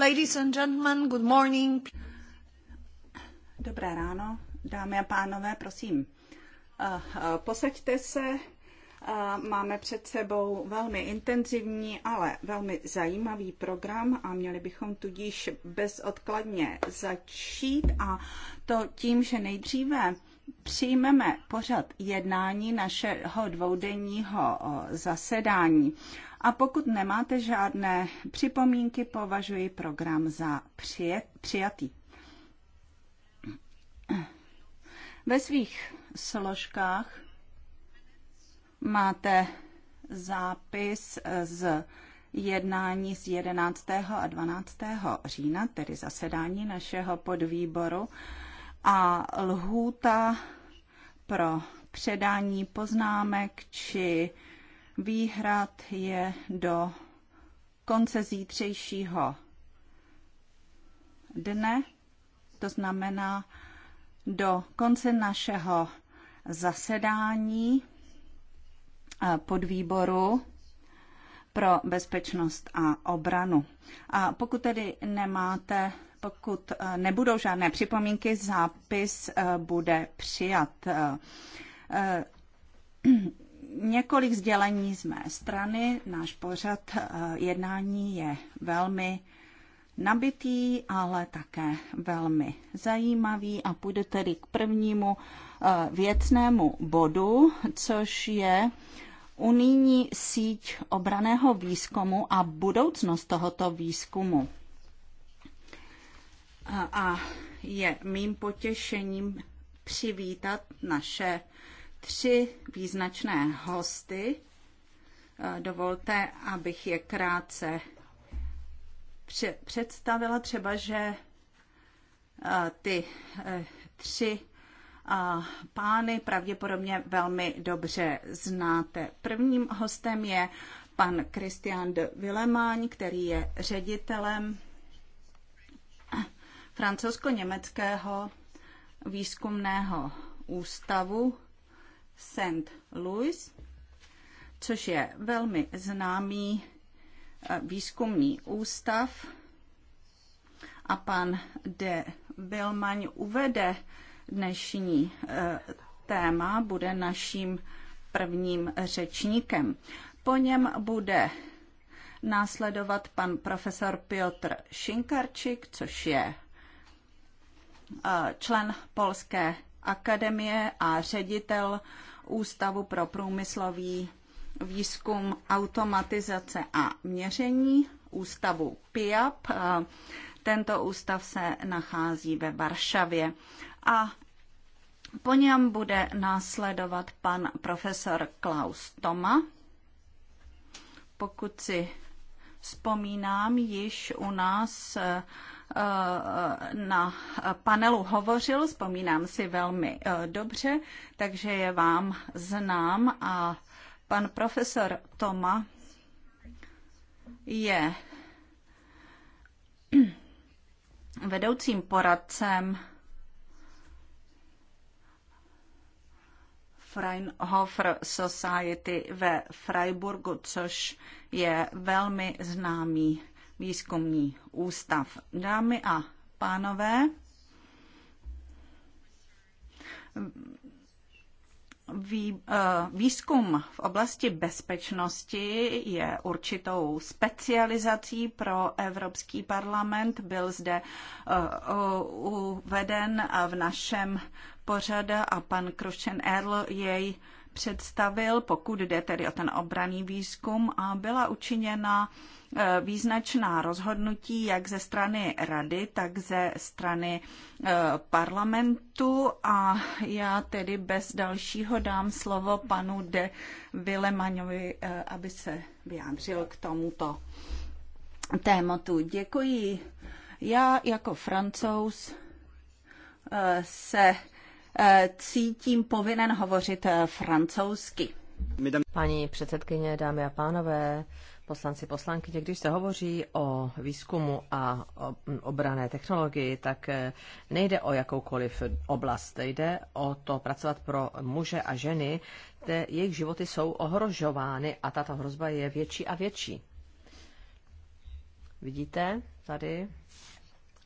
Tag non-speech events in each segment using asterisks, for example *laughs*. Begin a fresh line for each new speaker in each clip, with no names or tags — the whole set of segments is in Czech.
Ladies and gentlemen, good morning. Dobré ráno, dámy a pánové, prosím. Eh, eh, posaďte se, eh, Máme před sebou velmi intenzivní, ale velmi zajímavý program a měli bychom tudíž bezodkladně začít a to tím, že nejdříve přijmeme pořad jednání našeho dvoudenního zasedání. A pokud nemáte žádné připomínky, považuji program za přijet, přijatý. Ve svých složkách máte zápis z jednání z 11. a 12. října, tedy zasedání našeho podvýboru a lhůta pro předání poznámek či Výhrad je do konce zítřejšího dne, to znamená do konce našeho zasedání eh, podvýboru pro bezpečnost a obranu. A pokud tedy nemáte, pokud eh, nebudou žádné připomínky, zápis eh, bude přijat. Několik sdělení z mé strany. Náš pořad eh, jednání je velmi nabitý, ale také velmi zajímavý a půjde tedy k prvnímu eh, věcnému bodu, což je unijní síť obraného výzkumu a budoucnost tohoto výzkumu. Eh, a je mým potěšením přivítat naše tři význačné hosty. Eh, dovolte, abych je krátce představila. Třeba, že eh, ty eh, tři pány pravděpodobně velmi dobře znáte. Prvním hostem je pan Christian de Villemagne, který je ředitelem francouzsko-německého výzkumného ústavu St. Louis, což je velmi známý eh, výzkumný ústav. A pan de Bilmaň uvede dnešní eh, téma, bude naším prvním řečníkem. Po něm bude následovat pan profesor Piotr Šinkarčik, což je eh, člen Polské akademie a ředitel Ústavu pro průmyslový výzkum automatizace a měření ústavu PIAP. Tento ústav se nachází ve Varšavě a po něm bude následovat pan profesor Klaus Toma. Pokud si vzpomínám, již u nás Eh, na panelu hovořil, vzpomínám si velmi eh, dobře, takže je vám znám a pan profesor Toma je *clears throat* vedoucím poradcem Freinhofer Society ve Freiburgu, což je velmi známý výzkumný ústav. Dámy a pánové, eh, Výzkum v oblasti bezpečnosti je určitou specializací pro Evropský parlament. Byl zde eh, uveden v našem pořadu a pan Krušen Erl jej představil, pokud jde tedy o ten obraný výzkum, a byla učiněna e, význačná rozhodnutí jak ze strany rady, tak ze strany e, parlamentu a já tedy bez dalšího dám slovo panu de Vilemaňovi, e, aby se vyjádřil k tomuto tématu. Děkuji. Já jako francouz se Eh, cítím povinen hovořit eh, francouzsky. Paní předsedkyně, dámy a pánové, poslanci, poslankyně,
když se hovoří o výzkumu a obrané technologii, tak eh, nejde o jakoukoliv oblast, jde o to pracovat pro muže a ženy, kde jejich životy jsou ohrožovány a tato hrozba je větší a větší. Vidíte tady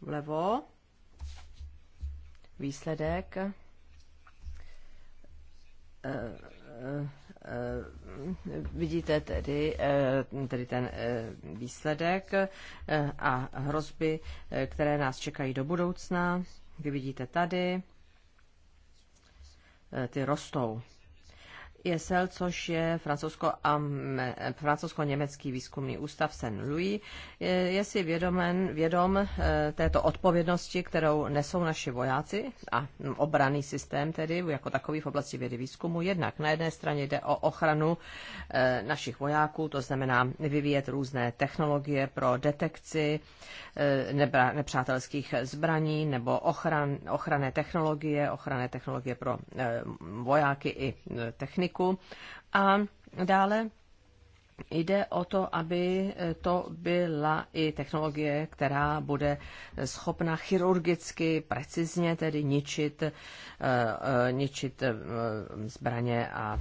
vlevo výsledek Eh, eh, vidíte tedy, eh, tedy ten výsledek a hrozby, které nás čekají do budoucna. Vy vidíte tady, ty rostou ISL, což je francouzsko-německý výzkumný ústav Saint-Louis, je, si vědomen, vědom e, této odpovědnosti, kterou nesou naši vojáci a obraný systém tedy jako takový v oblasti vědy výzkumu. Jednak na jedné straně jde o ochranu e, našich vojáků, to znamená vyvíjet různé technologie pro detekci e, nepřátelských zbraní nebo ochran, ochranné technologie, ochranné technologie pro vojáky i techniky podniku. A dále Jde o to, aby to byla i technologie, která bude schopna chirurgicky, precizně tedy ničit, eh, eh, ničit eh, zbraně a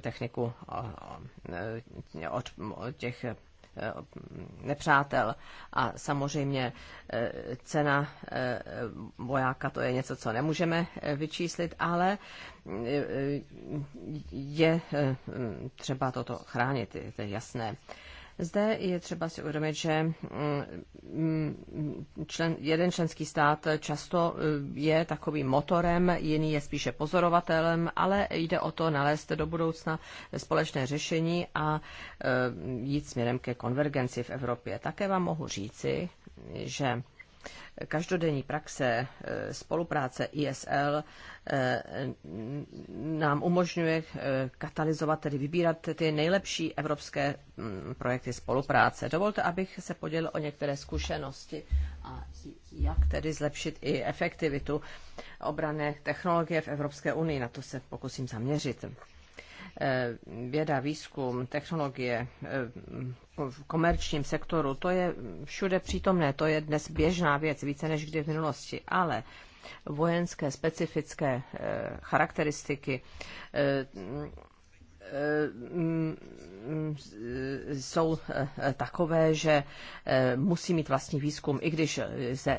techniku od těch Eh, nepřátel. A samozřejmě eh, cena eh, vojáka to je něco, co nemůžeme vyčíslit, ale je třeba toto chránit, to je jasné. Zde je třeba si uvědomit, že mm, mm, člen, jeden členský stát často eh, je takovým motorem, jiný je spíše pozorovatelem, ale jde o to nalézt do budoucna společné řešení a eh, jít směrem ke konvergenci v Evropě. Také vám mohu říci, že každodenní praxe eh, spolupráce ISL eh, nám umožňuje eh, katalyzovat, tedy vybírat ty nejlepší evropské mm, projekty spolupráce. Dovolte, abych se podělil o některé zkušenosti a jak tedy zlepšit i efektivitu obrané technologie v Evropské unii. Na to se pokusím zaměřit. Eh, věda, výzkum, technologie eh, v komerčním sektoru, to je všude přítomné, to je dnes běžná věc, více než kdy v minulosti, ale vojenské specifické eh, charakteristiky mm, mm, jsou takové, že musí mít vlastní výzkum, i když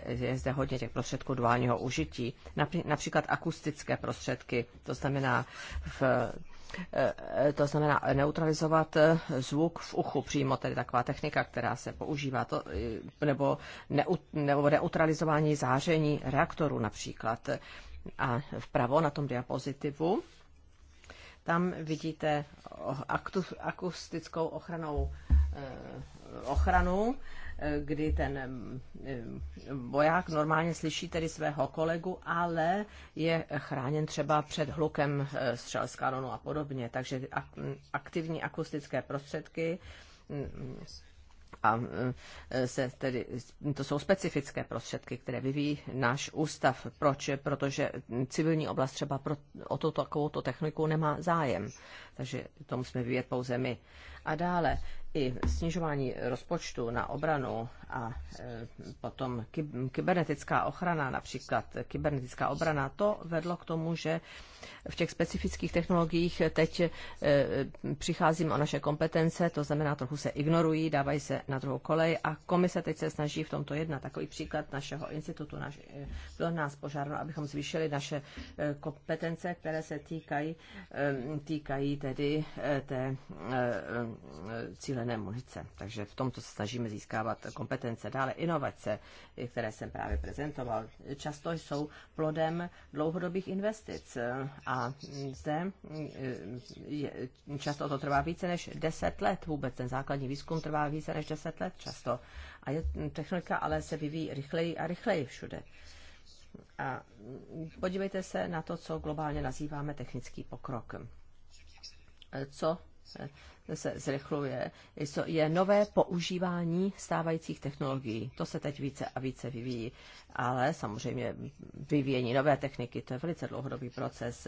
je zde hodně těch prostředků duálního užití, například akustické prostředky, to znamená v Eh, to znamená neutralizovat eh, zvuk v uchu přímo, tedy taková technika, která se používá, to, eh, nebo, neut, nebo neutralizování záření reaktoru například. A vpravo na tom diapozitivu tam vidíte akustickou ochranou, ochranu kdy ten eh, voják normálně slyší tedy svého kolegu, ale je chráněn třeba před hlukem eh, střel z kanonu a podobně. Takže aktivní akustické prostředky mm, a eh, se tedy, to jsou specifické prostředky, které vyvíjí náš ústav. Proč? Protože civilní oblast třeba pro, o tuto takovouto techniku nemá zájem. Takže to musíme vyvíjet pouze my. A dále i snižování rozpočtu na obranu a e, potom kybernetická ochrana, například kybernetická obrana, to vedlo k tomu, že v těch specifických technologiích teď e, přicházím o naše kompetence, to znamená, trochu se ignorují, dávají se na druhou kolej a komise teď se snaží v tomto jedna. Takový příklad našeho institutu, naš, bylo e, nás požádáno, abychom zvýšili naše kompetence, které se týkají, týkají tedy té cíle střílené munice. Takže v tomto se snažíme získávat kompetence. Dále inovace, které jsem právě prezentoval, často jsou plodem dlouhodobých investic a zde eh, často to trvá více než 10 let vůbec. Ten základní výzkum trvá více než 10 let často. A je, technika ale se vyvíjí rychleji a rychleji všude. A podívejte se na to, co globálně nazýváme technický pokrok. Co se zrychluje, je nové používání stávajících technologií. To se teď více a více vyvíjí, ale samozřejmě vyvíjení nové techniky, to je velice dlouhodobý proces.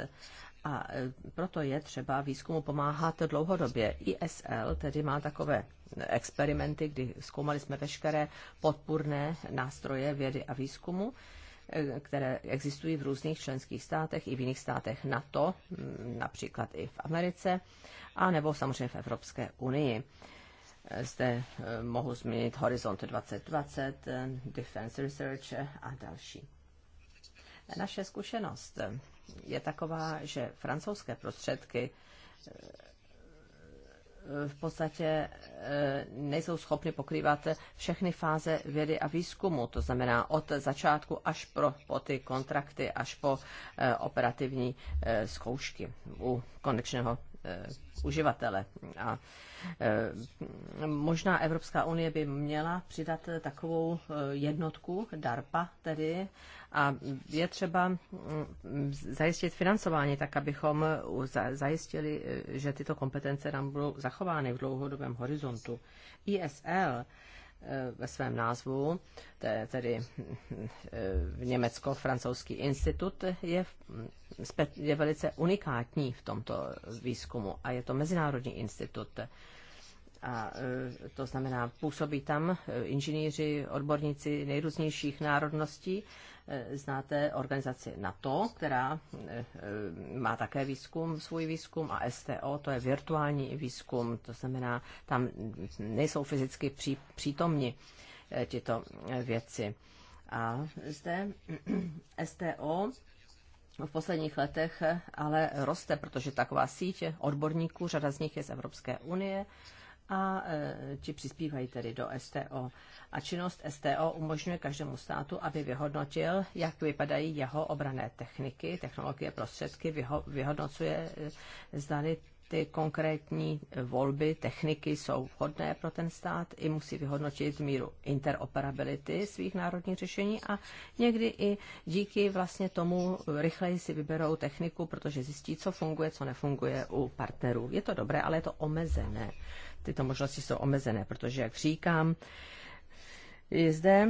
A e, proto je třeba výzkumu pomáhat dlouhodobě. ISL tedy má takové experimenty, kdy zkoumali jsme veškeré podpůrné nástroje vědy a výzkumu které existují v různých členských státech i v jiných státech NATO, mm, například i v Americe, a nebo samozřejmě v Evropské unii. Zde eh, mohu zmínit Horizont 2020, eh, Defense Research a další. Naše zkušenost je taková, že francouzské prostředky eh, v podstatě e, nejsou schopny pokrývat všechny fáze vědy a výzkumu, to znamená od začátku až pro, po ty kontrakty, až po e, operativní e, zkoušky u konečného Eh, uživatele. A eh, možná Evropská unie by měla přidat takovou eh, jednotku, DARPA tedy, a je třeba mm, zajistit financování tak, abychom zajistili, že tyto kompetence nám budou zachovány v dlouhodobém horizontu. ISL Eh, ve svém názvu, tedy eh, v Německo-francouzský institut, je, je velice unikátní v tomto výzkumu a je to mezinárodní institut a e, to znamená, působí tam e, inženýři, odborníci nejrůznějších národností. E, znáte organizaci NATO, která má také výzkum, svůj výzkum, a STO, to je virtuální výzkum, to znamená, tam nejsou fyzicky pří, přítomni tyto věci. A zde STO *clears throat* v posledních letech ale roste, protože taková síť odborníků, řada z nich je z Evropské unie, a e, ti přispívají tedy do STO. A činnost STO umožňuje každému státu, aby vyhodnotil, jak vypadají jeho obrané techniky, technologie, prostředky, vyho, vyhodnocuje, e, zdali ty konkrétní volby, techniky jsou vhodné pro ten stát i musí vyhodnotit míru interoperability svých národních řešení a někdy i díky vlastně tomu rychleji si vyberou techniku, protože zjistí, co funguje, co nefunguje u partnerů. Je to dobré, ale je to omezené tyto možnosti jsou omezené, protože, jak říkám, zde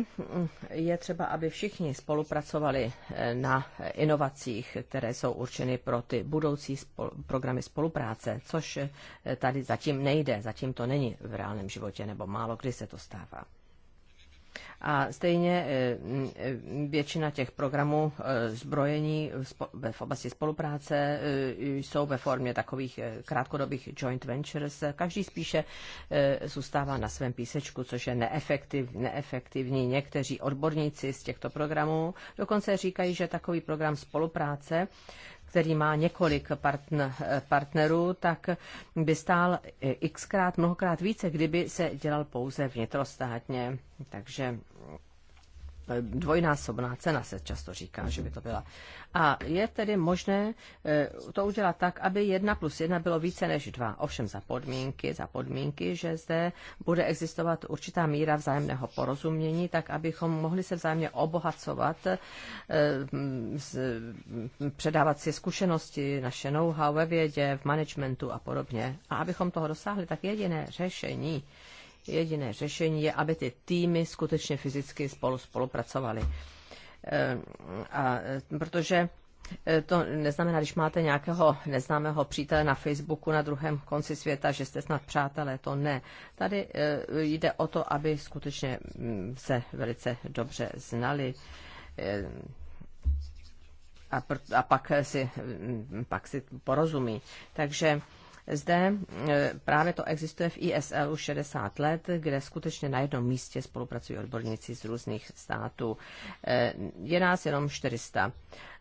je třeba, aby všichni spolupracovali eh, na inovacích, které jsou určeny pro ty budoucí spol- programy spolupráce, což eh, tady zatím nejde, zatím to není v reálném životě, nebo málo kdy se to stává. A stejně eh, eh, většina těch programů eh, zbrojení v oblasti spolupráce jsou ve formě takových krátkodobých joint ventures. Každý spíše zůstává na svém písečku, což je neefektiv, neefektivní. Někteří odborníci z těchto programů dokonce říkají, že takový program spolupráce který má několik partn, partnerů, tak by stál xkrát, mnohokrát více, kdyby se dělal pouze vnitrostátně. Takže Eh, dvojnásobná cena se často říká, že by to byla. A je tedy možné eh, to udělat tak, aby jedna plus jedna bylo více než dva? Ovšem za podmínky, za podmínky, že zde bude existovat určitá míra vzájemného porozumění, tak abychom mohli se vzájemně obohacovat, eh, předávat si zkušenosti, naše know-how ve vědě, v managementu a podobně. A abychom toho dosáhli, tak jediné řešení, Jediné řešení je, aby ty týmy skutečně fyzicky spolu spolupracovaly. Eh, a eh, protože eh, to neznamená, když máte nějakého neznámého přítele na Facebooku na druhém konci světa, že jste snad přátelé, to ne. Tady jde o to, aby skutečně mm, se velice dobře znali. A, pr- a pak, si, mm, pak si porozumí. Takže zde e, právě to existuje v ISL už 60 let, kde skutečně na jednom místě spolupracují odborníci z různých států. E, je nás jenom 400.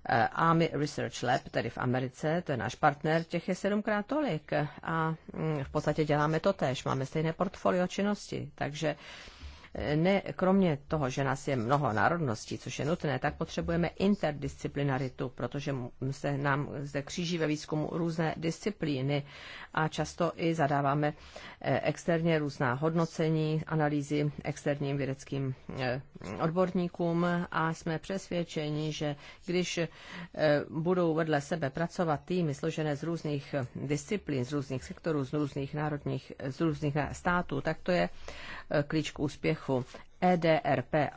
E, Army Research Lab, tedy v Americe, to je náš partner, těch je sedmkrát tolik a mm, v podstatě děláme to tež, máme stejné portfolio činnosti, takže ne, kromě toho, že nás je mnoho národností, což je nutné, tak potřebujeme interdisciplinaritu, protože se nám zde kříží ve výzkumu různé disciplíny a často i zadáváme eh, externě různá hodnocení, analýzy externím vědeckým eh, odborníkům a jsme přesvědčeni, že když eh, budou vedle sebe pracovat týmy složené z různých disciplín, z různých sektorů, z různých národních, z různých států, tak to je klíč k úspěchu povrchu. EDRP, e,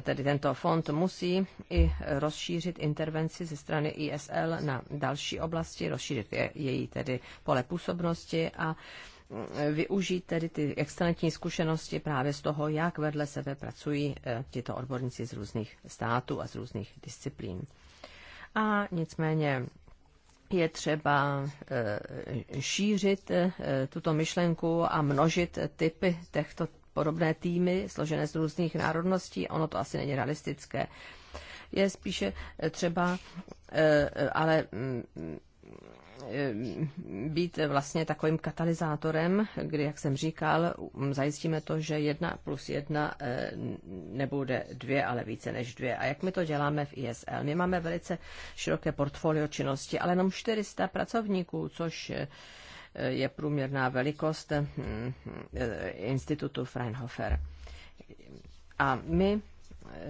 tedy tento fond, musí i rozšířit intervenci ze strany ISL na další oblasti, rozšířit její tedy pole působnosti a mm, využít tedy ty excelentní zkušenosti právě z toho, jak vedle sebe pracují e, tyto odborníci z různých států a z různých disciplín. A nicméně je třeba e, šířit tuto myšlenku a množit typy těchto podobné týmy složené z různých národností, ono to asi není realistické. Je spíše eh, třeba, eh, eh, ale mm, mm, být vlastně takovým katalyzátorem, kdy, jak jsem říkal, mm, zajistíme to, že jedna plus jedna nebude dvě, ale více než dvě. A jak my to děláme v ISL? My máme velice široké portfolio činnosti, ale jenom 400 pracovníků, což je průměrná velikost hm, eh, institutu Fraunhofer. A my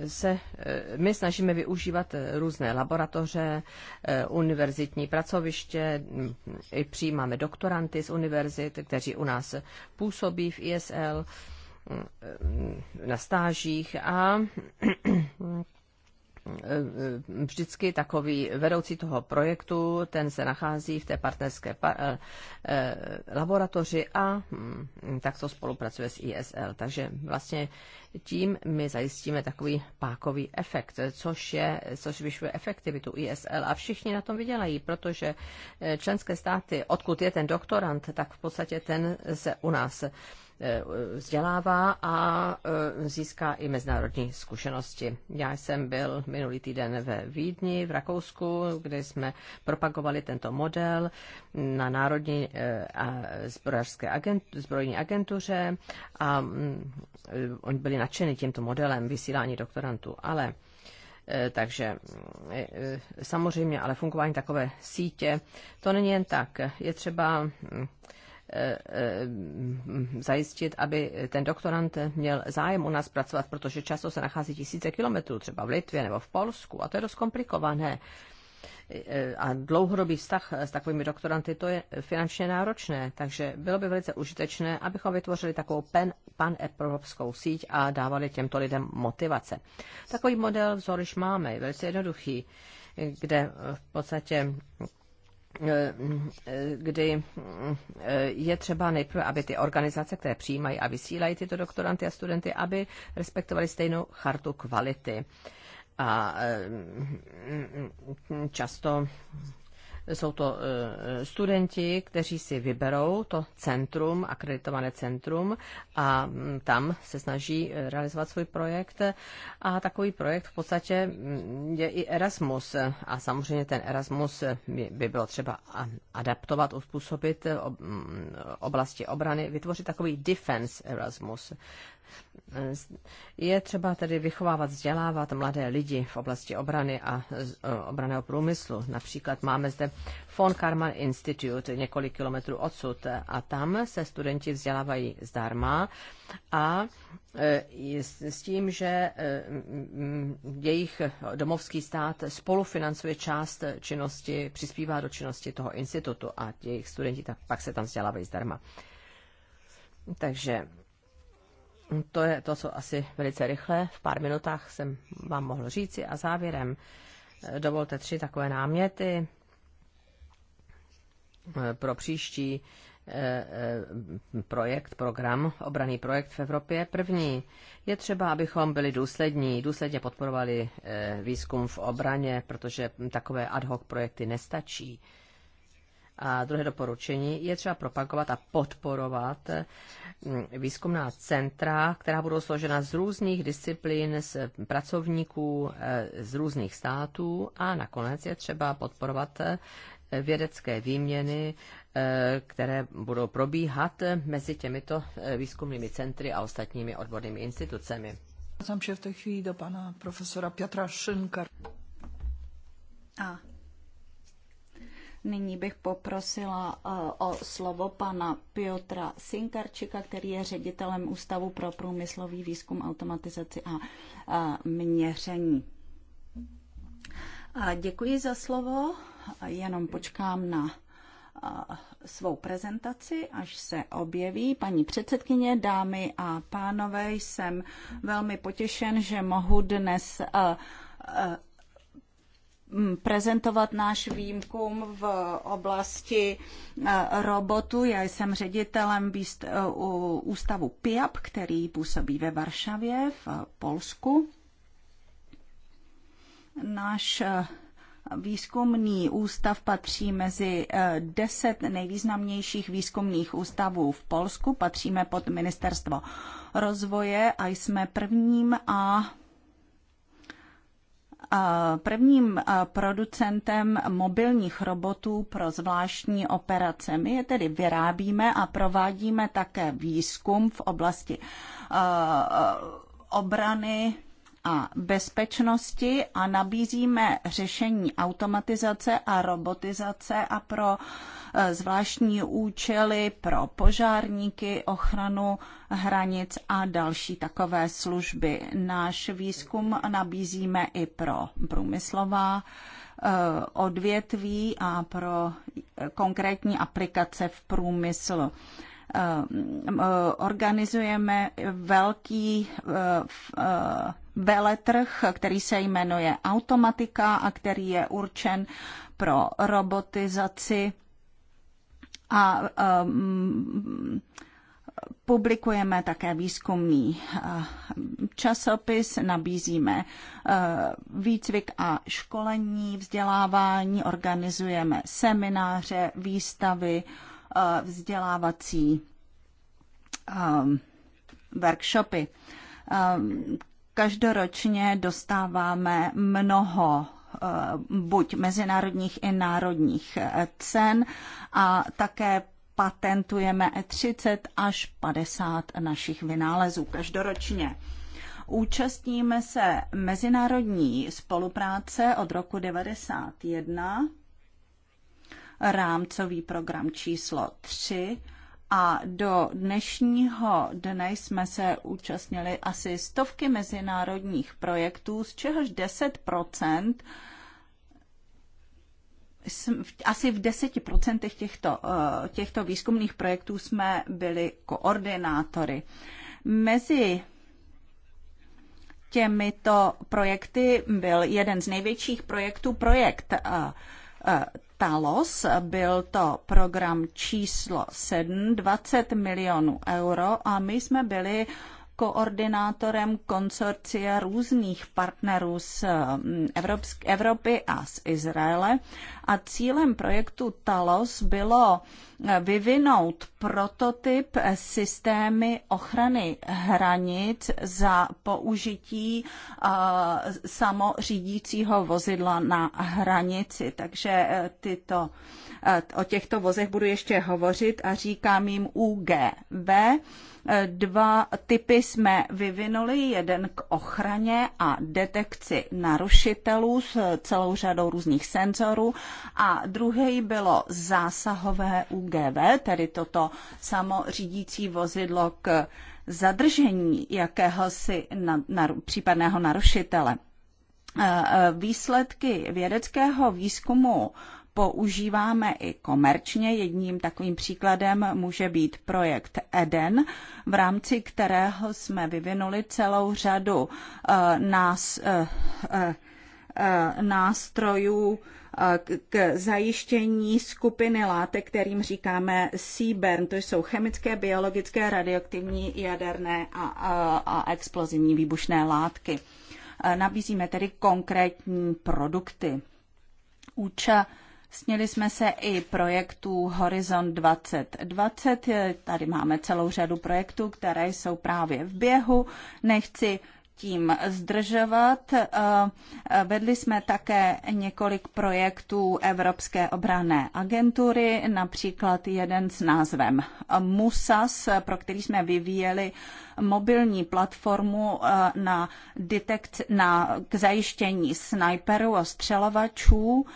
se, eh, my snažíme využívat různé laboratoře, eh, univerzitní pracoviště, hm, i přijímáme doktoranty z univerzit, kteří u nás působí v ISL hm, na stážích a Eh, vždycky takový vedoucí toho projektu, ten se nachází v té partnerské eh, eh, laboratoři a hm, takto spolupracuje s ISL. Takže vlastně tím my zajistíme takový pákový efekt, což, je, což vyšuje efektivitu ISL a všichni na tom vydělají, protože členské státy, odkud je ten doktorant, tak v podstatě ten se u nás Eh, vzdělává a eh, získá i mezinárodní zkušenosti. Já jsem byl minulý týden ve Vídni v Rakousku, kde jsme propagovali tento model na Národní eh, agent, zbrojní agentuře a mm, oni byli nadšeni tímto modelem vysílání doktorantů, ale takže samozřejmě, ale fungování takové sítě, to není jen tak. Je třeba mm, Eh, eh, zajistit, aby ten doktorant měl zájem u nás pracovat, protože často se nachází tisíce kilometrů, třeba v Litvě nebo v Polsku, a to je dost komplikované eh, a dlouhodobý vztah s takovými doktoranty, to je finančně náročné, takže bylo by velice užitečné, abychom vytvořili takovou pen, pan evropskou síť a dávali těmto lidem motivace. Takový model vzor již máme, je velice jednoduchý, kde v podstatě Eh, eh, kdy eh, je třeba nejprve, aby ty organizace, které přijímají a vysílají tyto doktoranty a studenty, aby respektovali stejnou chartu kvality. A často jsou to e, studenti, kteří si vyberou to centrum, akreditované centrum a mm, tam se snaží e, realizovat svůj projekt. A takový projekt v podstatě mm, je i Erasmus. A samozřejmě ten Erasmus by bylo třeba adaptovat, uspůsobit e, mm, oblasti obrany, vytvořit takový defense Erasmus. Je třeba tedy vychovávat, vzdělávat mladé lidi v oblasti obrany a e, obraného průmyslu. Například máme zde Von Karman Institute několik kilometrů odsud a tam se studenti vzdělávají zdarma a e, s tím, že e, jejich domovský stát spolufinancuje část činnosti, přispívá do činnosti toho institutu a jejich studenti pak se tam vzdělávají zdarma. Takže to je to, co asi velice rychle v pár minutách jsem vám mohl říci. A závěrem eh, dovolte tři takové náměty eh, pro příští eh, projekt, program, obraný projekt v Evropě. První je třeba, abychom byli důslední, důsledně podporovali výzkum v obraně, protože takové ad hoc projekty nestačí. A druhé doporučení je třeba propagovat a podporovat mm, výzkumná centra, která budou složena z různých disciplín, z pracovníků eh, z různých států a nakonec je třeba podporovat eh, vědecké výměny, eh, které budou probíhat mezi těmito výzkumnými centry a ostatními odbornými institucemi.
Zám se v té chvíli do pana profesora Piotra Šinka. A Nyní bych poprosila eh, o slovo pana Piotra Sinkarčika, který je ředitelem Ústavu pro průmyslový výzkum, automatizaci a eh, měření. Eh, děkuji za slovo, jenom počkám na svou prezentaci, až se objeví. Paní předsedkyně, dámy a pánové, jsem velmi potěšen, že mohu dnes Mm, prezentovat náš výjimkum v oblasti eh, robotu. Já jsem ředitelem eh, ústavu PIAP, který působí ve Varšavě v Polsku. Náš eh, Výzkumný ústav patří mezi deset nejvýznamnějších výzkumných ústavů v Polsku. Patříme pod ministerstvo rozvoje a jsme prvním a prvním producentem mobilních robotů pro zvláštní operace. My je tedy vyrábíme a provádíme také výzkum v oblasti obrany a bezpečnosti a nabízíme řešení automatizace a robotizace a pro e, zvláštní účely pro požárníky, ochranu hranic a další takové služby. Náš výzkum nabízíme i pro průmyslová e, odvětví a pro e, konkrétní aplikace v průmyslu organizujeme velký veletrh, který se jmenuje Automatika a který je určen pro robotizaci a um, publikujeme také výzkumný uh, časopis, nabízíme uh, výcvik a školení, vzdělávání, organizujeme semináře, výstavy, uh, vzdělávací um, workshopy um, Každoročně dostáváme mnoho eh, buď mezinárodních i národních eh, cen a také patentujeme 30 až 50 našich vynálezů každoročně. Účastníme se mezinárodní spolupráce od roku 1991, rámcový program číslo 3 a do dnešního dne jsme se účastnili asi stovky mezinárodních projektů, z čehož 10 asi v 10% těchto, eh, těchto výzkumných projektů jsme byli koordinátory. Mezi těmito projekty byl jeden z největších projektů projekt eh, eh, Talos, byl to program číslo 7, 20 milionů euro a my jsme byli koordinátorem konsorcia různých partnerů z mm, Evropsk- Evropy a z Izraele. A cílem projektu TALOS bylo eh, vyvinout prototyp eh, systémy ochrany hranic za použití eh, samořídícího vozidla na hranici. Takže tyto O těchto vozech budu ještě hovořit a říkám jim UGV. Dva typy jsme vyvinuli, jeden k ochraně a detekci narušitelů s celou řadou různých senzorů a druhý bylo zásahové UGV, tedy toto samořídící vozidlo k zadržení jakéhosi na, na, případného narušitele. E, e, výsledky vědeckého výzkumu používáme i komerčně. Jedním takovým příkladem může být projekt Eden, v rámci kterého jsme vyvinuli celou řadu uh, nás, uh, uh, uh, nástrojů, k zajištění skupiny látek, kterým říkáme CBERN. To jsou chemické, biologické, radioaktivní, jaderné a, a, a explozivní výbušné látky. Nabízíme tedy konkrétní produkty. Úča, Sněli jsme se i projektů Horizon 2020. Tady máme celou řadu projektů, které jsou právě v běhu. Nechci tím zdržovat. Eh, vedli jsme také několik projektů Evropské obrané agentury, například jeden s názvem MUSAS, pro který jsme vyvíjeli mobilní platformu eh, na, detekci, na k zajištění snajperů a střelovačů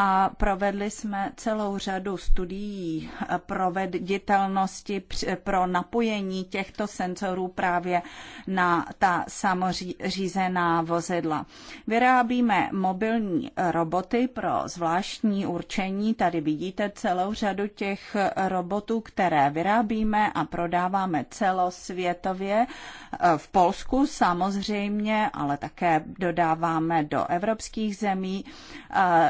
a provedli jsme celou řadu studií proveditelnosti pro napojení těchto senzorů právě na ta samořízená vozidla. Vyrábíme mobilní roboty pro zvláštní určení. Tady vidíte celou řadu těch robotů, které vyrábíme a prodáváme celosvětově v Polsku samozřejmě, ale také dodáváme do evropských zemí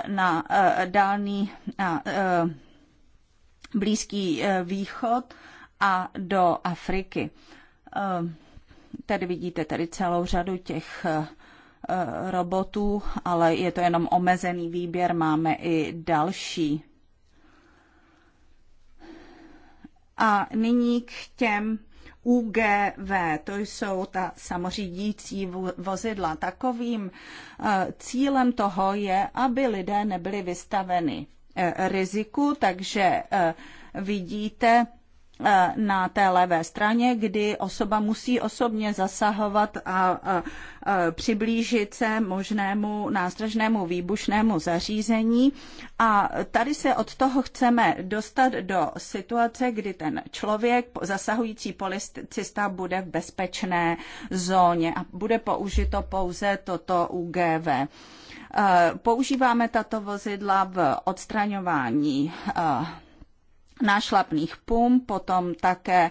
na Eh, dálný eh, eh, Blízký východ a do Afriky. Tady vidíte tady celou řadu těch robotů, ale je to jenom omezený výběr, máme i další. A nyní k těm UGV, to jsou ta samořídící vozidla. Takovým eh, cílem toho je, aby lidé nebyli vystaveni eh, riziku, takže eh, vidíte, Eh, na té levé straně, kdy osoba musí osobně zasahovat a, a, a přiblížit se možnému nástražnému výbušnému zařízení. A tady se od toho chceme dostat do situace, kdy ten člověk zasahující policista bude v bezpečné zóně a bude použito pouze toto UGV. Eh, používáme tato vozidla v odstraňování eh, nášlapných pum, potom také e,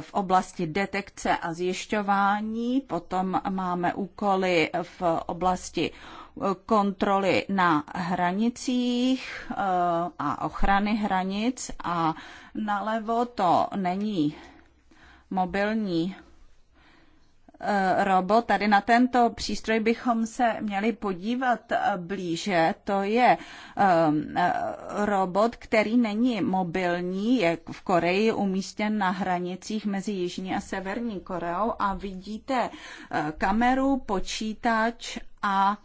v oblasti detekce a zjišťování, potom máme úkoly v oblasti e, kontroly na hranicích e, a ochrany hranic a nalevo to není mobilní Eh, Robo, tady na tento přístroj bychom se měli podívat eh, blíže. To je ehm, eh, robot, který není mobilní, je v Koreji umístěn na hranicích mezi Jižní a Severní Koreou a vidíte kameru, počítač a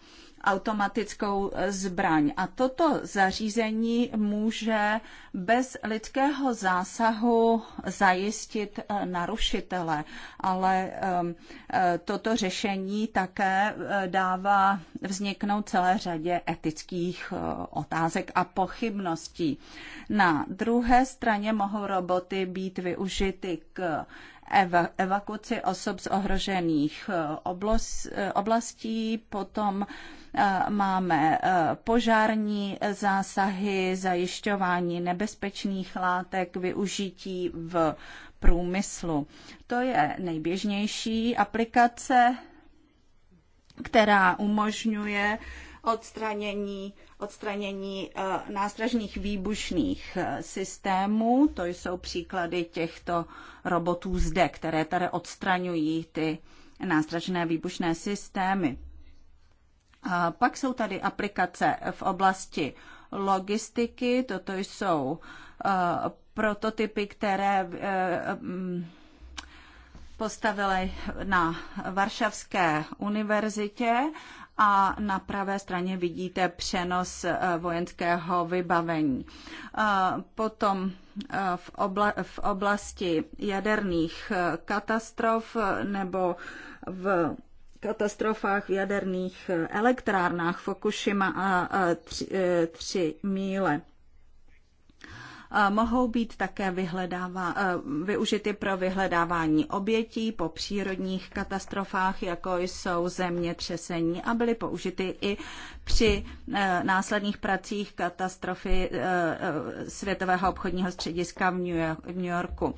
automatickou eh, zbraň. A toto zařízení může bez lidského zásahu zajistit eh, narušitele, ale ehm, eh, toto řešení také dává vzniknout celé řadě etických otázek a pochybností. Na druhé straně mohou roboty být využity k ev- evakuaci osob z ohrožených eh, eh, oblastí, potom eh, máme požární zásahy, zajišťování nebezpečných látek, využití v průmyslu. To je nejběžnější aplikace, která umožňuje odstranění, odstranění eh, nástražných výbušných eh, systémů. To jsou příklady těchto robotů zde, které tady odstraňují ty nástražné výbušné systémy. A pak jsou tady aplikace v oblasti logistiky. Toto jsou eh, prototypy, které mm, postavili na Varšavské univerzitě a na pravé straně vidíte přenos eh, vojenského vybavení. Eh, potom eh, v, obla- v oblasti jaderných katastrof nebo v katastrofách v jaderných elektrárnách Fukushima a tři míle mohou být také vyhledává, eh, využity pro vyhledávání obětí po přírodních katastrofách, jako jsou zemětřesení a byly použity i při eh, následných pracích katastrofy eh, Světového obchodního střediska v New Yorku.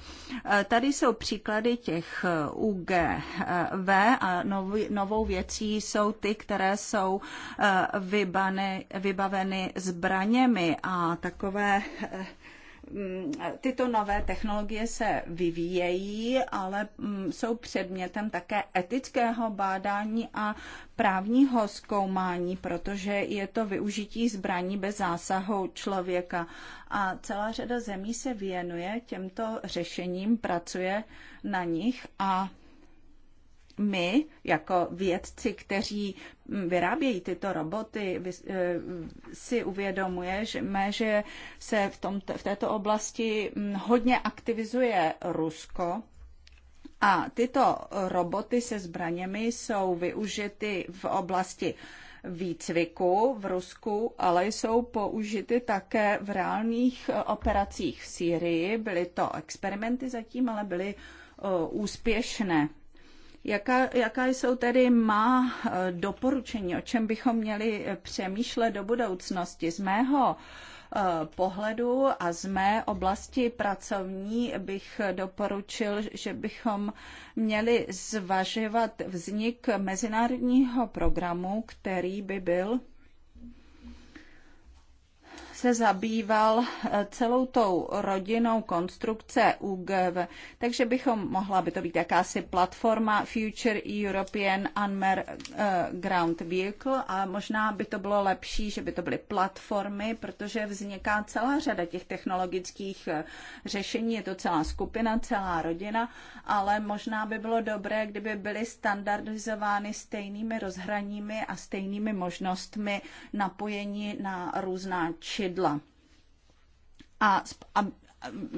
Tady jsou příklady těch UGV a novou věcí jsou ty, které jsou vybany, vybaveny zbraněmi a takové Mm, tyto nové technologie se vyvíjejí, ale mm, jsou předmětem také etického bádání a právního zkoumání, protože je to využití zbraní bez zásahu člověka. A celá řada zemí se věnuje těmto řešením, pracuje na nich a my, jako vědci, kteří vyrábějí tyto roboty, eh, si uvědomujeme, že se v, tom, v této oblasti hm, hodně aktivizuje Rusko. A tyto roboty se zbraněmi jsou využity v oblasti výcviku v Rusku, ale jsou použity také v reálných eh, operacích v Sýrii. Byly to experimenty zatím, ale byly eh, úspěšné. Jaká, jaká jsou tedy má eh, doporučení, o čem bychom měli eh, přemýšlet do budoucnosti? Z mého eh, pohledu a z mé oblasti pracovní bych doporučil, že bychom měli zvažovat vznik mezinárodního programu, který by byl se zabýval eh, celou tou rodinou konstrukce UGV, takže bychom mohla by to být jakási platforma Future European eh, Ground Vehicle a možná by to bylo lepší, že by to byly platformy, protože vzniká celá řada těch technologických eh, řešení, je to celá skupina, celá rodina, ale možná by bylo dobré, kdyby byly standardizovány stejnými rozhraními a stejnými možnostmi napojení na různá čidla jídla. A, a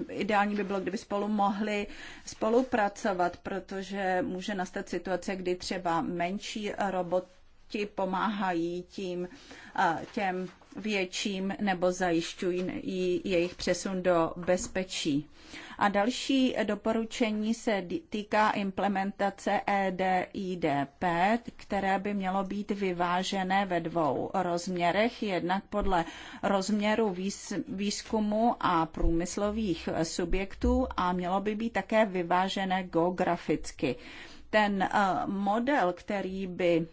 ideální by bylo, kdyby spolu mohli spolupracovat, protože může nastat situace, kdy třeba menší robot ti pomáhají tím těm větším nebo zajišťují jejich přesun do bezpečí. A další doporučení se týká implementace EDIDP, které by mělo být vyvážené ve dvou rozměrech. Jednak podle rozměru výzkumu a průmyslových subjektů a mělo by být také vyvážené geograficky. Ten eh, model, který by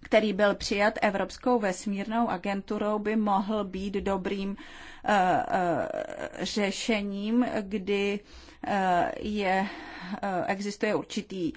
který byl přijat Evropskou vesmírnou agenturou, by mohl být dobrým eh, eh, řešením, kdy eh, je, existuje určitý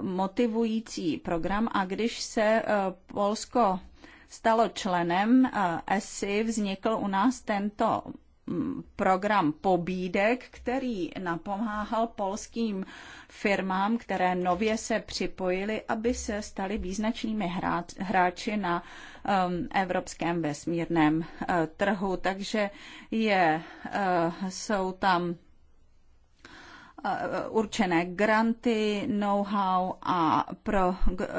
motivující program a když se Polsko stalo členem ESI, vznikl u nás tento Mm, program pobídek, který napomáhal polským firmám, které nově se připojily, aby se staly význačnými hráči na um, evropském vesmírném eh, trhu. Takže je, eh, jsou tam Eh, určené granty, know-how a pro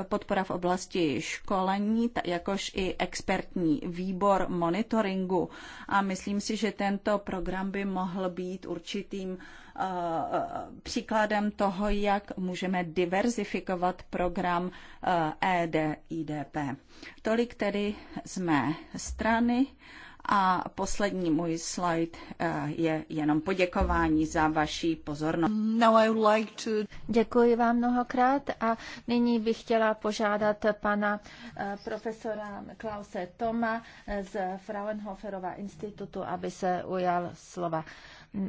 podpora v oblasti školení, jakož i expertní výbor monitoringu. A myslím si, že tento program by mohl být určitým eh, eh, příkladem toho, jak můžeme diverzifikovat program EDIDP. E Tolik tedy z mé strany a poslední můj slide eh, je jenom poděkování za vaši pozornost. Now I would like to... Děkuji vám mnohokrát
a nyní bych chtěla požádat pana eh, profesora Klause Toma z Fraunhoferova institutu, aby se ujal slova.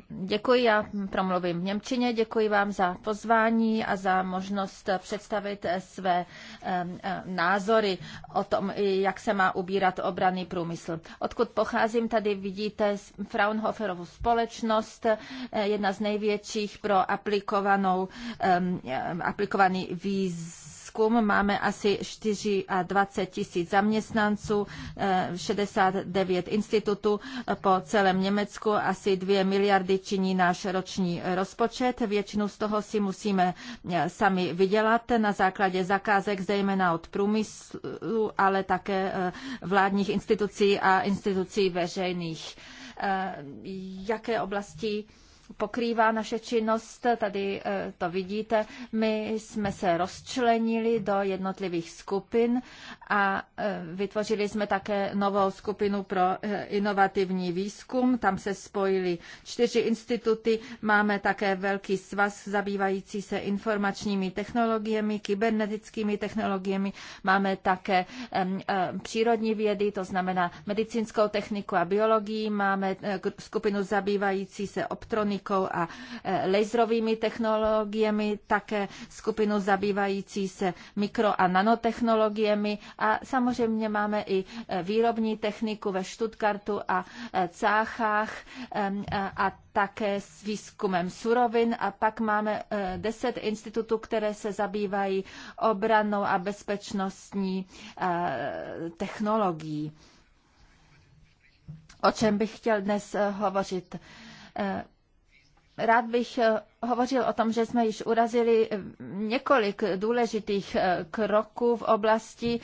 Děkuji, já promluvím v Němčině. Děkuji vám za pozvání a za možnost představit své názory o tom, jak se má ubírat obraný průmysl. Odkud pocházím, tady vidíte Fraunhoferovu společnost, eh, jedna z největších pro aplikovanou, aplikovaný výz výzkum. Máme asi 24 tisíc zaměstnanců, 69 eh, institutů po celém Německu, asi 2 miliardy činí náš roční rozpočet. Většinu z toho si musíme eh, sami vydělat na základě zakázek, zejména od průmyslu, ale také eh, vládních institucí a institucí veřejných. Jaké oblasti pokrývá naše činnost. Tady eh, to vidíte. My jsme se rozčlenili do jednotlivých skupin a eh, vytvořili jsme také novou skupinu pro eh, inovativní výzkum. Tam se spojili čtyři instituty. Máme také velký svaz zabývající se informačními technologiemi, kybernetickými technologiemi. Máme také přírodní vědy, to znamená medicínskou techniku a biologii. Máme skupinu zabývající se optronikou elektronikou a eh, laserovými technologiemi, také skupinu zabývající se mikro a nanotechnologiemi a samozřejmě máme i eh, výrobní techniku ve Stuttgartu a eh, Cáchách a také s výzkumem surovin a pak máme deset institutů, které se zabývají obranou a bezpečnostní technologií. O čem bych chtěl dnes hovořit? Rád bych eh, hovořil o tom, že jsme již urazili eh, několik důležitých eh, kroků v oblasti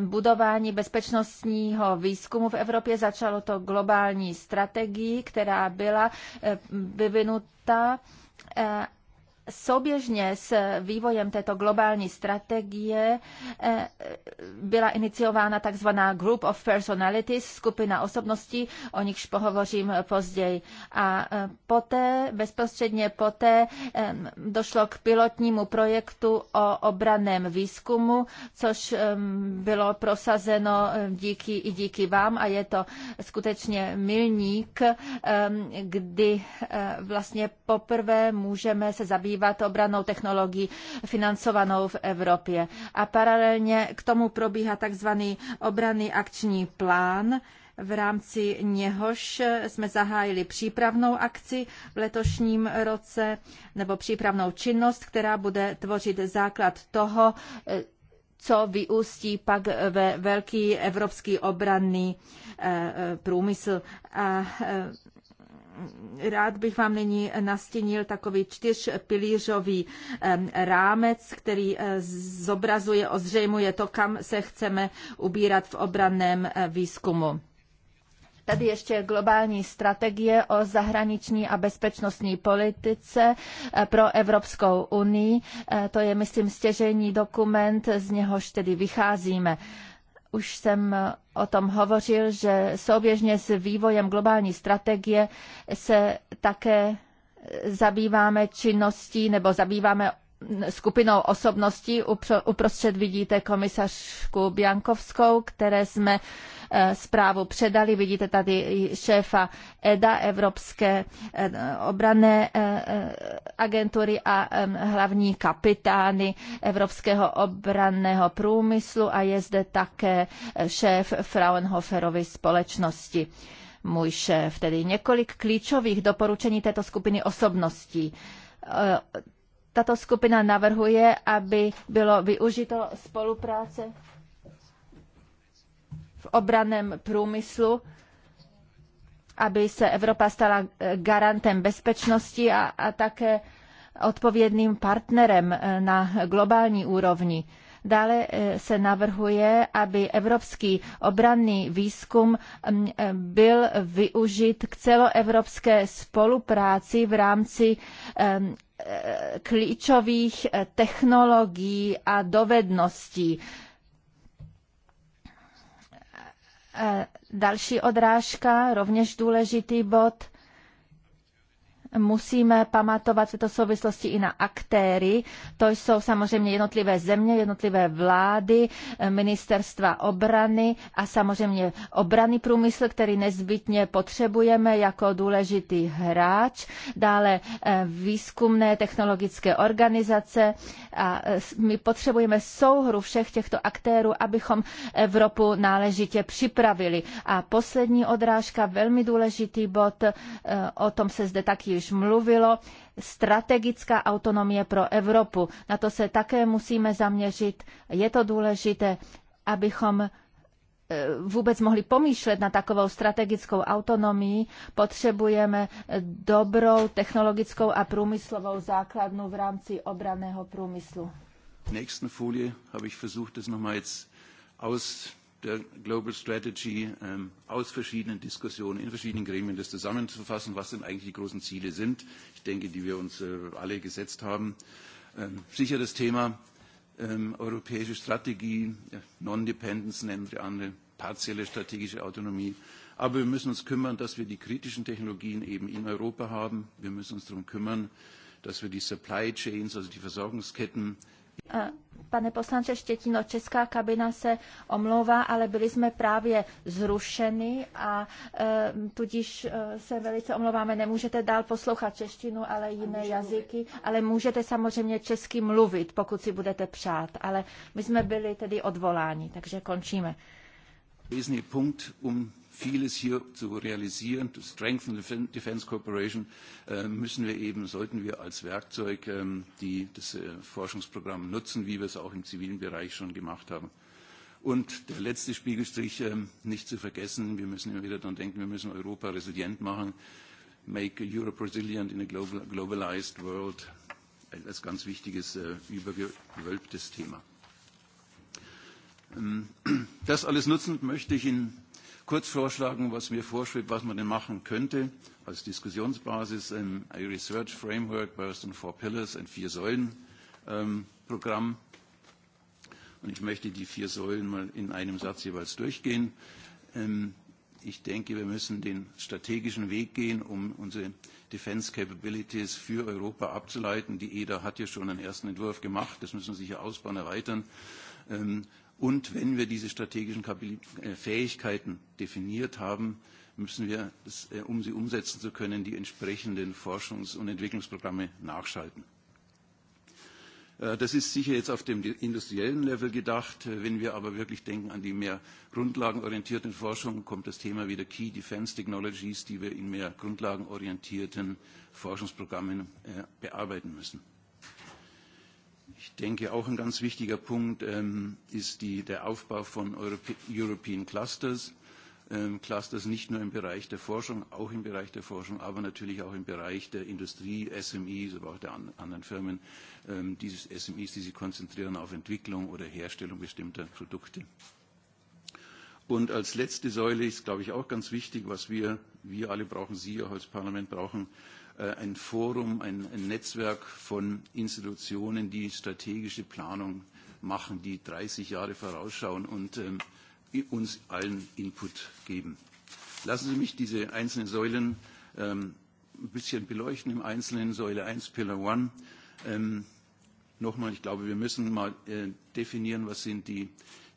budování bezpečnostního výzkumu v Evropě. Začalo to globální strategií, která byla vyvinuta souběžně s vývojem této globální strategie eh, byla iniciována tzv. Group of Personalities, skupina osobností, o nichž pohovořím později. A eh, poté, bezprostředně poté, eh, došlo k pilotnímu projektu o obraném výzkumu, což bylo prosazeno díky i díky vám a je to skutečně milník, kdy vlastně poprvé můžeme se zabývat využívat obranou technologií financovanou v Evropě. A paralelně k tomu probíhá takzvaný obranný akční plán, v rámci něhož jsme zahájili přípravnou akci v letošním roce nebo přípravnou činnost, která bude tvořit základ toho, co vyústí pak ve velký evropský obranný eh, eh, průmysl. A eh, rád bych vám nyní nastínil takový čtyřpilířový rámec, který eh, zobrazuje, ozřejmuje to, kam se chceme ubírat v obranném eh, výzkumu. Tady ještě globální strategie o zahraniční a bezpečnostní politice eh, pro Evropskou unii. To je, myslím, stěžení dokument, z něhož tedy vycházíme. Už jsem o tom hovořil, že souběžně s vývojem globální strategie se také zabýváme činností nebo zabýváme skupinou osobností. Uprostřed vidíte komisařku Biankovskou, které jsme eh, zprávu předali. Vidíte tady šéfa EDA, Evropské eh, obrané eh, agentury a hlavní kapitány Evropského obranného průmyslu a je zde také šéf Fraunhoferovy společnosti můj šéf, tedy několik klíčových doporučení této skupiny osobností tato skupina navrhuje, aby bylo využito spolupráce v obraném průmyslu, aby se Evropa stala eh, garantem bezpečnosti a, a také odpovědným partnerem eh, na globální úrovni. Dále eh, se navrhuje, aby evropský obranný výzkum mm, byl využit k celoevropské spolupráci v rámci klíčových eh, technologií a dovedností. Eh, další odrážka, rovněž důležitý bod, musíme pamatovat v této souvislosti i na aktéry. To jsou samozřejmě jednotlivé země, jednotlivé vlády, ministerstva obrany a samozřejmě obrany průmysl, který nezbytně potřebujeme jako důležitý hráč. Dále eh, výzkumné technologické organizace a my potřebujeme souhru všech těchto aktérů, abychom Evropu náležitě připravili. A poslední odrážka, velmi důležitý bod, eh, o tom se zde taky již mluvilo, strategická autonomie pro Evropu. Na to se také musíme zaměřit. Je to důležité, abychom e, vůbec mohli pomýšlet na takovou strategickou autonomii, potřebujeme dobrou technologickou a průmyslovou základnu v rámci obraného průmyslu.
Nächsten Folie habe ich versucht, das nochmal jetzt aus der Global Strategy ähm, aus verschiedenen Diskussionen in verschiedenen Gremien das zusammenzufassen, was denn eigentlich die großen Ziele sind, ich denke, die wir uns äh, alle gesetzt haben. Ähm, sicher das Thema ähm, europäische Strategie, Non-Dependence nennen wir andere, partielle strategische Autonomie. Aber wir müssen uns kümmern, dass wir die kritischen Technologien eben in Europa haben. Wir müssen uns darum kümmern, dass wir die Supply Chains, also die Versorgungsketten
Pane poslanče Štětino, česká kabina se omlouvá, ale byli jsme právě zrušeni a e, tudíž e, se velice omlouváme. Nemůžete dál poslouchat češtinu, ale jiné jazyky, mluvit. ale můžete samozřejmě česky mluvit, pokud si budete přát. Ale my jsme byli tedy odvoláni, takže končíme.
Punkt um vieles hier zu realisieren, to strengthen defense cooperation, äh, müssen wir eben, sollten wir als Werkzeug ähm, die, das äh, Forschungsprogramm nutzen, wie wir es auch im zivilen Bereich schon gemacht haben. Und der letzte Spiegelstrich, ähm, nicht zu vergessen, wir müssen immer wieder daran denken, wir müssen Europa resilient machen, make Europe resilient in a global, globalized world, als ganz wichtiges, äh, übergewölbtes Thema. Ähm, das alles nutzend möchte ich in kurz vorschlagen, was mir vorschwebt, was man denn machen könnte als Diskussionsbasis im Research Framework based on four pillars, ein vier Säulen ähm, Programm. Und ich möchte die vier Säulen mal in einem Satz jeweils durchgehen. Ähm, ich denke, wir müssen den strategischen Weg gehen, um unsere Defense Capabilities für Europa abzuleiten. Die EDA hat ja schon einen ersten Entwurf gemacht. Das müssen wir sicher ausbauen, erweitern. Ähm, Und wenn wir diese strategischen äh, Fähigkeiten definiert haben, müssen wir, das, äh, um sie umsetzen zu können, die entsprechenden Forschungs- und Entwicklungsprogramme nachschalten. Äh, das ist sicher jetzt auf dem industriellen Level gedacht. Wenn wir aber wirklich denken an die mehr grundlagenorientierten Forschung, kommt das Thema wieder Key Defense Technologies, die wir in mehr grundlagenorientierten Forschungsprogrammen bearbeiten müssen. Ich denke, auch ein ganz wichtiger Punkt ähm, ist die, der Aufbau von Europe European Clusters. Ähm, Clusters nicht nur im Bereich der Forschung, auch im Bereich der Forschung, aber natürlich auch im Bereich der Industrie, SMEs, aber auch der an, anderen Firmen, ähm, dieses SMEs, die sich konzentrieren auf Entwicklung oder Herstellung bestimmter Produkte. Und als letzte Säule ist, glaube ich, auch ganz wichtig, was wir, wir alle brauchen, Sie auch als Parlament brauchen, äh, Äh, ein Forum, ein, ein Netzwerk von Institutionen, die strategische Planung machen, die 30 Jahre vorausschauen und ähm, uns allen Input geben. Lassen Sie mich diese einzelnen Säulen ähm, ein bisschen beleuchten im Einzelnen. Säule 1, Pillar 1. Ähm, Nochmal, ich glaube, wir müssen mal äh, definieren, was sind die äh,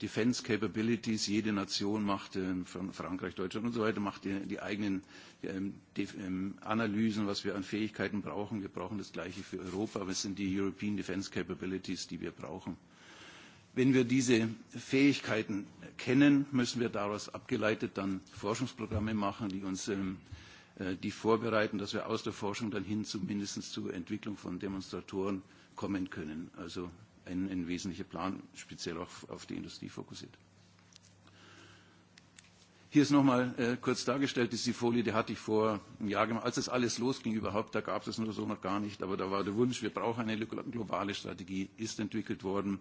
Defense Capabilities. Jede Nation macht, äh, von Frankreich, Deutschland und so weiter, macht die, eigenen ähm, ähm, Analysen, was wir an Fähigkeiten brauchen. Wir brauchen das Gleiche für Europa, aber es sind die European Defense Capabilities, die wir brauchen. Wenn wir diese Fähigkeiten kennen, müssen wir daraus abgeleitet dann Forschungsprogramme machen, die uns ähm, äh, die vorbereiten, dass wir aus der Forschung dann hin zumindest zur Entwicklung von Demonstratoren kommen können. Also ein, ein wesentlicher Plan, speziell auch auf die Industrie fokussiert. Hier ist nochmal äh, kurz dargestellt, diese Folie, die hatte ich vor einem Jahr gemacht, als das alles losging überhaupt, da gab es nur so noch gar nicht, aber da war der Wunsch, wir brauchen eine globale Strategie, ist entwickelt worden.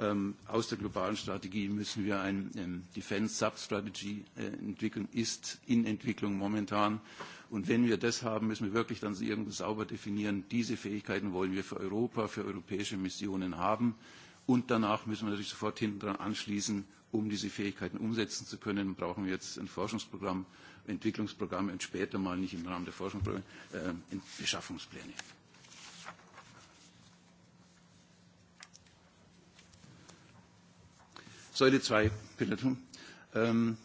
Ähm, aus der globalen Strategie müssen wir eine ähm, Defense Substrategy äh, entwickeln, ist in Entwicklung momentan. Und wenn wir das haben, müssen wir wirklich dann irgendwo sauber definieren, diese Fähigkeiten wollen wir für Europa, für europäische Missionen haben. Und danach müssen wir natürlich sofort hinten dran anschließen Um diese Fähigkeiten umsetzen zu können, brauchen wir jetzt ein Forschungsprogramm, Entwicklungsprogramme und später mal nicht im Rahmen der Forschungsprogramme, äh, Beschaffungspläne. Säule 2, Pilotum. Ähm,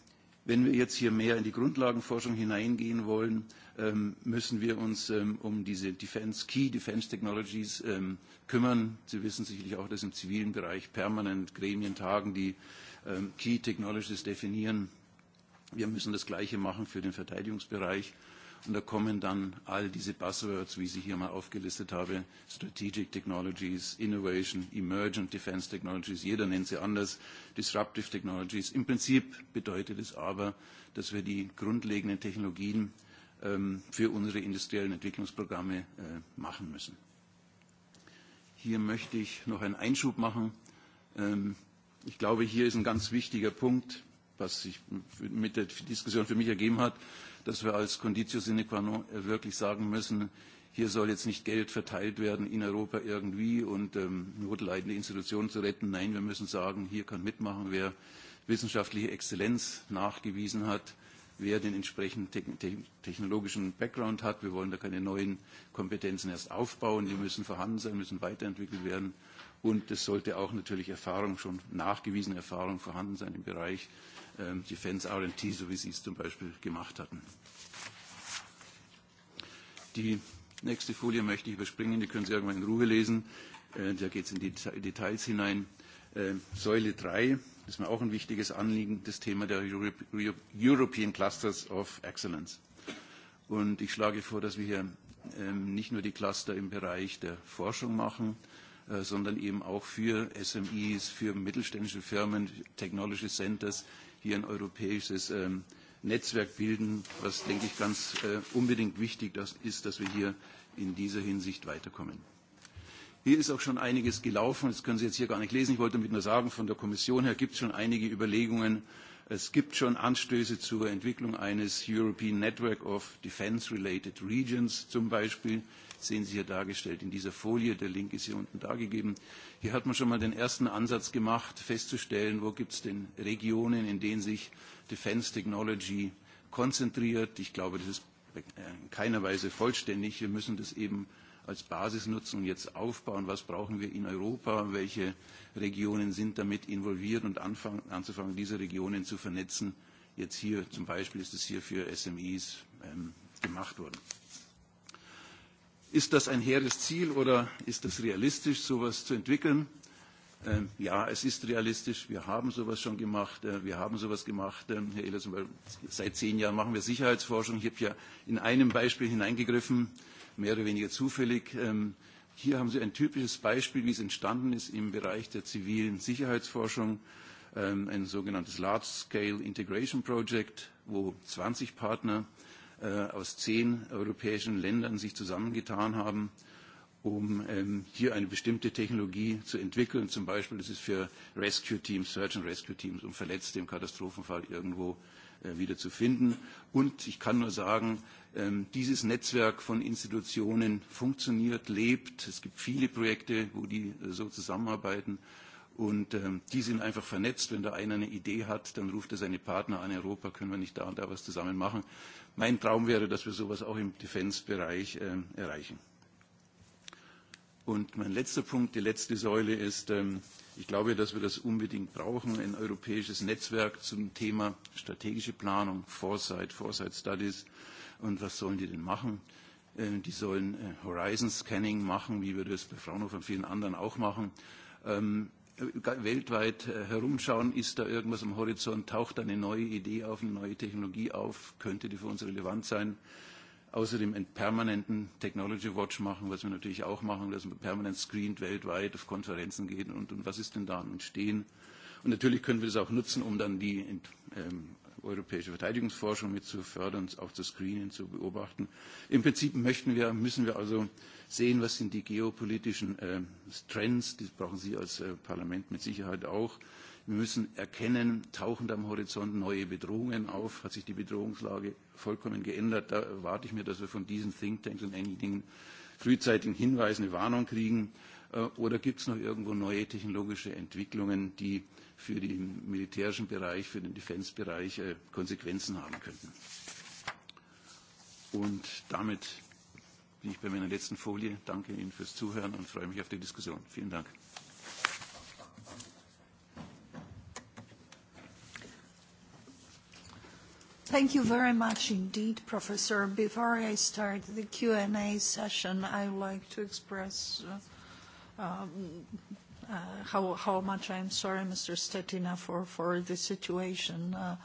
wenn wir jetzt hier mehr in die Grundlagenforschung hineingehen wollen, ähm, müssen wir uns ähm, um diese Defense, Key Defense Technologies ähm, kümmern. Sie wissen sicherlich auch, dass im zivilen Bereich permanent Gremien tagen, die Ähm, Key Technologies definieren. Wir müssen das Gleiche machen für den Verteidigungsbereich. Und da kommen dann all diese Buzzwords, wie ich sie hier mal aufgelistet habe, Strategic Technologies, Innovation, Emergent Defense Technologies, jeder nennt sie anders, Disruptive Technologies. Im Prinzip bedeutet es aber, dass wir die grundlegenden Technologien ähm, für unsere industriellen Entwicklungsprogramme äh, machen müssen. Hier möchte ich noch einen Einschub machen. Ähm, Ich glaube, hier ist ein ganz wichtiger Punkt, was sich mit der Diskussion für mich ergeben hat, dass wir als Conditio sine qua non wirklich sagen müssen, hier soll jetzt nicht Geld verteilt werden in Europa irgendwie und ähm, notleidende Institutionen zu retten. Nein, wir müssen sagen, hier kann mitmachen, wer wissenschaftliche Exzellenz nachgewiesen hat, wer den entsprechenden te te technologischen Background hat. Wir wollen da keine neuen Kompetenzen erst aufbauen. Die müssen vorhanden sein, müssen weiterentwickelt werden. Und es sollte auch natürlich Erfahrung, schon nachgewiesene Erfahrung vorhanden sein im Bereich äh, Defense R&T, so wie Sie es zum Beispiel gemacht hatten. Die nächste Folie möchte ich überspringen, die können Sie irgendwann in Ruhe lesen. Äh, da geht es in die Details hinein. Äh, Säule 3 ist mir auch ein wichtiges Anliegen, das Thema der Euro Euro European Clusters of Excellence. Und ich schlage vor, dass wir hier ähm, nicht nur die Cluster im Bereich der Forschung machen, Äh, sondern eben auch für SMEs, für mittelständische Firmen, Technology Centers hier ein europäisches ähm, Netzwerk bilden, was, denke ich, ganz äh, unbedingt wichtig ist, dass wir hier in dieser Hinsicht weiterkommen. Hier ist auch schon einiges gelaufen, das können Sie jetzt hier gar nicht lesen. Ich wollte damit nur sagen, von der Kommission her gibt es schon einige Überlegungen, Es gibt schon Anstöße zur Entwicklung eines European Network of Defense-Related Regions zum Beispiel. Das sehen Sie hier dargestellt in dieser Folie. Der Link ist hier unten dargegeben. Hier hat man schon mal den ersten Ansatz gemacht, festzustellen, wo gibt es denn Regionen, in denen sich Defense Technology konzentriert. Ich glaube, das ist in keiner Weise vollständig. Wir müssen das eben als Basisnutzung jetzt aufbauen? Was brauchen wir in Europa? Welche Regionen sind damit involviert und anfangen, anzufangen, diese Regionen zu vernetzen? Jetzt hier zum Beispiel ist es hier für SMEs ähm, gemacht worden. Ist das ein hehres Ziel oder ist es realistisch, sowas zu entwickeln? Ähm, ja, es ist realistisch. Wir haben sowas schon gemacht. Äh, wir haben sowas gemacht. Ähm, Herr Ehler, zum Beispiel, seit zehn Jahren machen wir Sicherheitsforschung. Ich habe ja in einem Beispiel hineingegriffen mehr oder weniger zufällig. Ähm, hier haben Sie ein typisches Beispiel, wie es entstanden ist im Bereich der zivilen Sicherheitsforschung. Ähm, ein sogenanntes Large Scale Integration Project, wo 20 Partner äh, aus zehn europäischen Ländern sich zusammengetan haben um ähm, hier eine bestimmte Technologie zu entwickeln. Zum Beispiel, das ist für Rescue Teams, Search and Rescue Teams, um Verletzte im Katastrophenfall irgendwo Äh, wieder zu finden. Und ich kann nur sagen, ähm, dieses Netzwerk von Institutionen funktioniert, lebt. Es gibt viele Projekte, wo die äh, so zusammenarbeiten. Und ähm, die sind einfach vernetzt. Wenn da einer eine Idee hat, dann ruft er seine Partner an. Europa, können wir nicht da und da was zusammen machen? Mein Traum wäre, dass wir sowas auch im Defense-Bereich ähm, erreichen. Und mein letzter Punkt, die letzte Säule ist, Ich glaube, dass wir das unbedingt brauchen, ein europäisches Netzwerk zum Thema strategische Planung, Foresight, Foresight Studies. Und was sollen die denn machen? Äh, die sollen äh, Horizon Scanning machen, wie wir das bei Fraunhofer und vielen anderen auch machen. Ähm, äh, weltweit herumschauen, ist da irgendwas am Horizont, taucht eine neue Idee auf, eine neue Technologie auf, könnte die für uns relevant sein. Außerdem einen permanenten Technology Watch machen, was wir natürlich auch machen, dass man permanent screent weltweit auf Konferenzen geht und, und was ist denn da am Entstehen. Und natürlich können wir das auch nutzen, um dann die ähm, europäische Verteidigungsforschung mit zu fördern, auch zu screenen, zu beobachten. Im Prinzip möchten wir, müssen wir also sehen, was sind die geopolitischen äh, Trends, die brauchen Sie als äh, Parlament mit Sicherheit auch Wir müssen erkennen, tauchen am Horizont neue Bedrohungen auf, hat sich die Bedrohungslage vollkommen geändert. Da erwarte ich mir, dass wir von diesen Thinktanks und ähnlichen Dingen frühzeitigen Hinweisen eine Warnung kriegen. Äh, oder gibt es noch irgendwo neue technologische Entwicklungen, die für den militärischen Bereich, für den Defense-Bereich äh, Konsequenzen haben könnten? Und damit bin ich bei meiner letzten Folie. Danke Ihnen fürs Zuhören und freue mich auf die Diskussion. Vielen Dank.
Thank you very much indeed, Professor. Before I start the Q&A session, I would like to express uh, um, uh, how, much I am sorry, Mr. Stetina, for, the situation uh,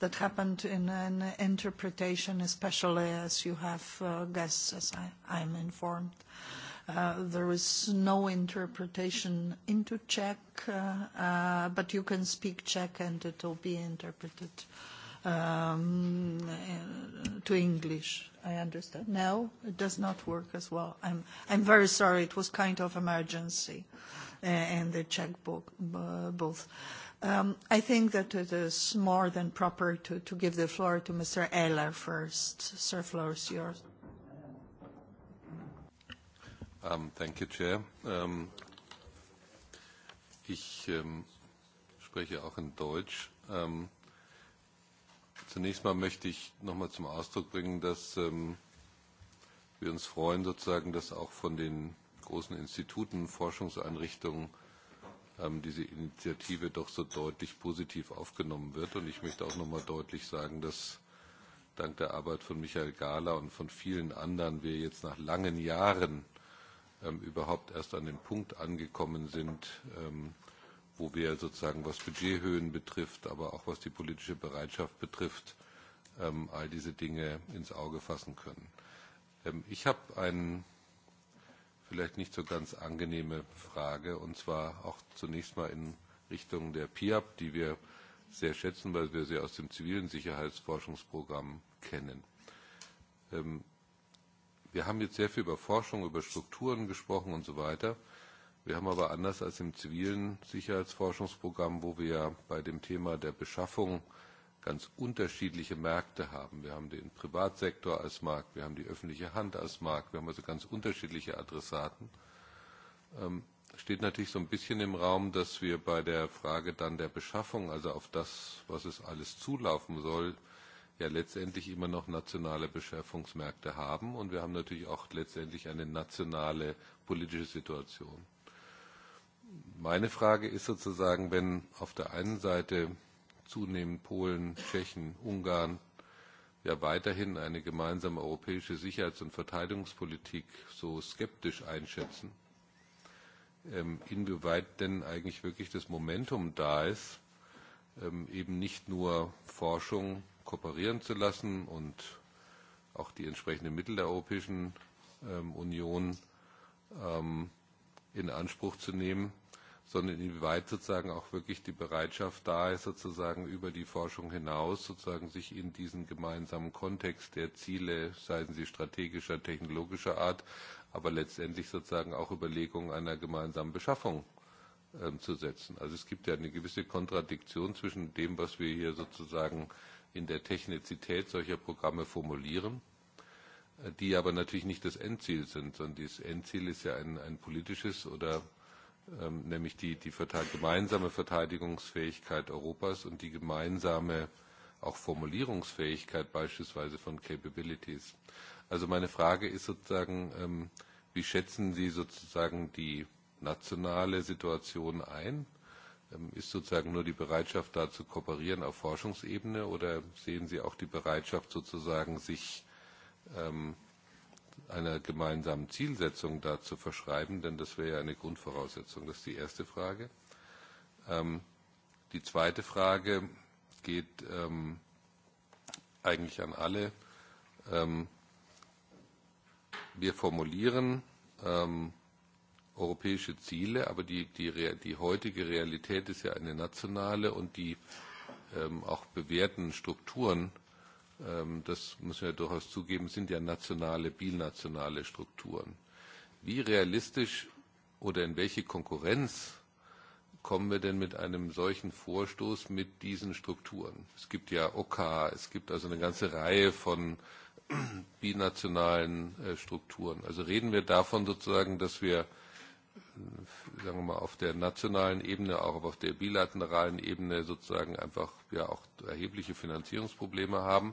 that happened in an interpretation, especially as you have guests, as I am informed. There is no interpretation into Czech, but you can speak Czech, and it will be interpreted um, to English. I understand. No, it does not work as well. I'm, I'm very sorry. It was kind of emergency uh, and the checkbook uh, both. Um, I think that it is more than proper to, to give the floor to Mr. Eller first. Sir, floor is yours.
Um, thank you, Chair. Um, ich um, spreche auch in Deutsch. Um, Zunächst mal möchte ich noch mal zum Ausdruck bringen, dass ähm, wir uns freuen, sozusagen, dass auch von den großen Instituten, Forschungseinrichtungen ähm, diese Initiative doch so deutlich positiv aufgenommen wird. Und ich möchte auch noch mal deutlich sagen, dass dank der Arbeit von Michael Gahler und von vielen anderen wir jetzt nach langen Jahren ähm, überhaupt erst an den Punkt angekommen sind, ähm, wo wir sozusagen, was Budgethöhen betrifft, aber auch was die politische Bereitschaft betrifft, ähm, all diese Dinge ins Auge fassen können. Ähm, ich habe eine vielleicht nicht so ganz angenehme Frage, und zwar auch zunächst mal in Richtung der PIAP, die wir sehr schätzen, weil wir sie aus dem zivilen Sicherheitsforschungsprogramm kennen. Ähm, wir haben jetzt sehr viel über Forschung, über Strukturen gesprochen und so weiter. Wir haben aber anders als im zivilen Sicherheitsforschungsprogramm, wo wir bei dem Thema der Beschaffung ganz unterschiedliche Märkte haben. Wir haben den Privatsektor als Markt, wir haben die öffentliche Hand als Markt, wir haben also ganz unterschiedliche Adressaten. Ähm, steht natürlich so ein bisschen im Raum, dass wir bei der Frage dann der Beschaffung, also auf das, was es alles zulaufen soll, ja letztendlich immer noch nationale Beschaffungsmärkte haben. Und wir haben natürlich auch letztendlich eine nationale politische Situation meine Frage ist sozusagen, wenn auf der einen Seite zunehmend Polen, Tschechen, Ungarn ja weiterhin eine gemeinsame europäische Sicherheits- und Verteidigungspolitik so skeptisch einschätzen, ähm, inwieweit denn eigentlich wirklich das Momentum da ist, ähm, eben nicht nur Forschung kooperieren zu lassen und auch die entsprechenden Mittel der Europäischen ähm, Union in Anspruch zu nehmen, sondern inwieweit sozusagen auch wirklich die Bereitschaft da ist, sozusagen über die Forschung hinaus sozusagen sich in diesen gemeinsamen Kontext der Ziele, seien sie strategischer, technologischer Art, aber letztendlich sozusagen auch Überlegungen einer gemeinsamen Beschaffung ähm, zu setzen. Also es gibt ja eine gewisse Kontradiktion zwischen dem, was wir hier sozusagen in der Technizität solcher Programme formulieren, äh, die aber natürlich nicht das Endziel sind, sondern das Endziel ist ja ein, ein politisches oder Ähm, nämlich die, die gemeinsame Verteidigungsfähigkeit Europas und die gemeinsame auch Formulierungsfähigkeit beispielsweise von Capabilities. Also meine Frage ist sozusagen, ähm, wie schätzen Sie sozusagen die nationale Situation ein? Ähm, ist sozusagen nur die Bereitschaft da zu kooperieren auf Forschungsebene oder sehen Sie auch die Bereitschaft sozusagen sich einer gemeinsamen Zielsetzung dazu verschreiben, denn das wäre ja eine Grundvoraussetzung. Das ist die erste Frage. Ähm, die zweite Frage geht ähm, eigentlich an alle. Ähm, wir formulieren ähm, europäische Ziele, aber die, die, die heutige Realität ist ja eine nationale und die ähm, auch bewährten Strukturen Ähm, das muss man ja durchaus zugeben, sind ja nationale, binationale Strukturen. Wie realistisch oder in welche Konkurrenz kommen wir denn mit einem solchen Vorstoß mit diesen Strukturen? Es gibt ja OCA, es gibt also eine ganze Reihe von *clears throat* binationalen äh, Strukturen. Also reden wir davon sozusagen, dass wir sagen wir mal, auf der nationalen Ebene, auch auf der bilateralen Ebene sozusagen einfach ja auch erhebliche Finanzierungsprobleme haben.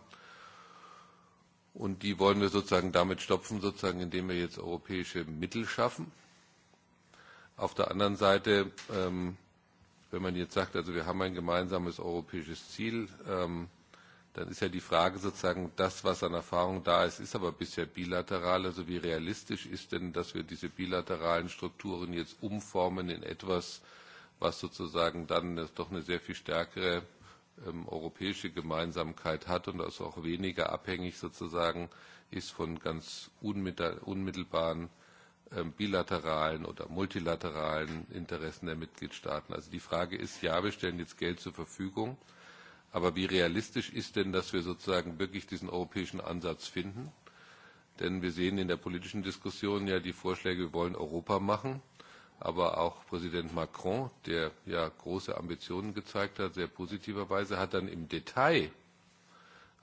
Und die wollen wir sozusagen damit stopfen, sozusagen, indem wir jetzt europäische Mittel schaffen. Auf der anderen Seite, ähm, wenn man jetzt sagt, also wir haben ein gemeinsames europäisches Ziel, ähm, dann ist ja die Frage sozusagen, das, was an Erfahrung da ist, ist aber bisher bilateral. Also wie realistisch ist denn, dass wir diese bilateralen Strukturen jetzt umformen in etwas, was sozusagen dann doch eine sehr viel stärkere ähm, europäische Gemeinsamkeit hat und also auch weniger abhängig sozusagen ist von ganz unmittelbaren ähm, bilateralen oder multilateralen Interessen der Mitgliedstaaten. Also die Frage ist, ja, wir stellen jetzt Geld zur Verfügung. Aber wie realistisch ist denn, dass wir sozusagen wirklich diesen europäischen Ansatz finden? Denn wir sehen in der politischen Diskussion ja die Vorschläge, wir wollen Europa machen. Aber auch Präsident Macron, der ja große Ambitionen gezeigt hat, sehr positiverweise, hat dann im Detail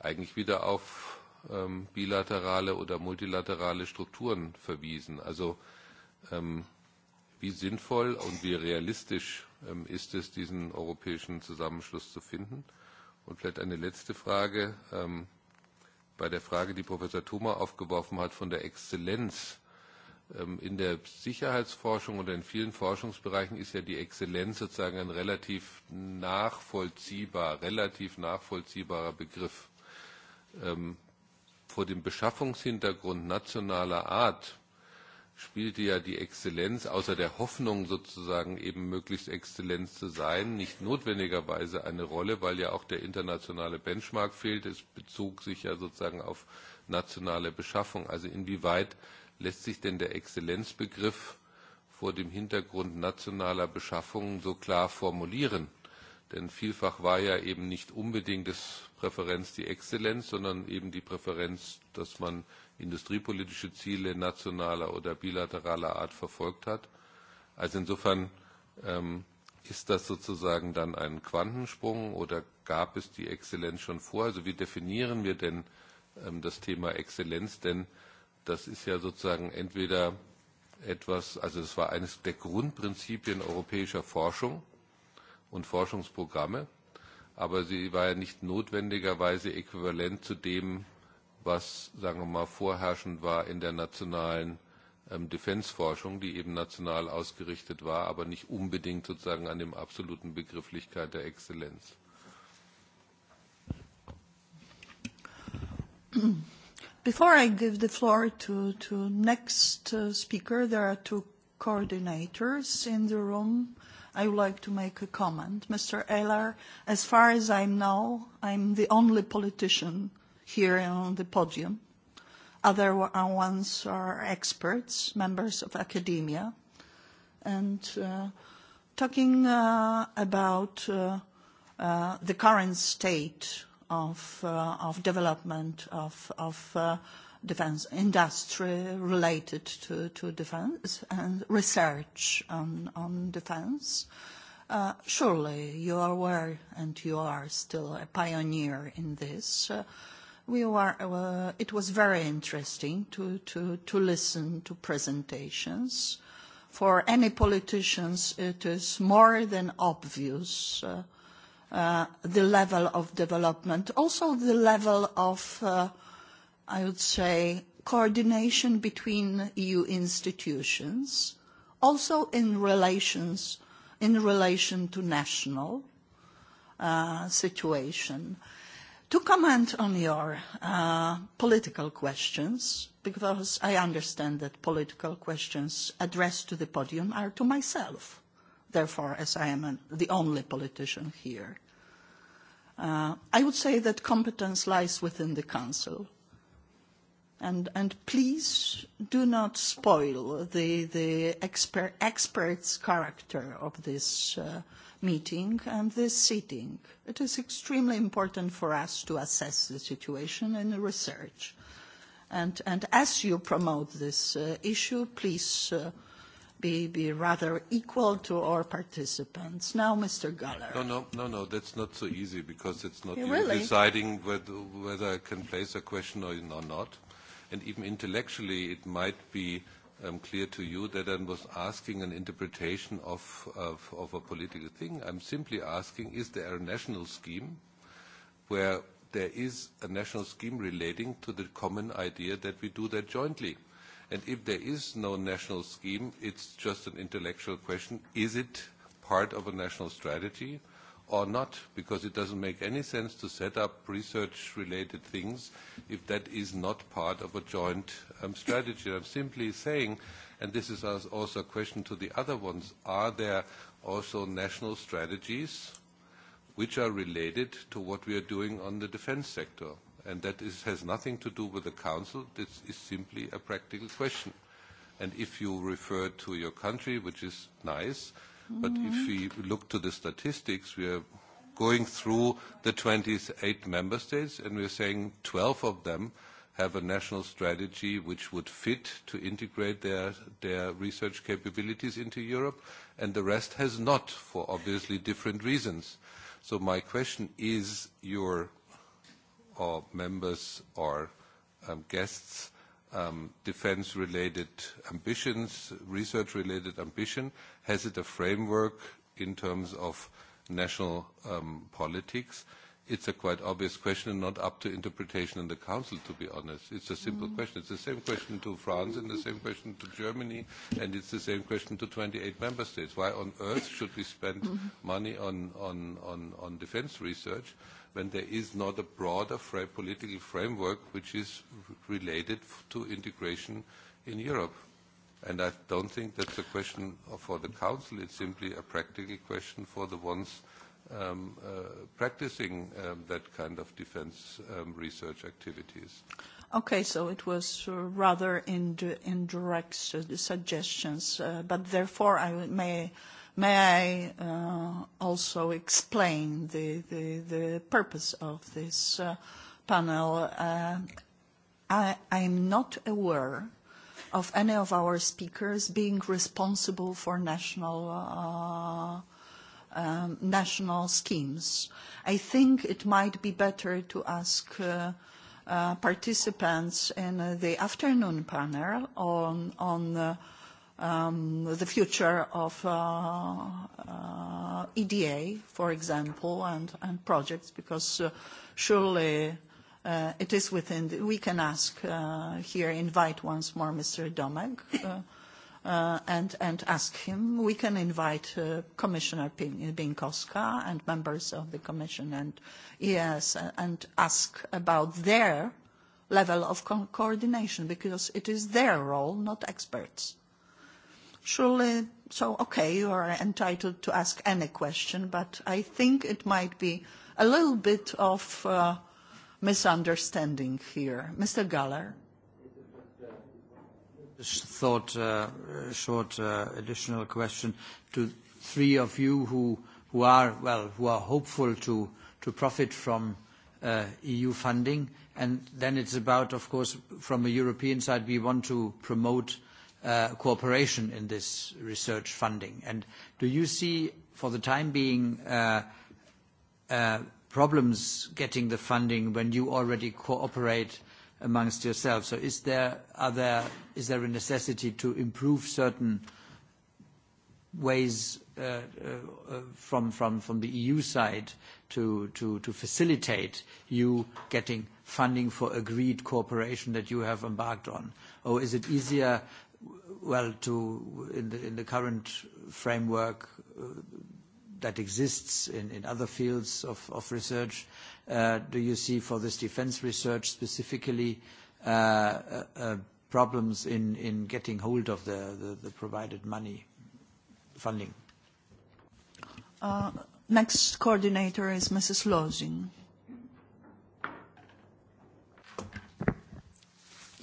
eigentlich wieder auf ähm, bilaterale oder multilaterale Strukturen verwiesen. Also ähm, wie sinnvoll und wie realistisch ähm, ist es, diesen europäischen Zusammenschluss zu finden? Und vielleicht eine letzte Frage. Ähm, bei der Frage, die Professor Thoma aufgeworfen hat, von der Exzellenz. Ähm, in der Sicherheitsforschung oder in vielen Forschungsbereichen ist ja die Exzellenz sozusagen ein relativ nachvollziehbar, relativ nachvollziehbarer Begriff. Ähm, vor dem Beschaffungshintergrund nationaler Art spielte ja die Exzellenz außer der Hoffnung sozusagen eben möglichst Exzellenz zu sein, nicht notwendigerweise eine Rolle, weil ja auch der internationale Benchmark fehlt. Es bezog sich ja sozusagen auf nationale Beschaffung. Also inwieweit lässt sich denn der Exzellenzbegriff vor dem Hintergrund nationaler Beschaffung so klar formulieren? Denn vielfach war ja eben nicht unbedingt das Präferenz die Exzellenz, sondern eben die Präferenz, dass man industriepolitische Ziele nationaler oder bilateraler Art verfolgt hat. Also insofern ähm, ist das sozusagen dann ein Quantensprung oder gab es die Exzellenz schon vor? Also wie definieren wir denn ähm, das Thema Exzellenz? Denn das ist ja sozusagen entweder etwas, also es war eines der Grundprinzipien europäischer Forschung und Forschungsprogramme, aber sie war ja nicht notwendigerweise äquivalent zu dem, was, sagen wir mal, vorherrschend war in der nationalen ähm, defense die eben national ausgerichtet war, aber nicht unbedingt sozusagen an dem absoluten Begrifflichkeit der Exzellenz.
Before I give the floor to, to next uh, speaker, there are two coordinators in the room. I would like to make a comment. Mr. Eller, as far as I know, I'm the only politician here on the podium. Other uh, ones are experts, members of academia. And uh, talking uh, about uh, uh, the current state of, uh, of development of, of uh, defense industry related to, to defense and research on, on defense. Uh, surely you are aware, and you are still a pioneer in this, uh, we were, uh, it was very interesting to, to, to listen to presentations. For any politicians, it is more than obvious uh, uh, the level of development, also the level of, uh, I would say, coordination between EU institutions, also in relations in relation to national uh, situation. To comment on your uh, political questions, because I understand that political questions addressed to the podium are to myself, therefore, as I am an, the only politician here. Uh, I would say that competence lies within the Council. And, and please do not spoil the, the exper expert's character of this uh, meeting and this sitting. It is extremely important for us to assess the situation and research. And, and as you promote this uh, issue, please uh, be, be rather equal to our participants. Now, Mr. Galler. No,
no, no, no, that's not so easy because it's not yeah, you really? deciding whether, whether I can place a question or not. And even intellectually, it might be clear to you that I was asking an interpretation of, a political thing. I'm simply asking, is there a national scheme where there is a national scheme relating to the common idea that we do that jointly? And if there is no national scheme, it's just an intellectual question. Is it part of a national strategy? or not, because it doesn't make any sense to set up research-related things if that is not part of a joint um, strategy. I'm simply saying, and this is also a question to the other ones, are there also national strategies which are related to what we are doing on the defense sector? And that is, has nothing to do with the Council. This is simply a practical question. And if you refer to your country, which is nice, But if mm-hmm. we look to the statistics, we are going through the 28 member states, and we are saying 12 of them have a national strategy which would fit to integrate their, their research capabilities into Europe, and the rest has not, for obviously different reasons. So my question is your or members or um, guests Um, defense-related ambitions, research-related ambition? Has it a framework in terms of national um, politics? It's a quite obvious question and not up to interpretation in the Council, to be honest. It's a simple mm-hmm. question. It's the same question to France and the same question to Germany, and it's the same question to 28 member states. Why on earth should we spend mm-hmm. money on, on, on defense research when there is not a broader fra political framework which is related to integration in Europe. And I don't think that's a question for the Council. It's simply a practical question for the ones um, uh, practicing um, that kind of defense um, research activities.
Okay, so it was uh, rather ind indirect uh, suggestions, uh, but therefore I may May I uh, also explain the, purpose of this uh, panel? Uh, I am not aware of any of our speakers being responsible for national um, national schemes. I think it might be better to ask participants in the afternoon panel on, on Um, the future of uh, uh, EDA, for example, and, projects, because uh, surely it is within the, we can ask here, invite once more Mr. Domek, and, ask him. We can invite Commissioner Pieńkowska and members of the commission and EES and ask about their level of coordination, because it is their role, not experts' surely, so okay, you are entitled to ask any question, but I think it might be a little bit of uh, misunderstanding here. Mr. Galler.
Just thought uh, a short uh, additional question to three of you who, who are, well, who are hopeful to, to profit from uh, EU funding. And then it's about, of course, from a European side, we want to promote uh, cooperation in this research funding? And do you see, for the time being, uh, uh, problems getting the funding when you already cooperate amongst yourselves? So is there, are there, is there a necessity to improve certain ways uh, uh, from, from, from the EU side to, to, to facilitate you getting funding for agreed cooperation that you have embarked on? Or is it easier well, to in the, in the current framework uh, that exists in, in other fields of, of research, uh, do you see for this defense research specifically uh, uh, uh problems in, in getting hold of the, the, the provided money funding?
Uh, next coordinator is Mrs. Losing.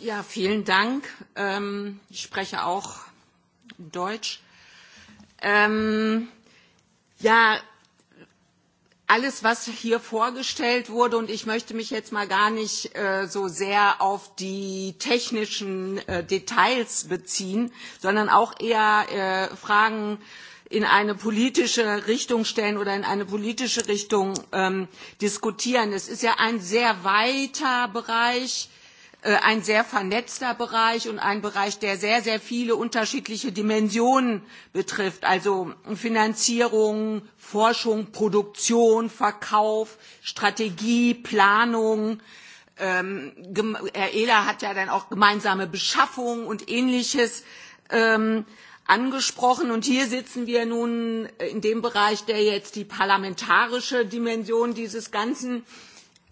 Ja, vielen Dank. Ähm, ich spreche auch Deutsch. Ähm, ja, alles, was hier vorgestellt wurde, und ich möchte mich jetzt mal gar nicht äh, so sehr auf die technischen äh, Details beziehen, sondern auch eher äh, Fragen in eine politische Richtung stellen oder in eine politische Richtung ähm, diskutieren. Es ist ja ein sehr weiter Bereich, äh, Äh, ein sehr vernetzter Bereich und ein Bereich, der sehr, sehr viele unterschiedliche Dimensionen betrifft, also Finanzierung, Forschung, Produktion, Verkauf, Strategie, Planung. Ähm, Herr Ehler hat ja dann auch gemeinsame Beschaffung und ähnliches ähm, angesprochen. Und hier sitzen wir nun in dem Bereich, der jetzt die parlamentarische Dimension dieses Ganzen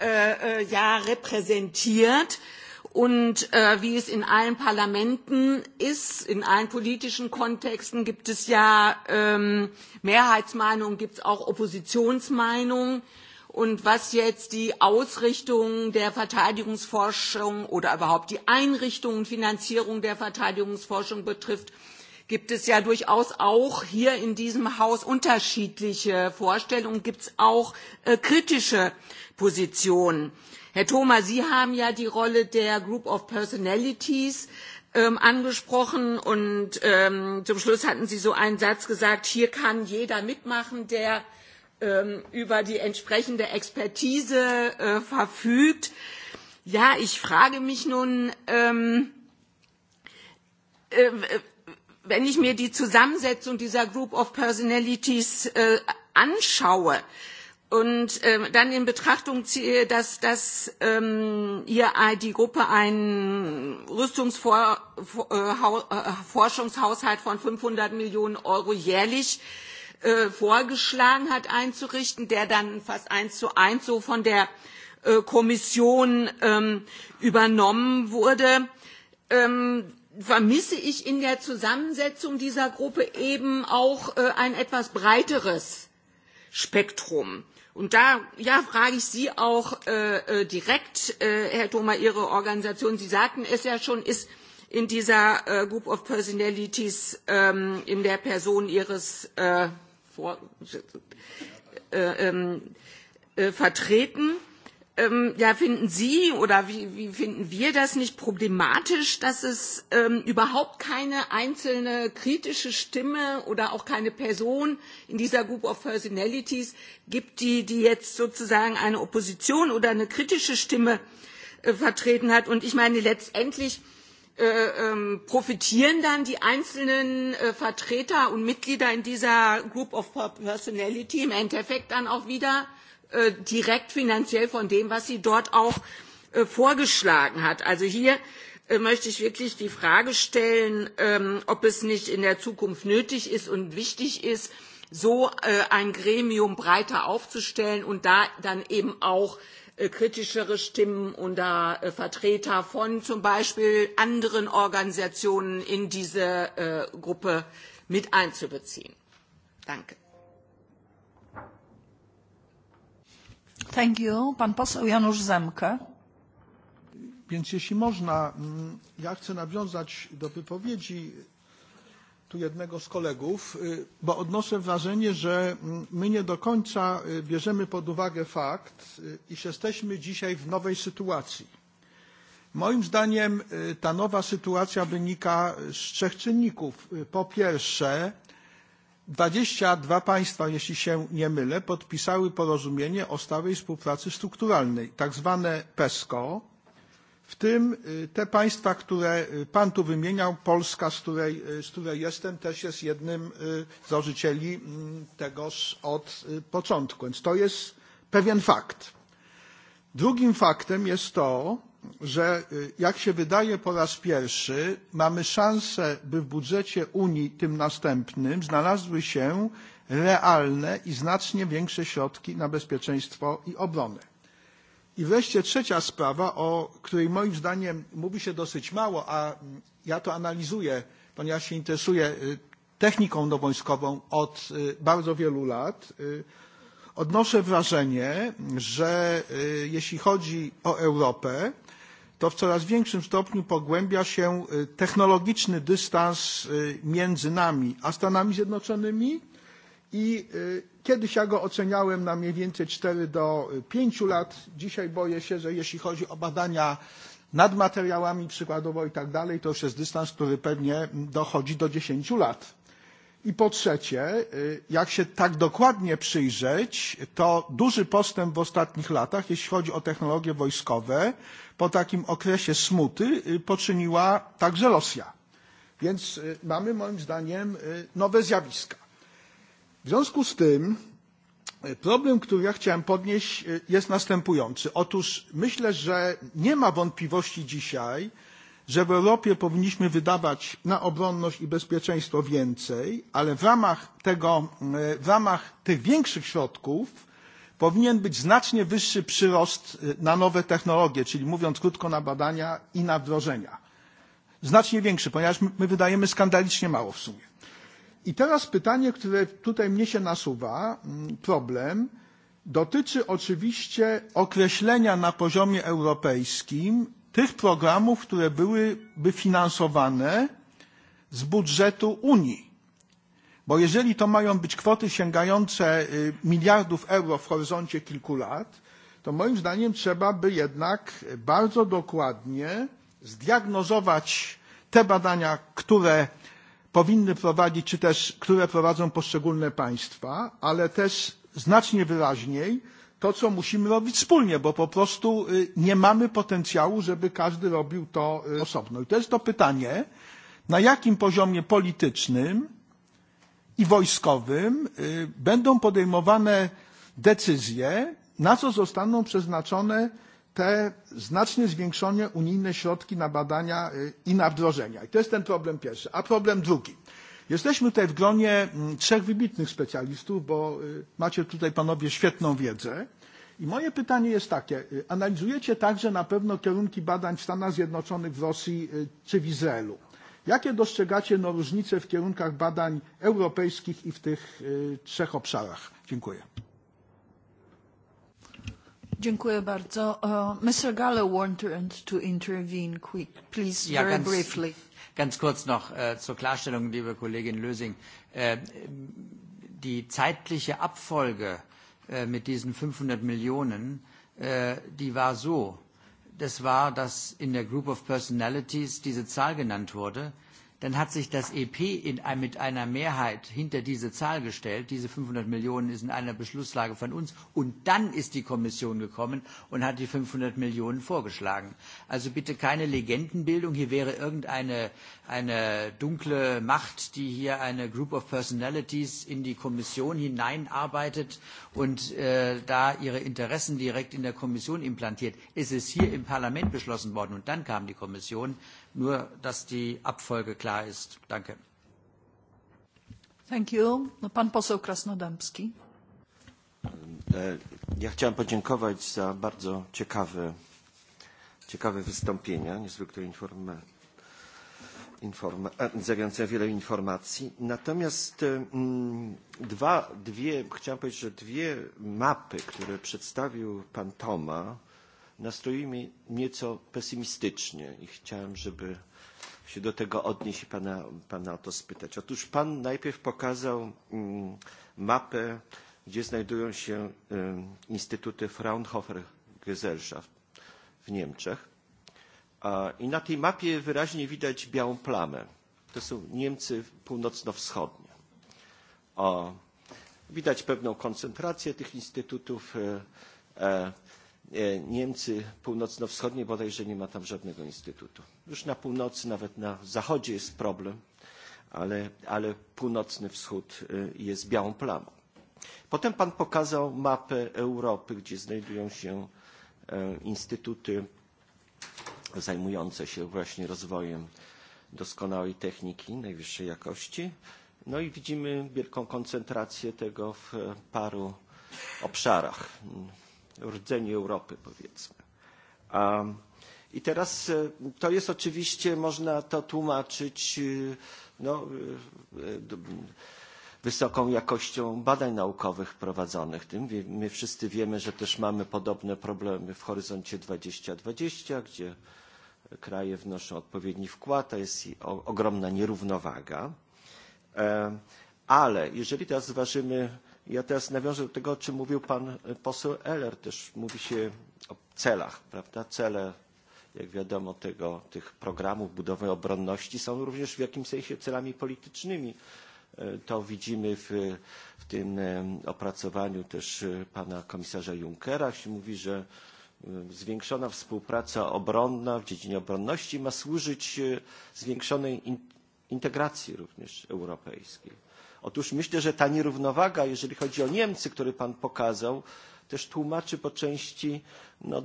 äh, äh ja repräsentiert. Äh, Und äh, wie es in allen Parlamenten ist, in allen politischen Kontexten gibt es ja ähm, Mehrheitsmeinungen, gibt es auch Oppositionsmeinungen. Und was jetzt die Ausrichtung der Verteidigungsforschung oder überhaupt die Einrichtung und Finanzierung der Verteidigungsforschung betrifft, gibt es ja durchaus auch hier in diesem Haus unterschiedliche Vorstellungen, gibt es auch äh, kritische Positionen. Äh, Herr Thoma, Sie haben ja die Rolle der Group of Personalities ähm, angesprochen und ähm, zum Schluss hatten Sie so einen Satz gesagt, hier kann jeder mitmachen, der ähm, über die entsprechende Expertise äh, verfügt. Ja, ich frage mich nun, ähm, äh, wenn ich mir die Zusammensetzung dieser Group of Personalities äh, anschaue, äh, und ähm, dann in Betrachtung ziehe, dass, dass ähm, ihr die Gruppe einen Rüstungsforschungshaushalt äh, äh von 500 Millionen Euro jährlich äh, vorgeschlagen hat einzurichten, der dann fast eins zu eins so von der äh, Kommission ähm, übernommen wurde. Ähm, vermisse ich in der Zusammensetzung dieser Gruppe eben auch äh, ein etwas breiteres Spektrum. Und da ja, frage ich Sie auch äh, äh, direkt, äh, Herr Thoma, Ihre Organisation, Sie sagten es ja schon, ist in dieser äh, Group of Personalities ähm, in der Person Ihres äh, Vor äh, äh, äh, vertreten ähm, ja, finden Sie oder wie, wie finden wir das nicht problematisch, dass es ähm, überhaupt keine einzelne kritische Stimme oder auch keine Person in dieser Group of Personalities gibt, die, die jetzt sozusagen eine Opposition oder eine kritische Stimme äh, vertreten hat? Und ich meine, letztendlich äh, ähm, profitieren dann die einzelnen äh, Vertreter und Mitglieder in dieser Group of Personality im Endeffekt dann auch wieder äh, Äh, direkt finanziell von dem, was sie dort auch äh, vorgeschlagen hat. Also hier äh, möchte ich wirklich die Frage stellen, ähm, ob es nicht in der Zukunft nötig ist und wichtig ist, so ein Gremium breiter aufzustellen und da dann eben auch kritischere Stimmen oder äh, Vertreter von zum Beispiel anderen Organisationen in diese Gruppe mit einzubeziehen. Danke.
Więc jeśli można, mm, ja chcę nawiązać do wypowiedzi tu jednego z kolegów, bo odnoszę wrażenie, że mm, my nie do końca bierzemy pod uwagę fakt, iż jesteśmy dzisiaj w nowej sytuacji. Moim zdaniem ta nowa sytuacja wynika z trzech czynników. Po pierwsze, 22 państwa, jeśli się nie mylę, podpisały porozumienie o stałej współpracy strukturalnej, tak zwane PESCO, w tym te państwa, które pan tu wymieniał, Polska, z której, z której jestem, też jest jednym z założycieli mm, tegoż od początku. Więc to jest pewien fakt. Drugim faktem jest to, że e, jak się wydaje po raz pierwszy mamy szansę, by w budżecie Unii tym następnym znalazły się realne i znacznie większe środki na bezpieczeństwo i obronę. I wreszcie trzecia sprawa, o której moim zdaniem mówi się dosyć mało, a mm, ja to analizuję, ponieważ się interesuję e, techniką dowojskową od e, bardzo wielu lat. Odnoszę wrażenie, że jeśli chodzi o Europę, to w coraz większym stopniu pogłębia się technologiczny dystans między nami a Stanami Zjednoczonymi i kiedyś ja go oceniałem na mniej więcej 4 do 5 lat. Dzisiaj boję się, że jeśli chodzi o badania nad materiałami przykładowo i tak dalej, to już jest dystans, który pewnie dochodzi do 10 lat. I po trzecie, jak się tak dokładnie przyjrzeć, to duży postęp w ostatnich latach, jeśli chodzi o technologie wojskowe, po takim okresie smuty poczyniła także Rosja. Więc mamy moim zdaniem nowe zjawiska. W związku z tym problem, który ja chciałem podnieść, jest następujący. Otóż myślę, że nie ma wątpliwości dzisiaj, że w Europie powinniśmy wydawać na obronność i bezpieczeństwo więcej, ale w ramach, tego, w ramach tych większych środków powinien być znacznie wyższy przyrost na nowe technologie, czyli mówiąc krótko na badania i na wdrożenia. Znacznie większy, ponieważ my wydajemy skandalicznie mało w sumie. I teraz pytanie, które tutaj mnie się nasuwa, mm, problem, dotyczy oczywiście określenia na poziomie europejskim tych programów, które byłyby finansowane z budżetu Unii. Bo jeżeli to mają być kwoty sięgające miliardów euro w horyzoncie kilku lat, to moim zdaniem trzeba by jednak bardzo dokładnie zdiagnozować te badania, które powinny prowadzić, czy też które prowadzą poszczególne państwa, ale też znacznie wyraźniej to, co musimy robić wspólnie, bo po prostu nie mamy potencjału, żeby każdy robił to osobno. I to jest to pytanie, na jakim poziomie politycznym i wojskowym będą podejmowane decyzje, na co zostaną przeznaczone te znacznie zwiększone unijne środki na badania i na wdrożenia. I to jest ten problem pierwszy. A problem drugi. Jesteśmy tutaj w gronie mm, trzech wybitnych specjalistów, bo macie tutaj panowie świetną wiedzę. I moje pytanie jest takie, analizujecie także na pewno kierunki badań w Stanach Zjednoczonych, w Rosji czy w Izraelu. Jakie dostrzegacie no, różnice w kierunkach badań europejskich i w tych y, trzech obszarach? Dziękuję.
Dziękuję bardzo. Uh, Mr. Gallo wanted to intervene quick, please, yeah, very briefly.
Ganz kurz noch äh, zur Klarstellung, liebe Kollegin Lösing. Äh, die zeitliche Abfolge äh, mit diesen 500 Millionen, äh, die war so. Das war, dass in der Group of Personalities diese Zahl genannt wurde dann hat sich das EP in, mit einer Mehrheit hinter diese Zahl gestellt. Diese 500 Millionen ist in einer Beschlusslage von uns. Und dann ist die Kommission gekommen und hat die 500 Millionen vorgeschlagen. Also bitte keine Legendenbildung. Hier wäre irgendeine eine dunkle Macht, die hier eine Group of Personalities in die Kommission hineinarbeitet und äh, da ihre Interessen direkt in der Kommission implantiert. Es ist hier im Parlament beschlossen worden und dann kam die Kommission. Nur, dass die Abfolge klar ist. Danke.
Thank you. No, pan poseł Krasnodębski.
Ja chciałem podziękować za bardzo ciekawe, ciekawe wystąpienia, niezwykle informa, informa, e, zawierające wiele informacji. Natomiast mm, dwa, dwie, chciałem powiedzieć, że dwie mapy, które przedstawił pan Toma, nastrojami nieco pesymistycznie i chciałem, żeby się do tego odnieść i pana, pana o to spytać. Otóż pan najpierw pokazał mm, mapę, gdzie znajdują się instytuty Fraunhofer Gesellschaft w Niemczech. I na tej mapie wyraźnie widać białą plamę. To są Niemcy północno-wschodnie. Widać pewną koncentrację tych instytutów. E, E, Niemcy północno-wschodnie bodajże nie ma tam żadnego instytutu. Już na północy, nawet na zachodzie jest problem, ale, ale północny wschód e, jest białą plamą. Potem pan pokazał mapę Europy, gdzie znajdują się e, instytuty zajmujące się właśnie rozwojem doskonałej techniki najwyższej jakości. No i widzimy wielką koncentrację tego w paru obszarach rdzeniu Europy, powiedzmy. I teraz e, to jest oczywiście, można to tłumaczyć e, no, e, wysoką jakością badań naukowych prowadzonych. Tym my wszyscy wiemy, że też mamy podobne problemy w horyzoncie 2020, gdzie kraje wnoszą odpowiedni wkład, a jest ogromna nierównowaga. Ale jeżeli teraz zważymy Ja teraz nawiążę do tego, o czym mówił pan e, poseł Eller. Też mówi się o celach, prawda? Cele, jak wiadomo, tego, tych programów budowy obronności są również w jakimś sensie celami politycznymi. E, to widzimy w, w tym e, opracowaniu też pana komisarza Junckera. Się mówi, że zwiększona współpraca obronna w dziedzinie obronności ma służyć zwiększonej integracji również europejskiej Otóż myślę, że ta nierównowaga, jeżeli chodzi o Niemcy, który Pan pokazał, też tłumaczy po części no,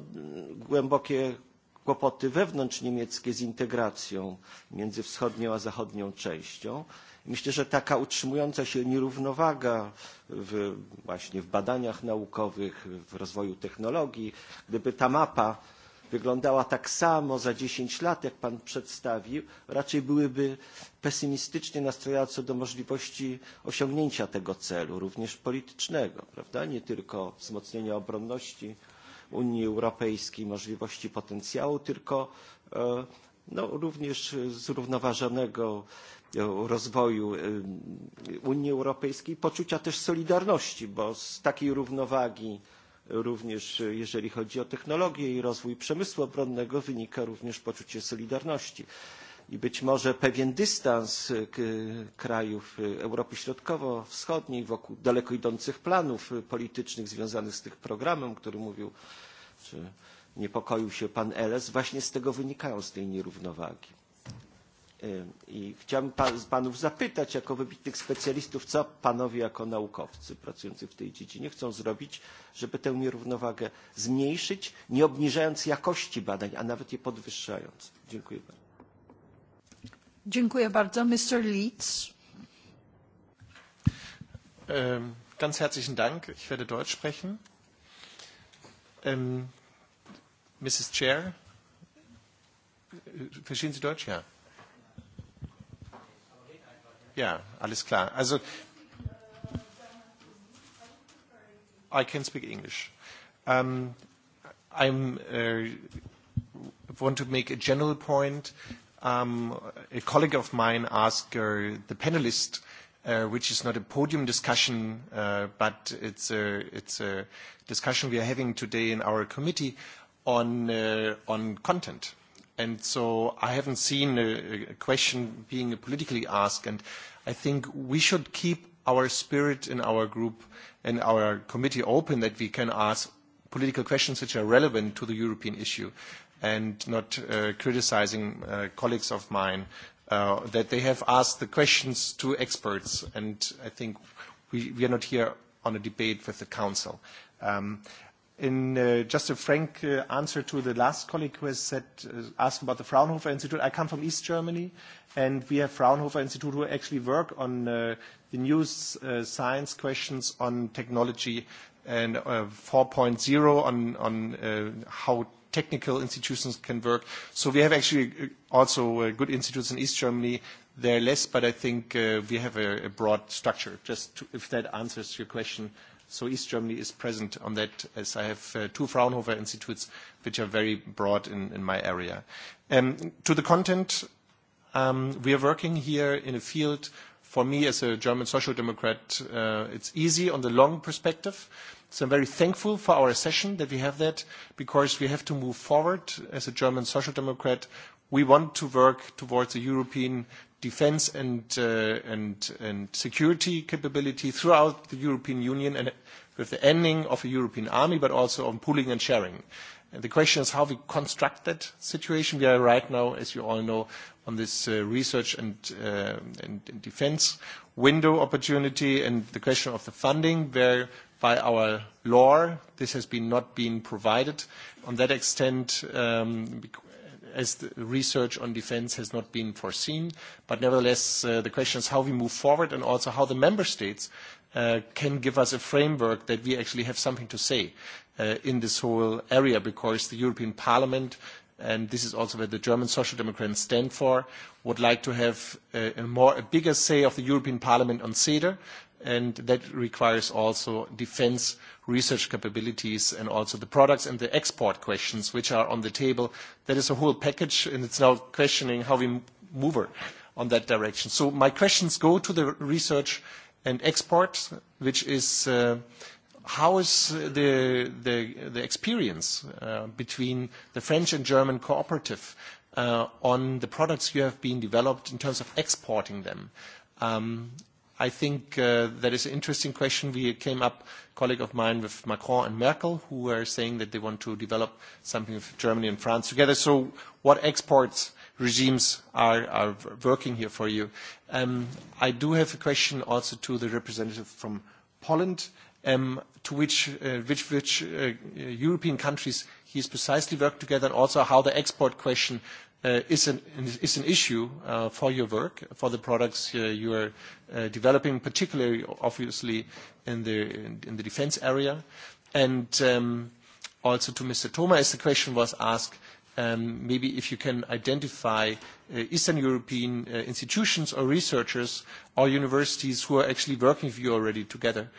głębokie kłopoty wewnątrz niemieckie z integracją między wschodnią a zachodnią częścią. Myślę, że taka utrzymująca się nierównowaga w, właśnie w badaniach naukowych, w rozwoju technologii, gdyby ta mapa wyglądała tak samo za 10 lat, jak Pan przedstawił, raczej byłyby pesymistycznie nastrojone co do możliwości osiągnięcia tego celu, również politycznego, prawda? nie tylko wzmocnienia obronności Unii Europejskiej, możliwości potencjału, tylko e, no, również zrównoważonego rozwoju Unii Europejskiej, poczucia też solidarności, bo z takiej równowagi również e, jeżeli chodzi o technologię i rozwój przemysłu obronnego wynika również poczucie solidarności i być może pewien dystans e, krajów e, Europy Środkowo-Wschodniej wokół daleko idących planów politycznych związanych z tym programem, o którym mówił czy niepokoił się pan Eles, właśnie z tego wynikają, z tej nierównowagi. I chciałbym z panów zapytać, jako wybitnych specjalistów, co panowie jako naukowcy pracujący w tej dziedzinie chcą zrobić, żeby tę nierównowagę zmniejszyć, nie obniżając jakości badań, a nawet
je podwyższając. Dziękuję bardzo.
Dziękuję bardzo. Mr. Leeds.
Ähm, ganz herzlichen Dank. Ich werde Deutsch sprechen. Mrs. Ähm, Chair, äh, verstehen Sie Deutsch? Ja. Ja, alles klar. Also, I can speak English. Um, I'm uh, want to make a general point. Um, a colleague of mine asked uh, the panelist, uh, which is not a podium discussion, uh, but it's a, it's a discussion we are having today in our committee on, uh, on content. And so I haven't seen a, a question being politically asked. And I think we should keep our spirit in our group and our committee open that we can ask political questions which are relevant to the European issue and not uh, criticizing uh, colleagues of mine uh, that they have asked the questions to experts. And I think we, we are not here on a debate with the Council. Um, in uh, just a frank uh, answer to the last colleague who has said, uh, asked about the Fraunhofer Institute. I come from East Germany, and we have Fraunhofer Institute who actually work on uh, the new uh, science questions on technology and uh, 4.0 on, on uh, how technical institutions can work. So we have actually uh, also uh, good institutes in East Germany. They're less, but I think uh, we have a, a broad structure. Just to, if that answers your question, So East Germany is present on that, as I have uh, two Fraunhofer institutes, which are very broad in, in my area. Um, to the content, um, we are working here in a field. For me, as a German social democrat, uh, it's easy on the long perspective. So I'm very thankful for our session that we have that, because we have to move forward. As a German social democrat, we want to work towards a European defense and, uh, and, and security capability throughout the European Union and with the ending of a European army, but also on pooling and sharing. And the question is how we construct that situation. We are right now, as you all know, on this uh, research and, uh, and, and defense window opportunity and the question of the funding, where by our law, this has been not been provided. On that extent, um, as research on defense has not been foreseen. But nevertheless, uh, the question is how we move forward and also how the member states Uh, can give us a framework that we actually have something to say uh, in this whole area because the European Parliament and this is also what the German Social Democrats stand for, would like to have a, uh, a, more, a bigger say of the European Parliament on CEDAR, and that requires also defense research capabilities and also the products and the export questions which are on the table. That is a whole package, and it's now questioning how we move on that direction. my questions go to the research and export, which is uh, how is the, experience uh, between the French and German cooperative uh, on the products you have been developed in terms of exporting them? Um, i think uh, that is an interesting question. We came up, a colleague of mine, with Macron and Merkel, who are saying that they want to develop something with Germany and France together. So what exports regimes are, are working here for you? Um, I do have a question also to the representative from Poland, um, to which, uh, which, which uh, European countries he has precisely worked together, and also how the export question Uh, is, an, issue uh, for your work, for the products uh, you are developing, particularly obviously in the, defense area. And um, also to Mr. Thoma, as the question was asked, um, maybe if you can identify Eastern European institutions or researchers or universities who are actually working with you already together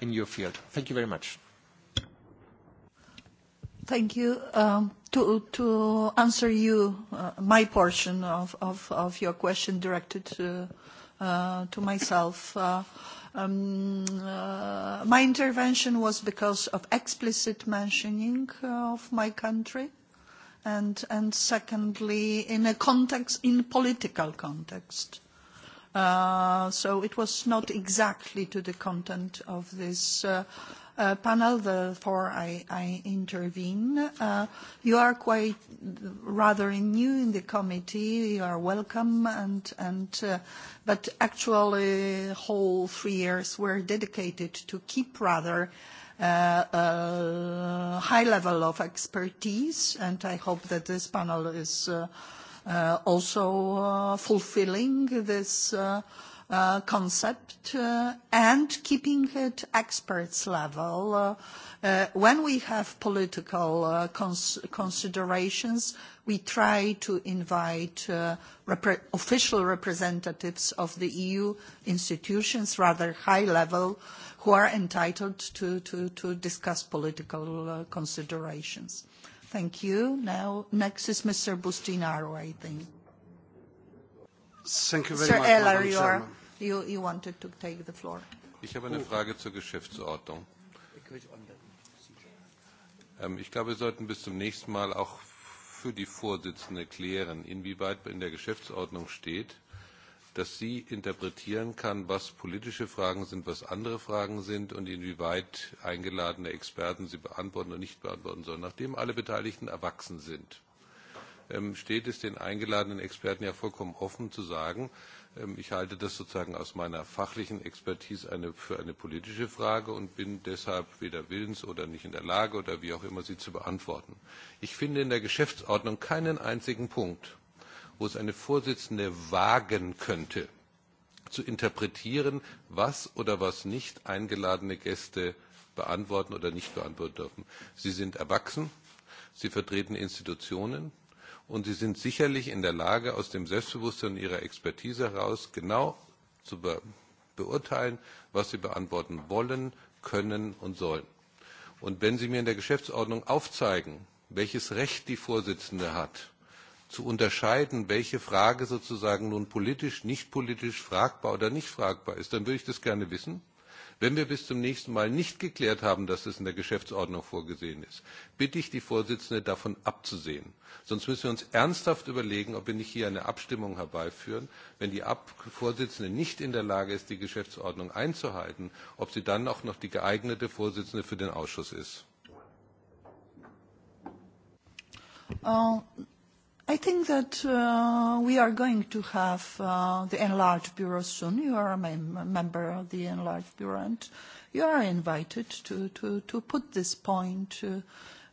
in your field. Thank you very much.
Thank you. Um, to, answer you, uh, my portion of, your question directed uh, to, myself, uh, um, my intervention was because of explicit mentioning of my country, and secondly, in a context, in political context. So it was not exactly to the content of this Uh, panel, therefore I, I intervene. Uh, you are quite rather new in the committee. You are welcome, and, and uh, but actually, whole three years were dedicated to keep rather a uh, uh, high level of expertise, and I hope that this panel is also fulfilling this Uh, concept uh, and keeping it experts level. Uh, when we have political considerations, we try to invite official representatives of the EU institutions, rather high level, who are entitled to, to, discuss political considerations. Thank you. Now, next is Mr. Bustinaro, I think.
Thank you very much, Eller, Madam Chairman
you, you wanted to take the floor.
Ich habe eine oh. Frage zur Geschäftsordnung. Ähm, ich glaube, wir sollten bis zum nächsten Mal auch für die Vorsitzende klären, inwieweit in der Geschäftsordnung steht, dass sie interpretieren kann, was politische Fragen sind, was andere Fragen sind und inwieweit eingeladene Experten sie beantworten oder nicht beantworten sollen. Nachdem alle Beteiligten erwachsen sind, ähm, steht es den eingeladenen Experten ja vollkommen offen zu sagen, Ähm, ich halte das sozusagen aus meiner fachlichen Expertise eine, für eine politische Frage und bin deshalb weder willens oder nicht in der Lage oder wie auch immer sie zu beantworten. Ich finde in der Geschäftsordnung keinen einzigen Punkt, wo es eine Vorsitzende wagen könnte, zu interpretieren, was oder was nicht eingeladene Gäste beantworten oder nicht beantworten dürfen. Sie sind erwachsen, sie vertreten Institutionen, Und sie sind sicherlich in der Lage, aus dem Selbstbewusstsein ihrer Expertise heraus genau zu be beurteilen, was sie beantworten wollen, können und sollen. Und wenn Sie mir in der Geschäftsordnung aufzeigen, welches Recht die Vorsitzende hat, zu unterscheiden, welche Frage sozusagen nun politisch, nicht politisch, fragbar oder nicht fragbar ist, dann würde ich das gerne wissen. Wenn wir bis zum nächsten Mal nicht geklärt haben, dass es in der Geschäftsordnung vorgesehen ist, bitte ich die Vorsitzende, davon abzusehen. Sonst müssen wir uns ernsthaft überlegen, ob wir nicht hier eine Abstimmung herbeiführen, wenn die Ab Vorsitzende nicht in der Lage ist, die Geschäftsordnung einzuhalten, ob sie dann auch noch die geeignete Vorsitzende für den Ausschuss ist.
Uh, i think that uh, we are going to have uh, the enlarged bureau soon. You are a mem member of the enlarged bureau, and you are invited to, to, to put this point uh,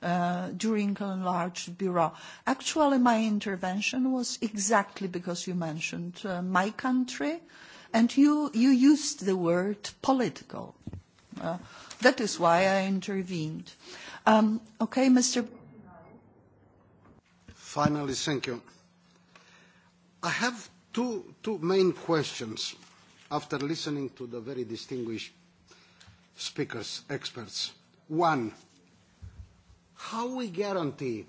uh during enlarged bureau. Actually, my intervention was exactly because you mentioned uh, my country, and you, you used the word political. Uh, that is why I intervened. Um, okay, Mr.
Finally, thank you. I have two, two main questions after listening to the very distinguished speakers, experts. One, how we guarantee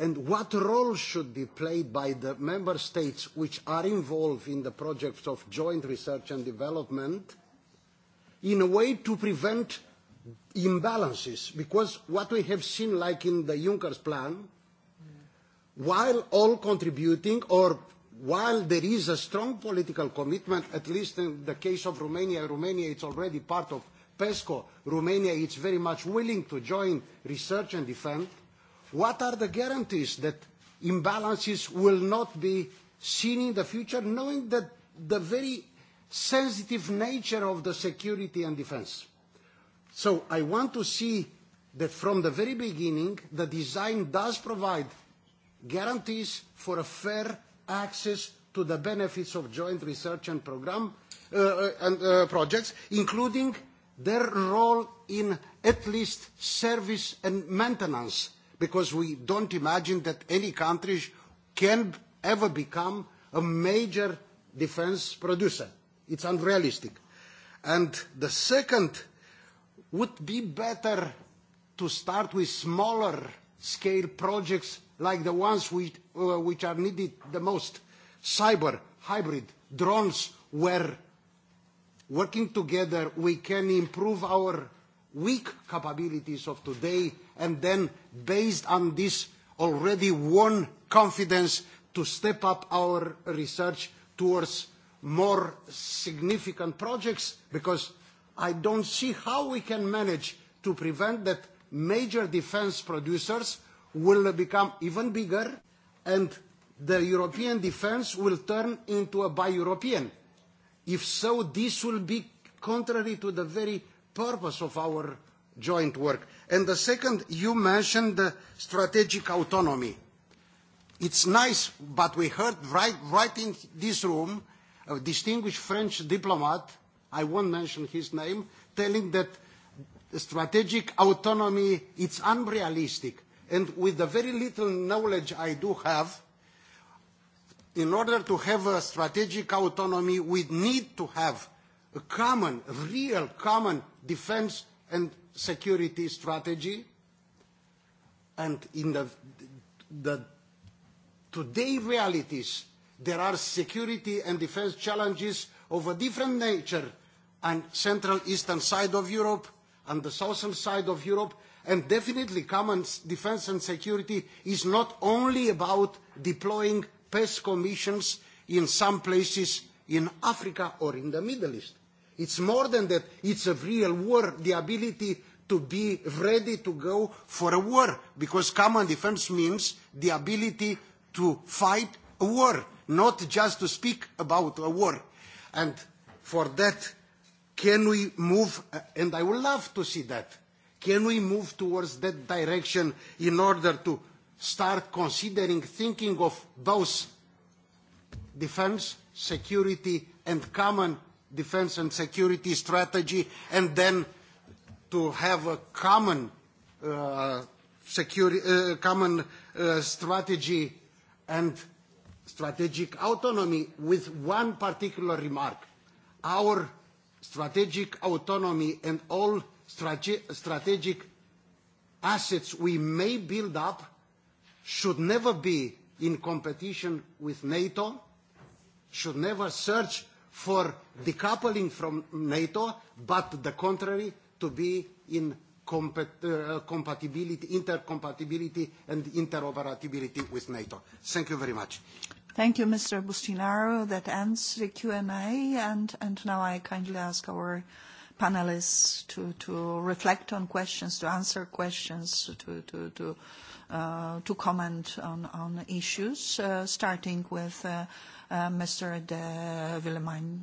and what role should be played by the member states which are involved in the projects of joint research and development in a way to prevent imbalances, because what we have seen, like in the Juncker's plan, while all contributing or while there is a strong political commitment, at least in the case of Romania, Romania is already part of PESCO. Romania is very much willing to join research and defense. What are the guarantees that imbalances will not be seen in the future, knowing that the very sensitive nature of the security and defense? So I want to see that from the very beginning, the design does provide guarantees for a fair access to the benefits of joint research and program uh, uh, and uh, projects, including their role in at least service and maintenance, because we don't imagine that any country can ever become a major defense producer. It's unrealistic. And the second would be better to start with smaller scale projects like the ones which, uh, which are needed the most. Cyber, hybrid, drones, where working together we can improve our weak capabilities of today and then based on this already won confidence to step up our research towards more significant projects because i don't see how we can manage to prevent that major defence producers will become even bigger and the European defence will turn into a bi-European. If so, this will be contrary to the very purpose of our joint work. And the second, you mentioned the strategic autonomy. It's nice, but we heard right, right in this room a distinguished French diplomat i won't mention his name, telling that strategic autonomy is unrealistic. And with the very little knowledge I do have, in order to have a strategic autonomy, we need to have a common, real common defense and security strategy. And in the, the today realities, there are security and defense challenges of a different nature and central eastern side of Europe and the southern side of Europe. And definitely common defence and security is not only about deploying PESCO missions in some places in Africa or in the Middle East. It's more than that. It's a real war, the ability to be ready to go for a war, because common defence means the ability to fight a war, not just to speak about a war. And for that, Can we move, uh, and I would love to see that, can we move towards that direction in order to start considering, thinking of those defense, security, and common defense and security strategy, and then to have a common uh, security, uh, common uh, strategy and strategic autonomy with one particular remark. Our strategic autonomy and all strategic assets we may build up should never be in competition with NATO, should never search for decoupling from NATO, but the contrary, to be in uh, compatibility, intercompatibility and interoperability with NATO. Thank you very much.
Thank you, Mr. Bustinaro. That ends the Q&A, now I kindly ask our panelists to, reflect on questions, to answer questions, to, uh, comment on, issues, uh, starting with uh, Mr. de Villemain.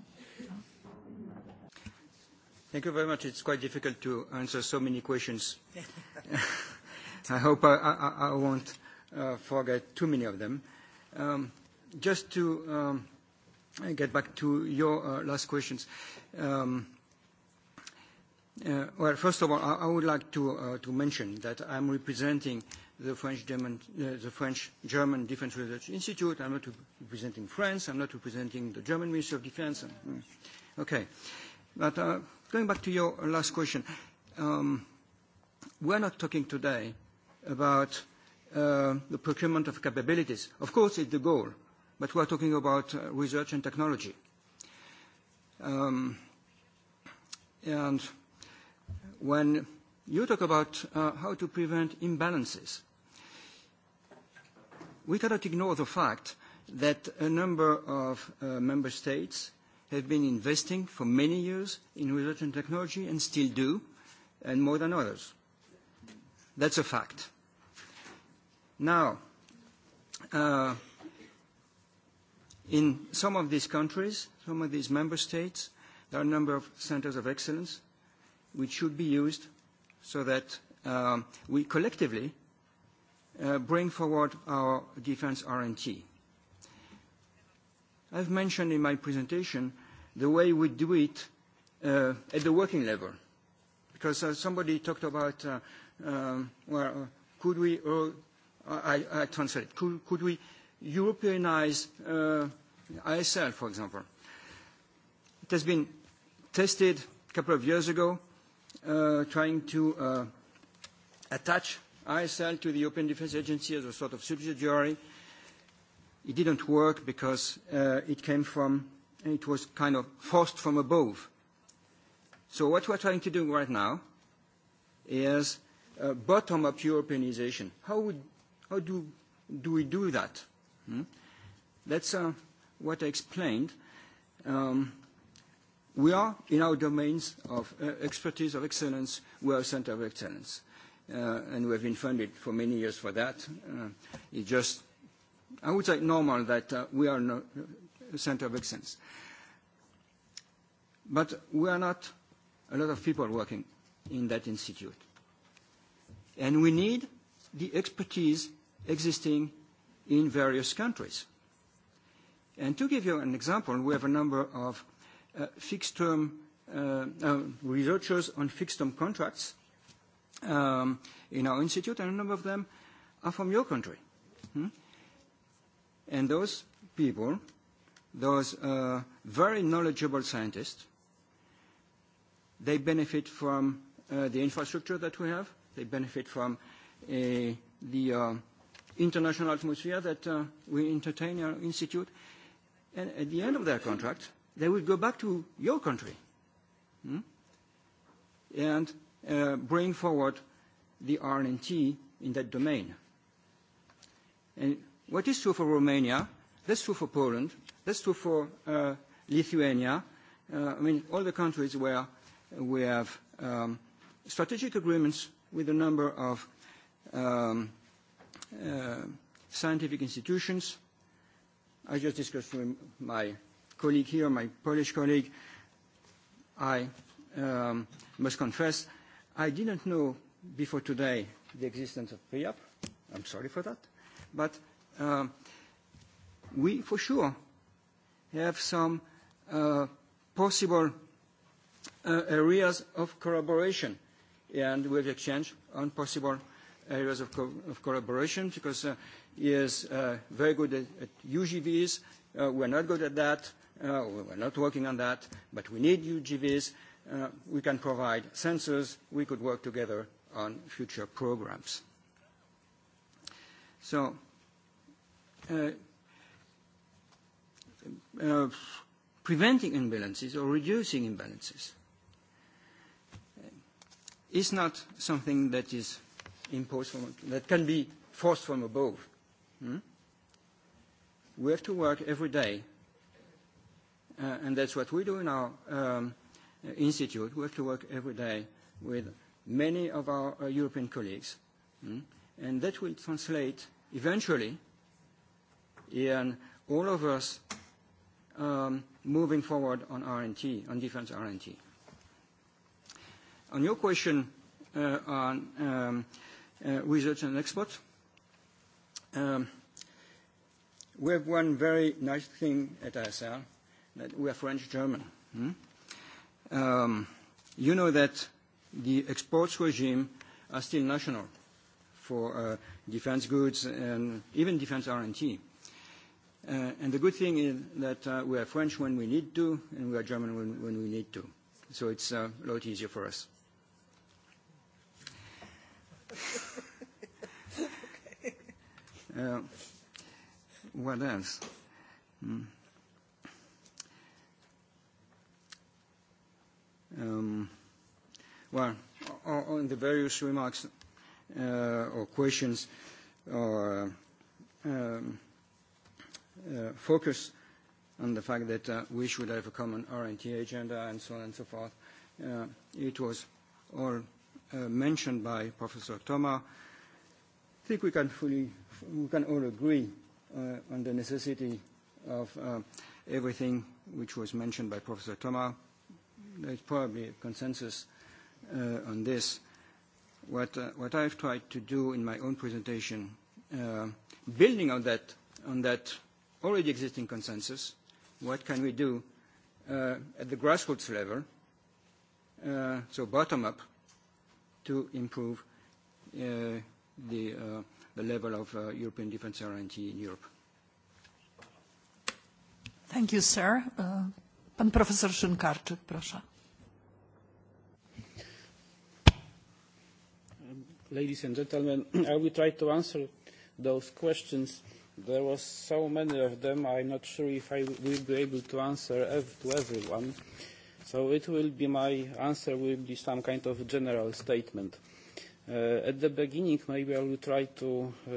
Thank you very much. It's quite difficult to answer so many questions. *laughs* *laughs* I hope I, won't forget too many of them. Um, Just to um, get back to your uh, last questions. Um, uh, well, first of all, I, would like to, uh, to mention that I'm representing the French-German the French German Defense Research Institute. I'm not representing France. I'm not representing the German Ministry of Defense. Mm. Okay. But going back to your last question, um, we're not talking today about the procurement of capabilities. Of course, it's the goal, but we are talking about uh, research and technology. Um, and when you talk about uh, how to prevent imbalances, we cannot ignore the fact that a number of uh, member states have been investing for many years in research and technology and still do, and more than others. That's a fact. Now, uh, In some of these countries, some of these member states, there are a number of centers of excellence which should be used so that um, we collectively uh, bring forward our defense R&T. I've mentioned in my presentation the way we do it uh, at the working level, because uh, somebody talked about, uh, um, well, could we, or uh, I, I translate, could, could we Europeanize uh, ISL, for example. It has been tested a couple of years ago, uh, trying to uh, attach ISL to the European Defence Agency as a sort of subsidiary. It didn't work because it came from, it was kind of forced from above. So what we're trying to do right now is bottom-up Europeanization. How, would, how do, do we do that? Hmm? That's uh, what I explained. Um, we are in our domains of uh, expertise of excellence. We are a center of excellence. Uh, and we have been funded for many years for that. Uh, it's just, I would say, normal that uh, we are no, a center of excellence. But we are not a lot of people working in that institute. And we need the expertise existing in various countries. And to give you an example, we have a number of uh, fixed-term uh, uh, researchers on fixed-term contracts um, in our institute, and a number of them are from your country. Hmm? And those people, those uh, very knowledgeable scientists, they benefit from uh, the infrastructure that we have. They benefit from uh, the um, international atmosphere that uh, we entertain our institute. And at the end of their contract, they will go back to your country hmm? and uh, bring forward the RNT in that domain. And what is true for Romania, that's true for Poland, that's true for uh, Lithuania, uh, I mean, all the countries where we have um, strategic agreements with a number of um, Uh, scientific institutions. I just discussed with my colleague here, my Polish colleague. I um, must confess, I didn't know before today the existence of PRIAP. I'm sorry for that. But um, we, for sure, have some uh, possible uh, areas of collaboration and with exchange on possible areas of, co of collaboration because uh, he is uh, very good at, at UGVs. Uh, we're not good at that. Uh, we're not working on that, but we need UGVs. Uh, we can provide sensors. We could work together on future programs. So, uh, uh, preventing imbalances or reducing imbalances uh, is not something that is imposed from, that can be forced from above. Hmm? We have to work every day, uh, and that's what we do in our um, institute. We have to work every day with many of our uh, European colleagues, hmm? and that will translate eventually in all of us um, moving forward on R&T, on defense R&T. On your question uh, on um, Uh, research and export. Um, we have one very nice thing at ASR, that we are French-German. Hmm? Um, you know that the exports regime are still national for uh, defense goods and even defense R&D. Uh, and the good thing is that we are French when we need to, and we are German when, when we need to. So it's a lot easier for us. Uh, what else? Mm. Um, well, on the various remarks uh, or questions or uh, um, uh, focus on the fact that uh, we should have a common R&T agenda and so on and so forth. Uh, it was all uh, mentioned by Professor Thomas. I think we can fully, we can all agree uh, on the necessity of uh, everything which was mentioned by Professor Thomas. There's probably a consensus uh, on this. What, uh, what I've tried to do in my own presentation, uh, building on that, on that already existing consensus, what can we do uh, at the grassroots level, uh, so bottom up, to improve uh, Uh, the, level of uh, European defense R&D in Europe.
Thank you, sir. Uh, pan profesor Szynkarczyk, proszę.
Um, ladies and gentlemen, *clears throat* I will try to answer those questions. There was so many of them, I'm not sure if I will be able to answer to everyone. So it will be my answer will be some kind of general statement. Uh, at the beginning, maybe I will try to uh,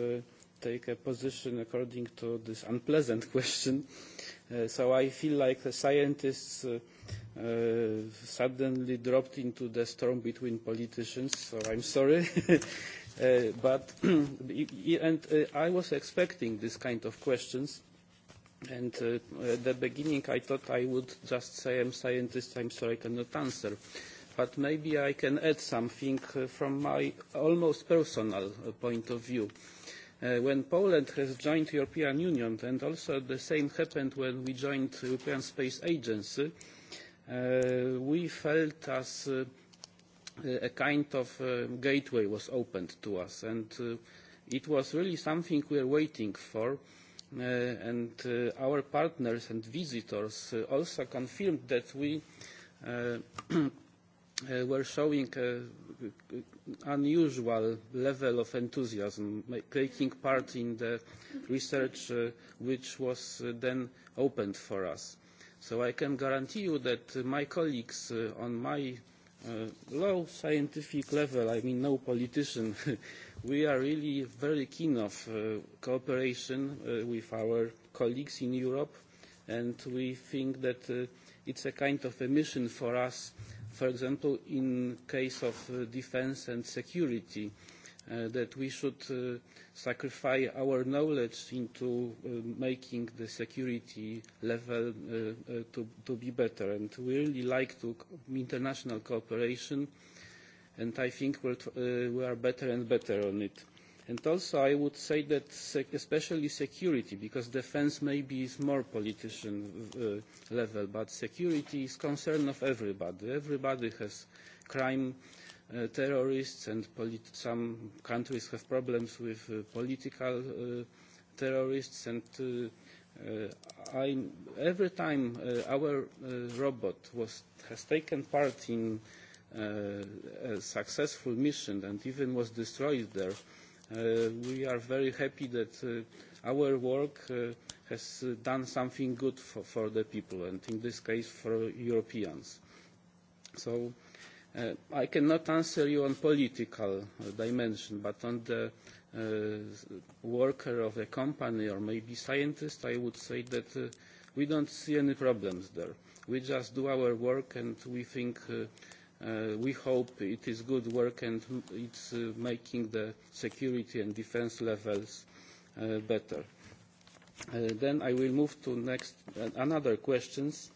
take a position according to this unpleasant *laughs* question. Uh, so I feel like the scientists uh, uh, suddenly dropped into the storm between politicians, so I'm sorry. *laughs* uh, but *clears throat* and uh, I was expecting this kind of questions. And uh, at the beginning, I thought I would just say I'm scientist, I'm sorry, I cannot answer but maybe I can add something uh, from my almost personal uh, point of view. Uh, when Poland has joined European Union, and also the same happened when we joined European Space Agency, uh, we felt as uh, uh a kind of gateway was opened to us, and it was really something we were waiting for. and our partners and visitors also confirmed that we *clears throat* Uh, were showing unusual level of enthusiasm, taking part in the research uh, which was uh, then opened for us. So I can guarantee you that my colleagues on my low scientific level, I mean no politician, *laughs* we are really very keen of cooperation with our colleagues in Europe, and we think that it's a kind of a mission for us for example, in case of uh, defense and security, uh, that we should uh, sacrifice our knowledge into uh, making the security level uh, uh, to, to be better. And we really like to international cooperation, and I think we're, uh, we are better and better on it. And also, I would say that sec especially security, because defense maybe is more politician uh, level, but security is concern of everybody. Everybody has crime, uh, terrorists, and polit- some countries have problems with uh, political uh, terrorists. And uh, uh, I, every time uh, our uh, robot was, has taken part in uh, a successful mission and even was destroyed there, Uh, we are very happy that uh, our work uh, has uh, done something good for, for the people, and in this case for Europeans. So uh, I cannot answer you on political uh, dimension, but on the uh, worker of a company or maybe scientist, I would say that uh, we don't see any problems there. We just do our work and we think uh, Uh, we hope it is good work and it's uh, making the security and defense levels uh, better. Uh, then I will move to next uh, another questions.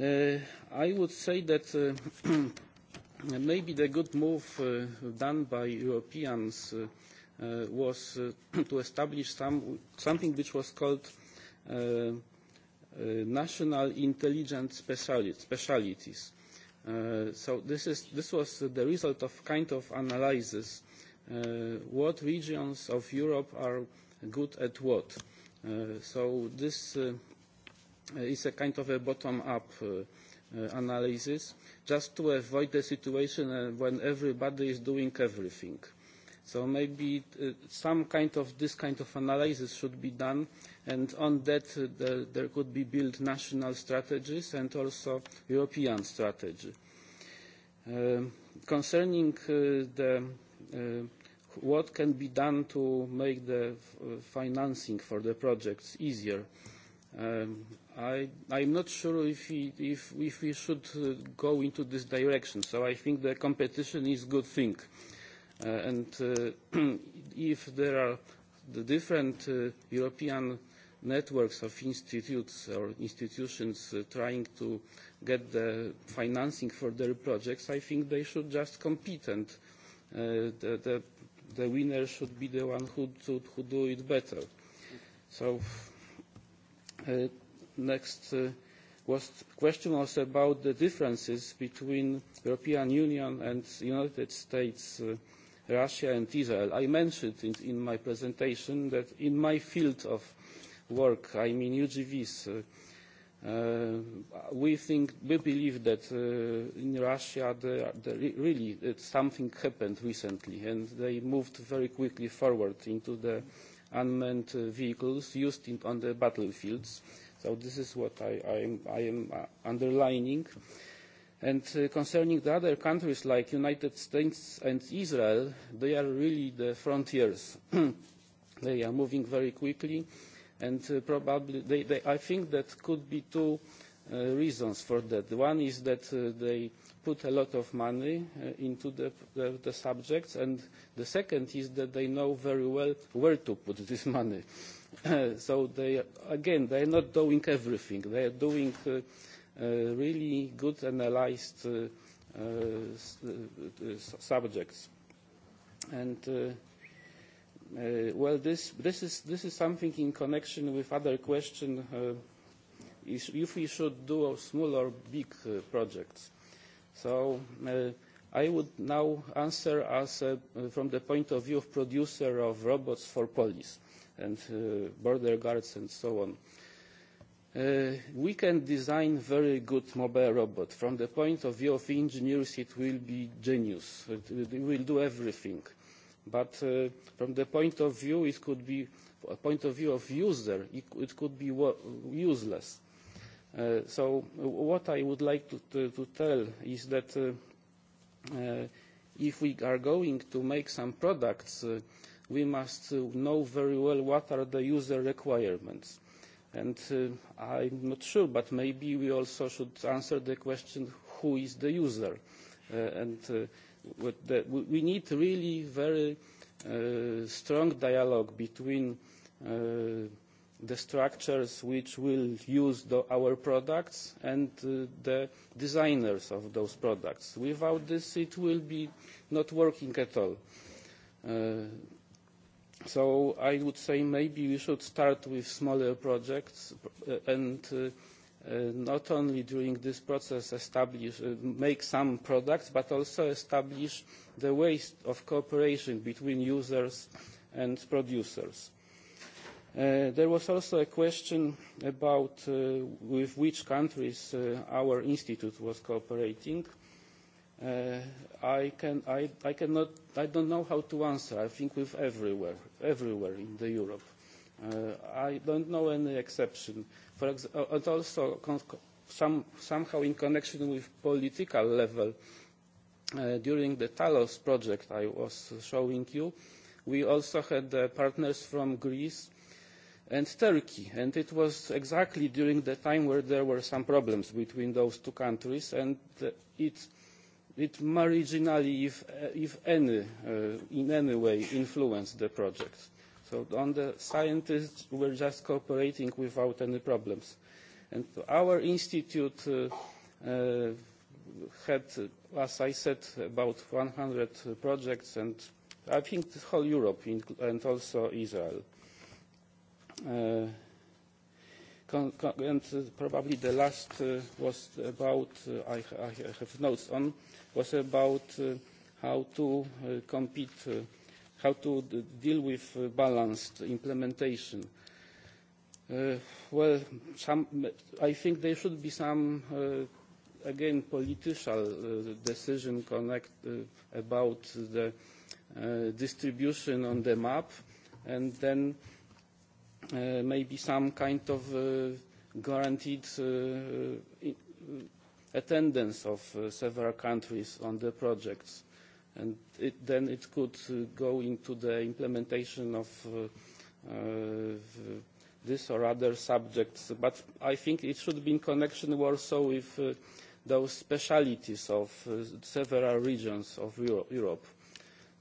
Uh, I would say that uh, *clears throat* maybe the good move uh, done by Europeans uh, uh, was uh, *clears throat* to establish some, something which was called uh, uh, national intelligence speciali specialities Uh, so this, is, this was the result of kind of analysis. Uh, what regions of Europe are good at what? Uh, so this uh, is a kind of a bottom-up uh, uh, analysis, just to avoid the situation uh, when everybody is doing everything. Uh, So maybe uh, some kind of this kind of analysis should be done, and on that uh, there could be built national strategies and also European strategy. Um, concerning uh, the what can be done to make the financing for the projects easier. Um, I, I'm not sure if we, should go into this direction. So I think the competition is a good thing. Uh, and uh, *clears throat* if there are the different uh, European networks of institutes or institutions uh, trying to get the financing for their projects, I think they should just compete and uh, the, the, the winner should be the one who, to, who do it better. So uh, next uh, was question was about the differences between European Union and United States uh, Russia and Israel. I mentioned in, in my presentation that in my field of work, I mean UGVs, uh, uh, we think, we believe that uh, in Russia the, the really it, something happened recently and they moved very quickly forward into the unmanned uh, vehicles used in, on the battlefields. So this is what I, I, am, I am uh, underlining. Uh, And uh, concerning the other countries like United States and Israel, they are really the frontiers. *clears throat* they are moving very quickly, and uh, probably they, they, I think that could be two uh, reasons for that. One is that uh, they put a lot of money uh, into the, the, the subjects, and the second is that they know very well where to put this *laughs* money. *clears throat* so they, again, they are not doing everything. They are doing. Uh, Uh, really good analyzed uh, uh, subjects. And Uh, well, this, this, is, this is something in connection with other question, uh, if we should do a small or big uh, projects. So I would now answer as a, from the point of view of producer of robots for police and border guards and so on. Uh, we can design very good mobile robot. From the point of view of engineers, it will be genius. It, it will do everything. But uh, from the point of view, it could be a point of view of user, it, it could be useless. Uh, so uh, what I would like to, to, to tell is that uh, uh, if we are going to make some products, uh, we must uh, know very well what are the user requirements And uh, I'm not sure, but maybe we also should answer the question, who is the user? Uh, and uh, the, we need really very uh, strong dialogue between uh, the structures which will use the, our products and uh, the designers of those products. Without this, it will be not working at all. Uh, So I would say maybe we should start with smaller projects uh, and uh, uh, not only during this process establish, make some products, but also establish the ways of cooperation between users and producers. there was also a question about with which countries our institute was cooperating. Uh, I, can, I, I, cannot, I don't know how to answer. I think with everywhere, everywhere in the Europe. Uh, I don't know any exception. For ex uh, and also some, somehow in connection with political level, uh, during the Talos project I was showing you, we also had uh, partners from Greece and Turkey. And it was exactly during the time where there were some problems between those two countries. And uh, it it marginally, if, eh, if any, eh, in any way, influenced the project. So on the scientists were just cooperating without any problems. And our institute eh, had, as I said, about 100 projects, and I think the whole Europe and also Israel. Uh, and uh, probably the last uh, was about, uh, I, have notes on, was about how to compete, how to deal with balanced implementation. well, I think there should be some, again, political decision connect, about the distribution on the map, and then uh, maybe some kind of uh, guaranteed uh, uh, attendance of uh, several countries on the projects. And it, then it could uh, go into the implementation of uh, uh, this or other subjects. But I think it should be in connection also with uh, those specialities of uh, several regions of Euro Europe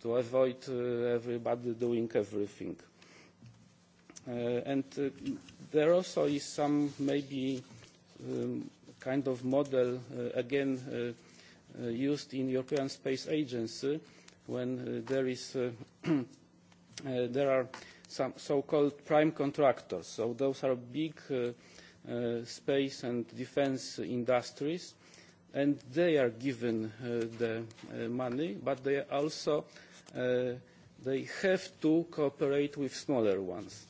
to avoid uh, everybody doing everything. Uh, and uh, there also is some maybe um, kind of model uh, again used in European Space Agency when there is *clears throat* there are some so-called prime contractors. So those are big space and defense industries and they are given uh, the uh, money, but they also uh, they have to cooperate with smaller ones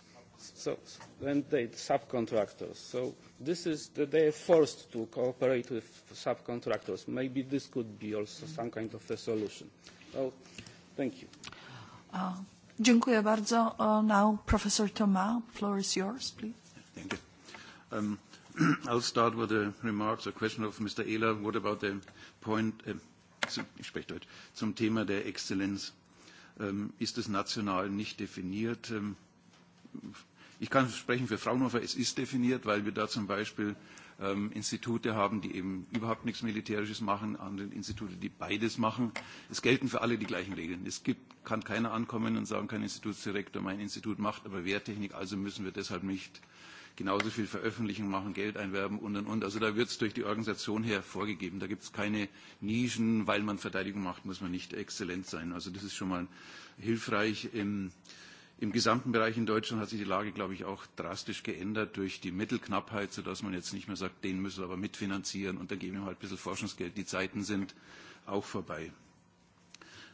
so, and they subcontractors. So this is that they are forced to cooperate with subcontractors. Maybe this could be also some kind of a
solution. So, thank you.
Uh, dziękuję bardzo. Uh, now, Professor Thomas, floor is yours, please.
Thank you. Um, *clears throat* I'll start with the remarks or question of Mr. Ehler. What about the point, äh, ich spreche Deutsch, zum Thema der Exzellenz? Ähm, ist es national nicht definiert? Ähm, Ich kann sprechen für Fraunhofer, es ist definiert, weil wir da zum Beispiel ähm, Institute haben, die eben überhaupt nichts Militärisches machen, andere Institute, die beides machen. Es gelten für alle die gleichen Regeln. Es gibt, kann keiner ankommen und sagen, kein Institutsdirektor, mein Institut macht aber Wehrtechnik, also müssen wir deshalb nicht genauso viel veröffentlichen, machen, Geld einwerben und und und. Also da wird es durch die Organisation her vorgegeben. Da gibt es keine Nischen, weil man Verteidigung macht, muss man nicht exzellent sein. Also das ist schon mal hilfreich. Ähm, Im gesamten Bereich in Deutschland hat sich die Lage, glaube ich, auch drastisch geändert durch die Mittelknappheit, sodass man jetzt nicht mehr sagt, den müssen wir aber mitfinanzieren und dann geben wir halt ein bisschen Forschungsgeld. Die Zeiten sind auch vorbei.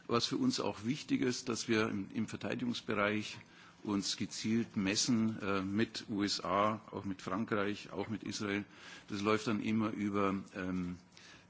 Was für uns auch wichtig ist, dass wir im, im Verteidigungsbereich uns gezielt messen äh, mit USA, auch mit Frankreich, auch mit Israel. Das läuft dann immer über, ähm,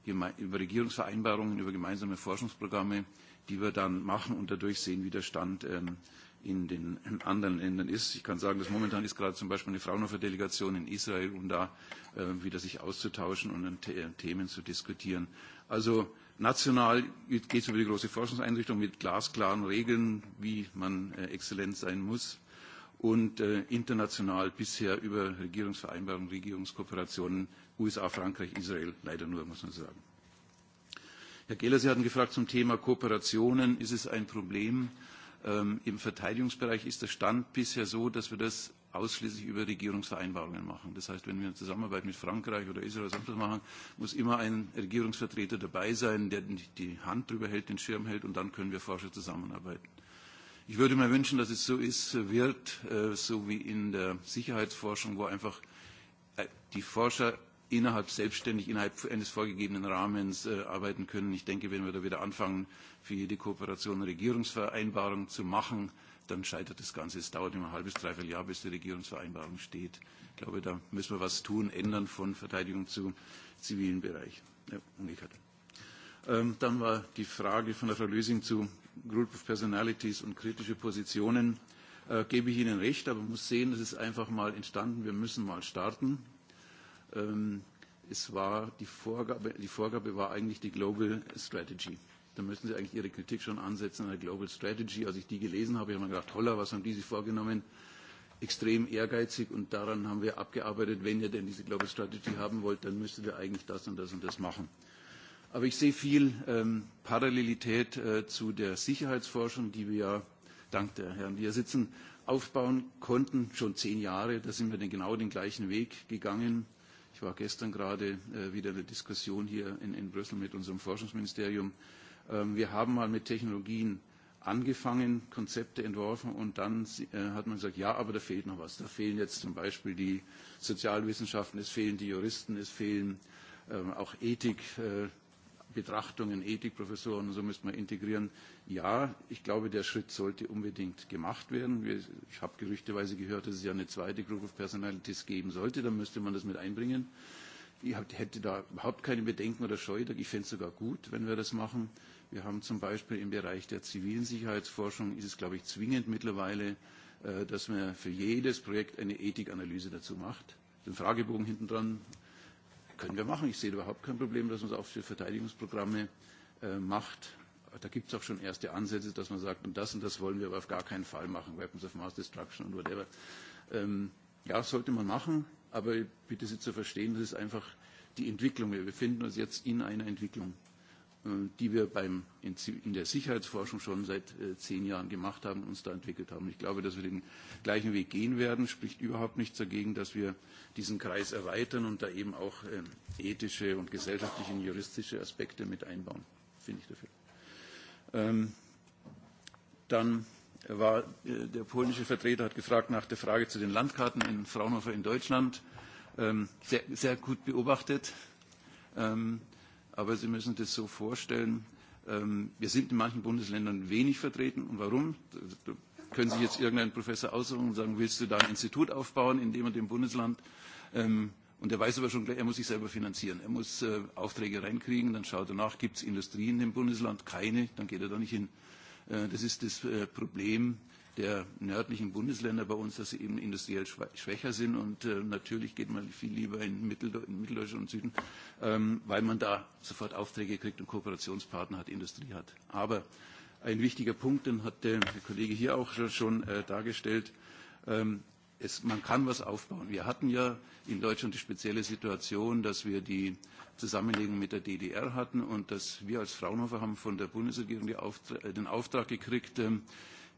über Regierungsvereinbarungen, über gemeinsame Forschungsprogramme, die wir dann machen und dadurch sehen, wie der Stand ähm, in den in anderen Ländern ist. Ich kann sagen, dass momentan ist gerade zum Beispiel eine Fraunhofer Delegation in Israel, um da äh, wieder sich auszutauschen und an The Themen zu diskutieren. Also national geht es über die große Forschungseinrichtung mit glasklaren Regeln, wie man äh, exzellent sein muss und äh, international bisher über Regierungsvereinbarungen, Regierungskooperationen USA, Frankreich, Israel, leider nur, muss man sagen. Herr Gehler, Sie hatten gefragt zum Thema Kooperationen. Ist es ein Problem? Ähm, Im Verteidigungsbereich ist der Stand bisher so, dass wir das ausschließlich über Regierungsvereinbarungen machen. Das heißt, wenn wir eine Zusammenarbeit mit Frankreich oder Israel oder sonst was machen, muss immer ein Regierungsvertreter dabei sein, der die Hand drüber hält, den Schirm hält und dann können wir Forscher zusammenarbeiten. Ich würde mir wünschen, dass es so ist, wird, äh, so wie in der Sicherheitsforschung, wo einfach äh, die Forscher innerhalb selbstständig, innerhalb eines vorgegebenen Rahmens äh, arbeiten können. Ich denke, wenn wir da wieder anfangen, für jede Kooperation eine Regierungsvereinbarung zu machen, dann scheitert das Ganze. Es dauert immer ein halbes, dreiviertel Jahr, bis die Regierungsvereinbarung steht. Ich glaube, da müssen wir was tun, ändern von Verteidigung zu zivilen Bereich. Ja, umgekehrt. Ähm, dann war die Frage von der Frau Lösing zu Group of Personalities und kritische Positionen. Äh, gebe ich Ihnen recht, aber man muss sehen, das ist einfach mal entstanden. Wir müssen mal starten. Ähm, es war die Vorgabe, die Vorgabe war eigentlich die Global Strategy. Da müssen Sie eigentlich Ihre Kritik schon ansetzen an der Global Strategy. Als ich die gelesen habe, habe ich mir gedacht, holla, was haben die sich vorgenommen? Extrem ehrgeizig und daran haben wir abgearbeitet, wenn ihr denn diese Global Strategy haben wollt, dann müsstet ihr eigentlich das und das und das machen. Aber ich sehe viel ähm, Parallelität äh, zu der Sicherheitsforschung, die wir ja dank der Herren, die hier sitzen, aufbauen konnten, schon zehn Jahre. Da sind wir den, genau den gleichen Weg gegangen Ich war gestern gerade äh, wieder eine Diskussion hier in, in Brüssel mit unserem Forschungsministerium. Ähm, wir haben mal mit Technologien angefangen, Konzepte entworfen und dann äh, hat man gesagt, ja, aber da fehlt noch was. Da fehlen jetzt zum Beispiel die Sozialwissenschaften, es fehlen die Juristen, es fehlen äh, auch Ethik, äh, Betrachtungen, Ethikprofessoren, so müsste man integrieren. Ja, ich glaube, der Schritt sollte unbedingt gemacht werden. ich habe gerüchteweise gehört, dass es ja eine zweite Group of Personalities geben sollte. Dann müsste man das mit einbringen. Ich hätte da überhaupt keine Bedenken oder Scheu. Ich fände es sogar gut, wenn wir das machen. Wir haben zum Beispiel im Bereich der zivilen Sicherheitsforschung, ist es, glaube ich, zwingend mittlerweile, äh, dass man für jedes Projekt eine Ethikanalyse dazu macht den Fragebogen hinten dran, Können wir machen. Ich sehe überhaupt kein Problem, dass man es auch für Verteidigungsprogramme äh, macht. Da gibt es auch schon erste Ansätze, dass man sagt, und um das und das wollen wir aber auf gar keinen Fall machen. Weapons of Mass Destruction und whatever. Ähm, ja, sollte man machen, aber ich bitte Sie zu verstehen, das ist einfach die Entwicklung. Wir befinden uns jetzt in einer Entwicklung. Äh, die wir beim, in, in der Sicherheitsforschung schon seit äh, zehn Jahren gemacht haben und uns da entwickelt haben. Ich glaube, dass wir den gleichen Weg gehen werden, spricht überhaupt nichts dagegen, dass wir diesen Kreis erweitern und da eben auch äh, ethische und gesellschaftliche und juristische Aspekte mit einbauen. Finde ich dafür. Ähm, dann war äh, der polnische Vertreter hat gefragt nach der Frage zu den Landkarten in Fraunhofer in Deutschland. Ähm, sehr, sehr gut beobachtet. Ähm, Aber Sie müssen das so vorstellen, ähm, wir sind in manchen Bundesländern wenig vertreten. Und warum? Da können sich jetzt irgendein Professor aussuchen und sagen, willst du da ein Institut aufbauen in dem und er dem Bundesland? Ähm, und er weiß aber schon gleich, er muss sich selber finanzieren. Er muss äh, Aufträge reinkriegen, dann schaut er nach, gibt es Industrie in dem Bundesland? Keine, dann geht er da nicht hin. Äh, das ist das äh, Problem der nördlichen Bundesländer bei uns, dass sie eben industriell schwächer sind. Und äh, natürlich geht man viel lieber in, Mittel, in Mitteldeutschland und Süden, ähm, weil man da sofort Aufträge kriegt und Kooperationspartner hat, Industrie hat. Aber ein wichtiger Punkt, den hat der Kollege hier auch schon äh, dargestellt, ähm, es, man kann was aufbauen. Wir hatten ja in Deutschland die spezielle Situation, dass wir die Zusammenlegung mit der DDR hatten und dass wir als Fraunhofer haben von der Bundesregierung die Auftrag, den Auftrag gekriegt, ähm,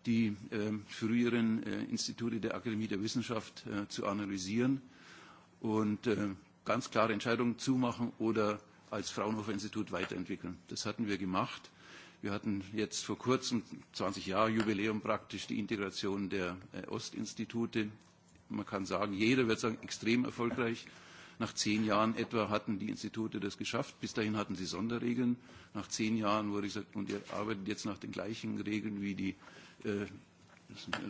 die ähm, früheren äh, Institute der Akademie der Wissenschaft äh, zu analysieren und äh, ganz klare Entscheidungen zumachen oder als Fraunhofer Institut weiterentwickeln. Das hatten wir gemacht. Wir hatten jetzt vor kurzem, 20 Jahre Jubiläum praktisch, die Integration der Ostinstitute. Man kann sagen, jeder wird sagen, extrem erfolgreich. Nach zehn Jahren etwa hatten die Institute das geschafft. Bis dahin hatten sie Sonderregeln. Nach zehn Jahren wurde gesagt, und ihr arbeitet jetzt nach den gleichen Regeln wie die äh,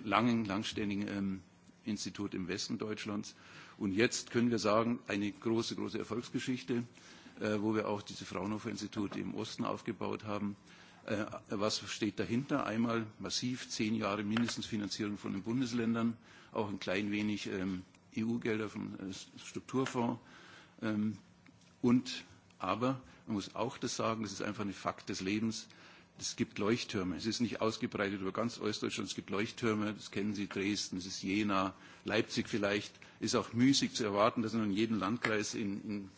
langen, langständiges ähm, Institut im Westen Deutschlands. Und jetzt können wir sagen, eine große, große Erfolgsgeschichte, äh, wo wir auch diese Fraunhofer-Institute im Osten aufgebaut haben. Äh, was steht dahinter? Einmal massiv zehn Jahre mindestens Finanzierung von den Bundesländern, auch ein klein wenig ähm, EU-Gelder vom äh, Strukturfonds. Ähm, und aber, man muss auch das sagen, das ist einfach ein Fakt des Lebens, es gibt Leuchttürme. Es ist nicht ausgebreitet über ganz Ostdeutschland. Es gibt Leuchttürme, das kennen Sie, Dresden, es ist Jena, Leipzig vielleicht. Ist auch müßig zu erwarten, dass in jedem Landkreis in, in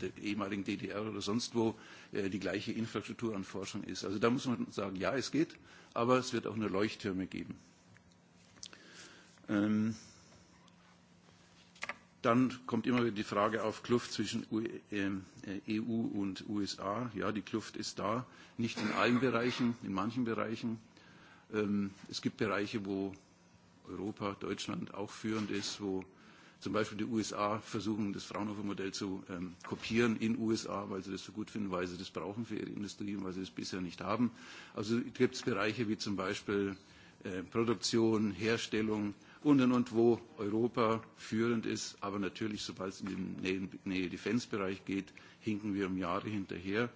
der ehemaligen DDR oder sonst wo äh, die gleiche Infrastruktur an Forschung ist. Also da muss man sagen, ja, es geht, aber es wird auch nur Leuchttürme geben. Ähm, Dann kommt immer wieder die Frage auf Kluft zwischen EU äh, äh, e und USA. Ja, die Kluft ist da, nicht in allen Bereichen, in manchen Bereichen. Ähm, es gibt Bereiche, wo Europa, Deutschland auch führend ist, wo zum Beispiel die USA versuchen, das Fraunhofer-Modell zu ähm, kopieren in USA, weil sie das so gut finden, weil sie das brauchen für ihre Industrie und weil sie das bisher nicht haben. Also gibt es Bereiche wie zum Beispiel äh, Produktion, Herstellung, und, und, und, wo Europa führend ist. Aber natürlich, sobald es in den Nähe-Defense-Bereich geht, hinken wir um Jahre hinterher.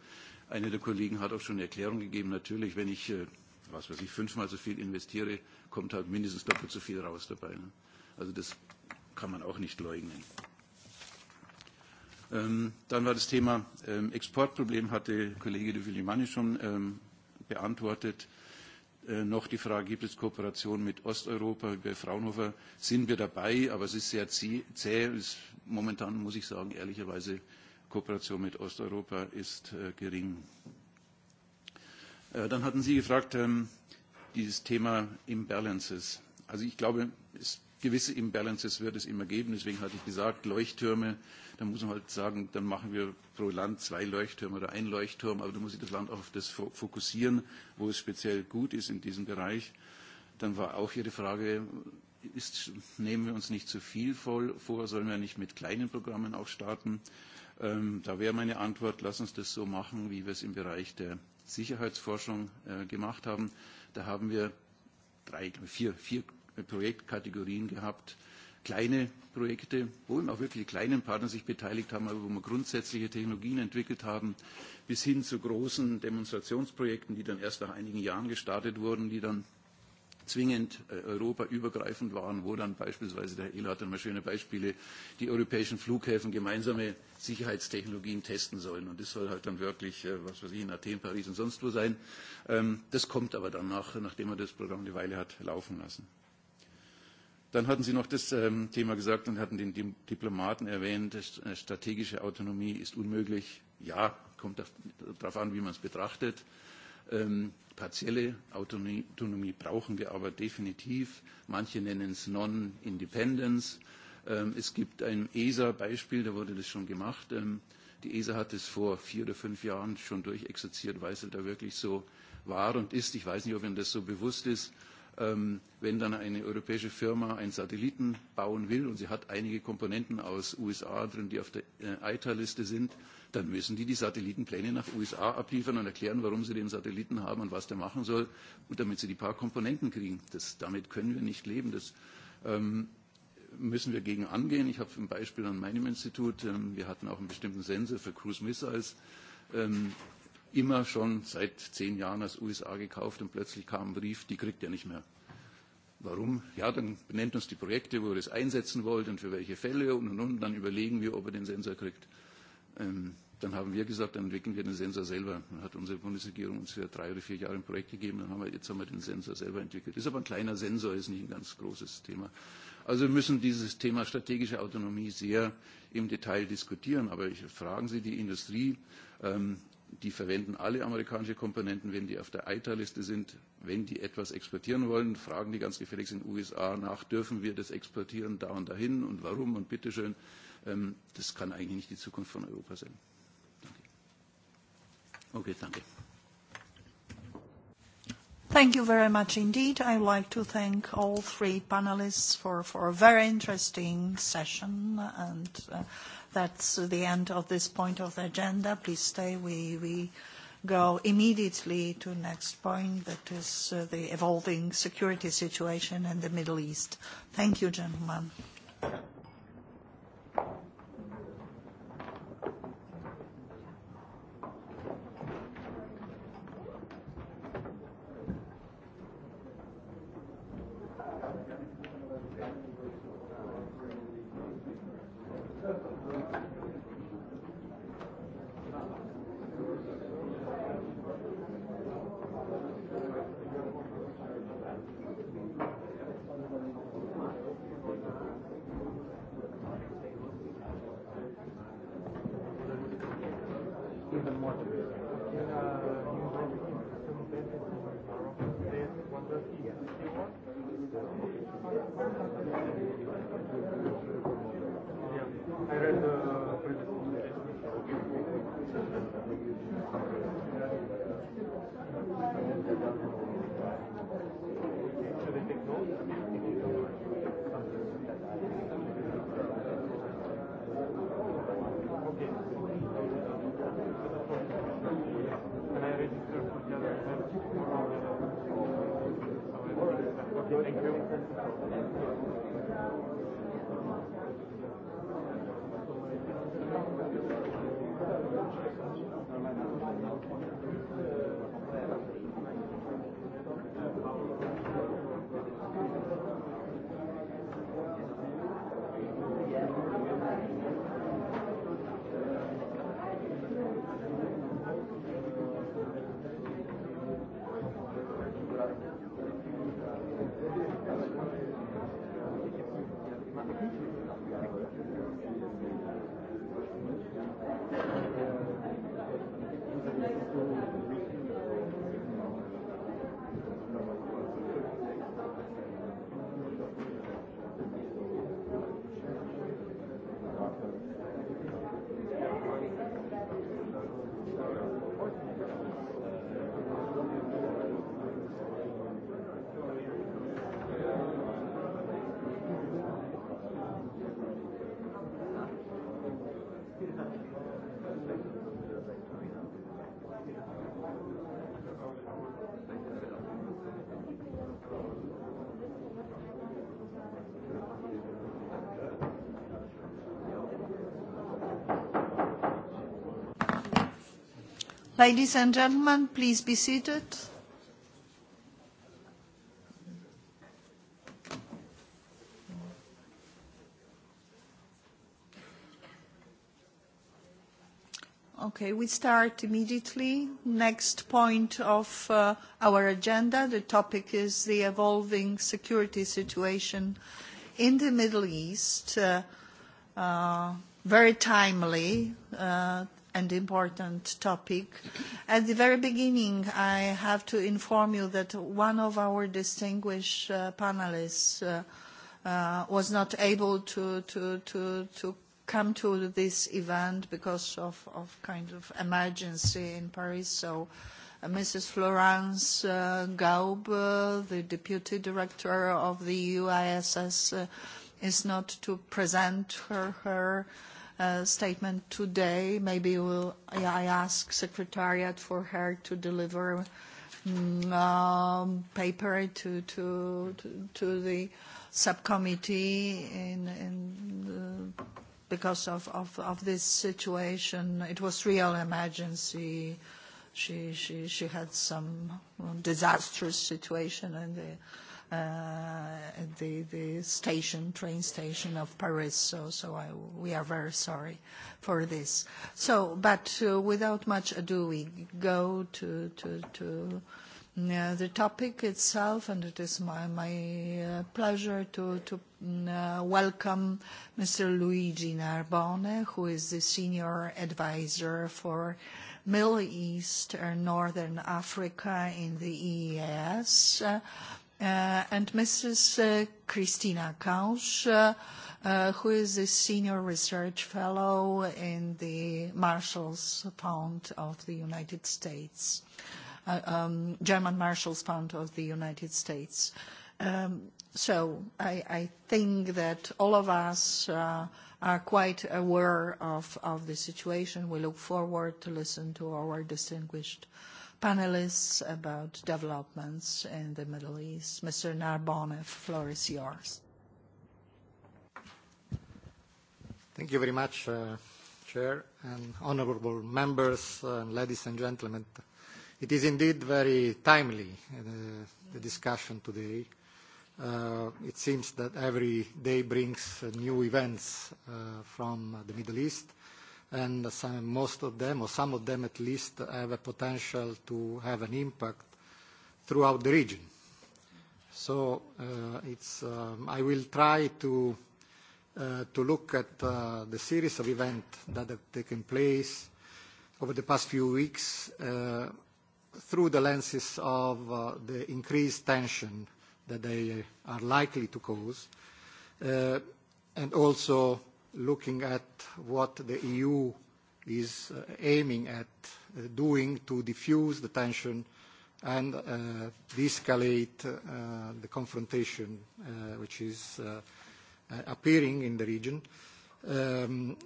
Einer der Kollegen hat auch schon eine Erklärung gegeben. Natürlich, wenn ich, äh, was weiß ich, fünfmal so viel investiere, kommt halt mindestens doppelt so viel raus dabei. Ne? Also das kann man auch nicht leugnen. Ähm, dann war das Thema ähm, Exportproblem, hatte Kollege de Villimani schon ähm, beantwortet. Äh, noch die Frage, gibt es Kooperation mit Osteuropa? Bei Fraunhofer sind wir dabei, aber es ist sehr zäh. Ist momentan muss ich sagen, ehrlicherweise, Kooperation mit Osteuropa ist äh, gering. Äh, dann hatten Sie gefragt, ähm, dieses Thema Imbalances. Also ich glaube, es gewisse Imbalances wird es immer geben. Deswegen hatte ich gesagt, Leuchttürme, da muss man halt sagen, dann machen wir pro Land zwei Leuchttürme oder ein Leuchtturm, aber da muss sich das Land auf das fokussieren, wo es speziell gut ist in diesem Bereich. Dann war auch Ihre Frage, ist, nehmen wir uns nicht zu viel vor, sollen wir nicht mit kleinen Programmen auch starten? Ähm, da wäre meine Antwort, lass uns das so machen, wie wir es im Bereich der Sicherheitsforschung äh, gemacht haben. Da haben wir drei, vier, vier Projektkategorien gehabt, kleine Projekte, wo eben auch wirklich die kleinen Partner sich beteiligt haben, aber wo wir grundsätzliche Technologien entwickelt haben, bis hin zu großen Demonstrationsprojekten, die dann erst nach einigen Jahren gestartet wurden, die dann zwingend äh, europaübergreifend waren, wo dann beispielsweise, der Herr Ehler hat dann mal schöne Beispiele, die europäischen Flughäfen gemeinsame Sicherheitstechnologien testen sollen. Und das soll halt dann wirklich, äh, was weiß ich, in Athen, Paris und sonst wo sein. Ähm, das kommt aber dann nachdem man das Programm eine Weile hat laufen lassen. Dann hatten Sie noch das ähm, Thema gesagt und hatten den Di Diplomaten erwähnt, äh, strategische Autonomie ist unmöglich. Ja, kommt darauf an, wie man es betrachtet. Ähm, partielle Autonomie, Autonomie brauchen wir aber definitiv. Manche nennen es Non-Independence. Ähm, es gibt ein ESA-Beispiel, da wurde das schon gemacht. Ähm, die ESA hat es vor vier oder fünf Jahren schon durchexerziert, weil es da wirklich so war und ist. Ich weiß nicht, ob Ihnen das so bewusst ist Ähm, wenn dann eine europäische Firma einen Satelliten bauen will und sie hat einige Komponenten aus USA drin, die auf der äh, ITER-Liste sind, dann müssen die die Satellitenpläne nach USA abliefern und erklären, warum sie den Satelliten haben und was der machen soll, und damit sie die paar Komponenten kriegen. Das, damit können wir nicht leben. Das ähm, müssen wir gegen angehen. Ich habe ein Beispiel an meinem Institut. Ähm, wir hatten auch einen bestimmten Sensor für Cruise Missiles. Ähm, immer schon seit zehn Jahren aus USA gekauft und plötzlich kam ein Brief, die kriegt er nicht mehr. Warum? Ja, dann benennt uns die Projekte, wo ihr das einsetzen wollt und für welche Fälle und, und, und. Dann überlegen wir, ob er den Sensor kriegt. Ähm, dann haben wir gesagt, dann entwickeln wir den Sensor selber. Dann hat unsere Bundesregierung uns für drei oder vier Jahre ein Projekt gegeben. Dann haben wir, jetzt haben wir den Sensor selber entwickelt. Ist aber ein kleiner Sensor, ist nicht ein ganz großes Thema. Also wir müssen dieses Thema strategische Autonomie sehr im Detail diskutieren. Aber ich, fragen Sie die Industrie. Ähm, Die verwenden alle amerikanische Komponenten, wenn die auf der ITA-Liste sind. Wenn die etwas exportieren wollen, fragen die ganz gefälligst in den USA nach, dürfen wir das exportieren da und dahin und warum und bitteschön. Ähm, das kann eigentlich nicht die Zukunft von Europa sein. Danke. Okay, danke.
Thank you very much indeed. I would like to thank all three panelists for, for a very interesting session and uh, That's the end of this point of the agenda. Please stay. We, we go immediately to next point, that is uh, the evolving security situation in the Middle East. Thank you, gentlemen.
I read
the uh, previous
Ladies and gentlemen, please be seated. Okay, we start immediately. Next point of uh, our agenda, the topic is the evolving security situation in the Middle East. Uh, uh, very timely, and important topic. At the very beginning, I have to inform you that one of our distinguished uh, panelists uh, uh, was not able to, to, to, to come to this event because of, of kind of emergency in Paris. So uh, Mrs. Florence uh, Gaub, uh, the Deputy Director of the UISS, is not to present her, her Uh, statement today. Maybe we'll, I ask Secretariat for her to deliver mm, um, paper to, to, to, to the subcommittee in, in uh, because of, of, of this situation. It was real emergency. She, she, she had some disastrous situation in the Uh, the, the station, train station of Paris. So, so I, we are very sorry for this. So, but uh, without much ado, we go to, to, to Uh, the topic itself, and it is my, my uh, pleasure to, to mm, uh, welcome Mr. Luigi Narbone, who is the Senior Advisor for Middle East and Northern Africa in the EEAS. Uh, Uh, and Mrs. Uh, Christina Kausch, uh, who is a senior research fellow in the Marshall's Fund of the United States, um, German Marshall's Fund of the United States. Um, so I, think that all of us are quite aware of, of the situation. We look forward to listen to our distinguished panelists about developments in the Middle East. Mr. Narbonne, the floor is yours.
Thank you very much, uh, Chair, and honorable members, uh, ladies and gentlemen. It is indeed very timely, uh, the discussion today. Uh, it seems that every day brings uh, new events uh, from the Middle East, and some, most of them, or some of them at least, have a potential to have an impact throughout the region. So uh, it's, um, I will try to, uh, to look at uh, the series of events that have taken place over the past few weeks uh, through the lenses of uh, the increased tension that they are likely to cause, uh, and also looking at what the EU is uh, aiming at uh, doing to diffuse the tension and uh, de-escalate uh, the confrontation uh, which is uh, appearing in the region. Um,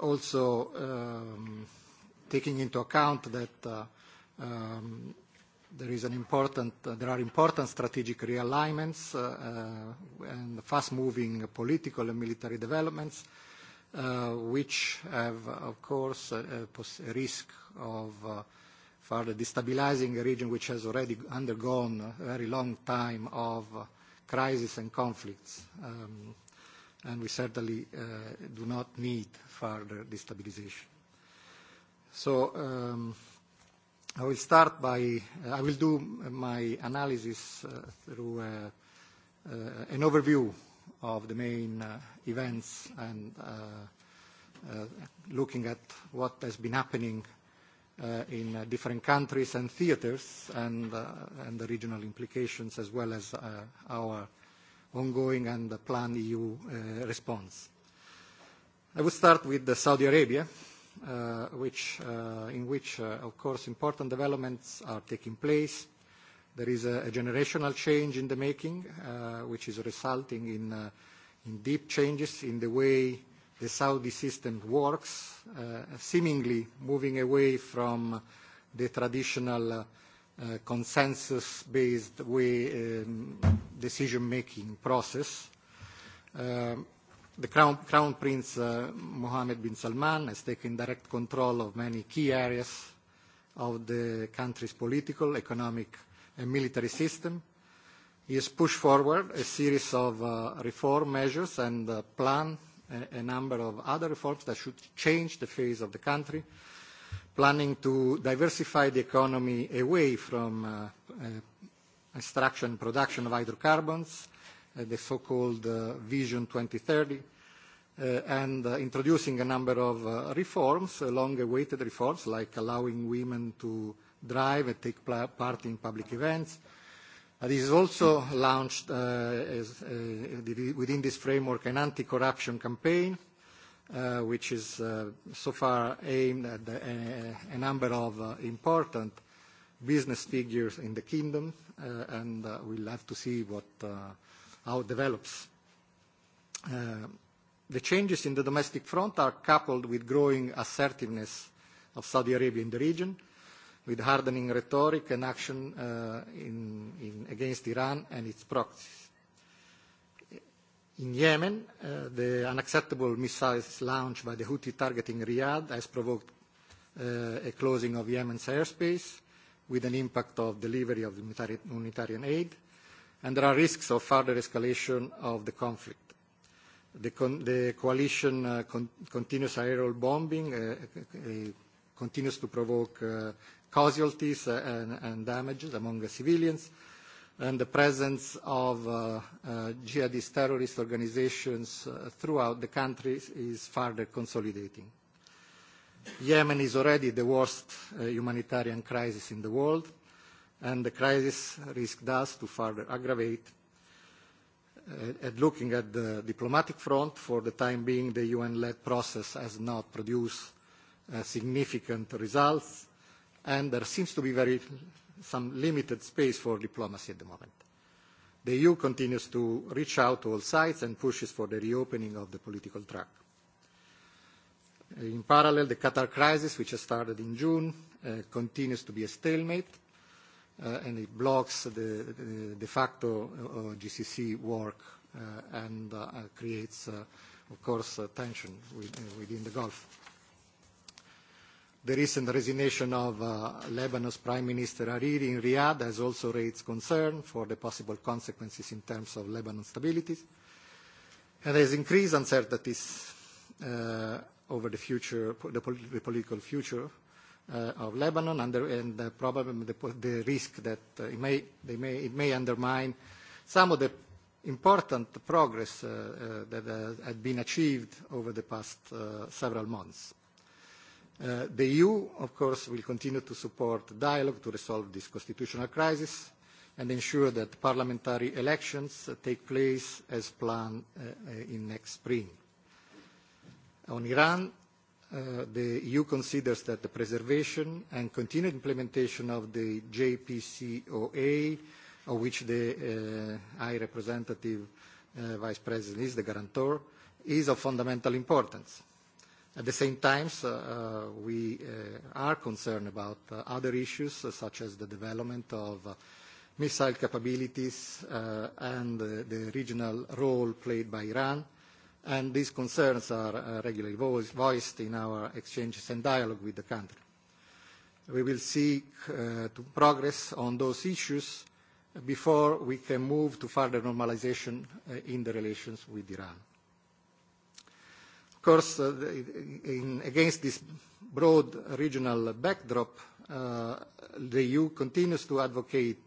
also um, taking into account that um, there is an important, uh, there are important strategic realignments uh, uh, and fast-moving political and military developments, uh, which have, of course, a, a risk of uh, further destabilizing a region which has already undergone a very long time of uh, crisis and conflicts. Um, and we certainly uh, do not need further destabilization. So. Um, i will start by, uh, I will do my analysis uh, through uh, an overview of the main events and looking at what has been happening Uh, in uh, different countries and theaters and, uh, and the regional implications as well as our ongoing and planned EU response. I will start with Saudi Arabia, Uh, which, uh, in which, uh, of course, important developments are taking place. There is a, generational change in the making, which is resulting in, deep changes in the way the Saudi system works, seemingly moving away from the traditional consensus-based way um, decision-making process. Um, The Crown, Crown Prince uh, Mohammed bin Salman has taken direct control of many key areas of the country's political, economic, and military system. He has pushed forward a series of uh, reform measures and uh, planned a, a number of other reforms that should change the face of the country, planning to diversify the economy away from uh, uh extraction and production of hydrocarbons, Uh, the so-called uh, Vision 2030, uh, and introducing a number of reforms, long-awaited reforms, like allowing women to drive and take part in public events, This is also launched uh, as, uh, within this framework an anti-corruption campaign, uh, which is so far aimed at the, a number of important business figures in the kingdom, and we'll have to see what how it develops. Uh, the changes in the domestic front are coupled with growing assertiveness of Saudi Arabia in the region, with hardening rhetoric and action uh, against Iran and its proxies. In Yemen, uh, the unacceptable missiles launched by the Houthi targeting Riyadh has provoked a closing of Yemen's airspace with an impact of delivery of humanitarian aid and there are risks of further escalation of the conflict. The, con the coalition uh, con continues aerial bombing, uh, uh, uh, continues to provoke uh, casualties uh, and, and damages among the civilians, and the presence of jihadist terrorist organizations throughout the country is further consolidating. Yemen is already the worst humanitarian crisis in the world, and the crisis risk thus to further aggravate. Uh, at looking at the diplomatic front, for the time being, the UN-led process has not produced uh, significant results, and there seems to be very some limited space for diplomacy at the moment. The EU continues to reach out to all sides and pushes for the reopening of the political track. In parallel, the Qatar crisis, which has started in June, uh, continues to be a stalemate, Uh, and it blocks the, de facto uh, uh, GCC work uh, and uh, creates, uh, of course, uh, tension within the Gulf. The recent resignation of uh, Lebanon's Prime Minister Hariri in Riyadh has also raised concern for the possible consequences in terms of Lebanon's stability and has increased uncertainties uh, over the future, the, pol the political future Uh, of Lebanon under, and uh, the problem, the, risk that uh, it, may, they may, it may undermine some of the important progress uh, that had been achieved over the past several months. The EU, of course, will continue to support dialogue to resolve this constitutional crisis and ensure that parliamentary elections take place as planned in next spring. On Iran, Uh, the EU considers that the preservation and continued implementation of the JPCOA, of which the uh, High Representative uh, Vice President is the guarantor, is of fundamental importance. At the same time, uh, uh, we uh, are concerned about uh, other issues, uh, such as the development of uh, missile capabilities uh, and uh, the regional role played by Iran, and these concerns are uh, regularly voiced in our exchanges and dialogue with the country. We will seek uh, to progress on those issues before we can move to further normalization uh, in the relations with Iran. Of course, against this broad regional backdrop, the EU continues to advocate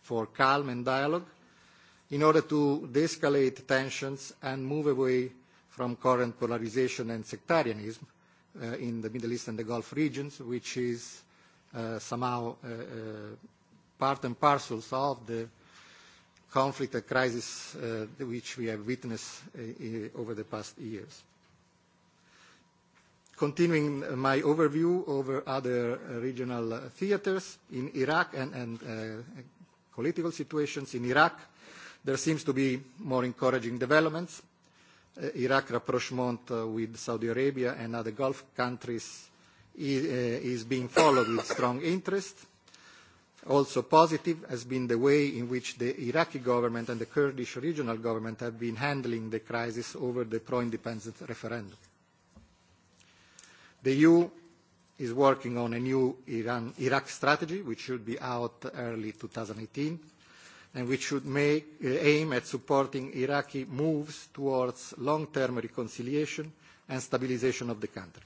for calm and dialogue in order to de-escalate tensions and move away from current polarization and sectarianism uh, in the Middle East and the Gulf regions, which is uh, somehow uh, uh part and parcel of the conflict and crisis uh, which we have witnessed uh, over the past years. Continuing my overview over other regional theaters in Iraq and, and political situations in Iraq, there seems to be more encouraging developments Eh, Iraq rapprochement eh, with Saudi Arabia and other Gulf countries eh, is being followed with strong interest. Also positive has been the way in which the Iraqi government and the Kurdish regional government have been handling the crisis over the pro-independence referendum. The EU is working on a new Iran, Iraq strategy, which should be out early 2018 and which should make, uh, aim at supporting Iraqi moves towards long-term reconciliation and stabilization of the country.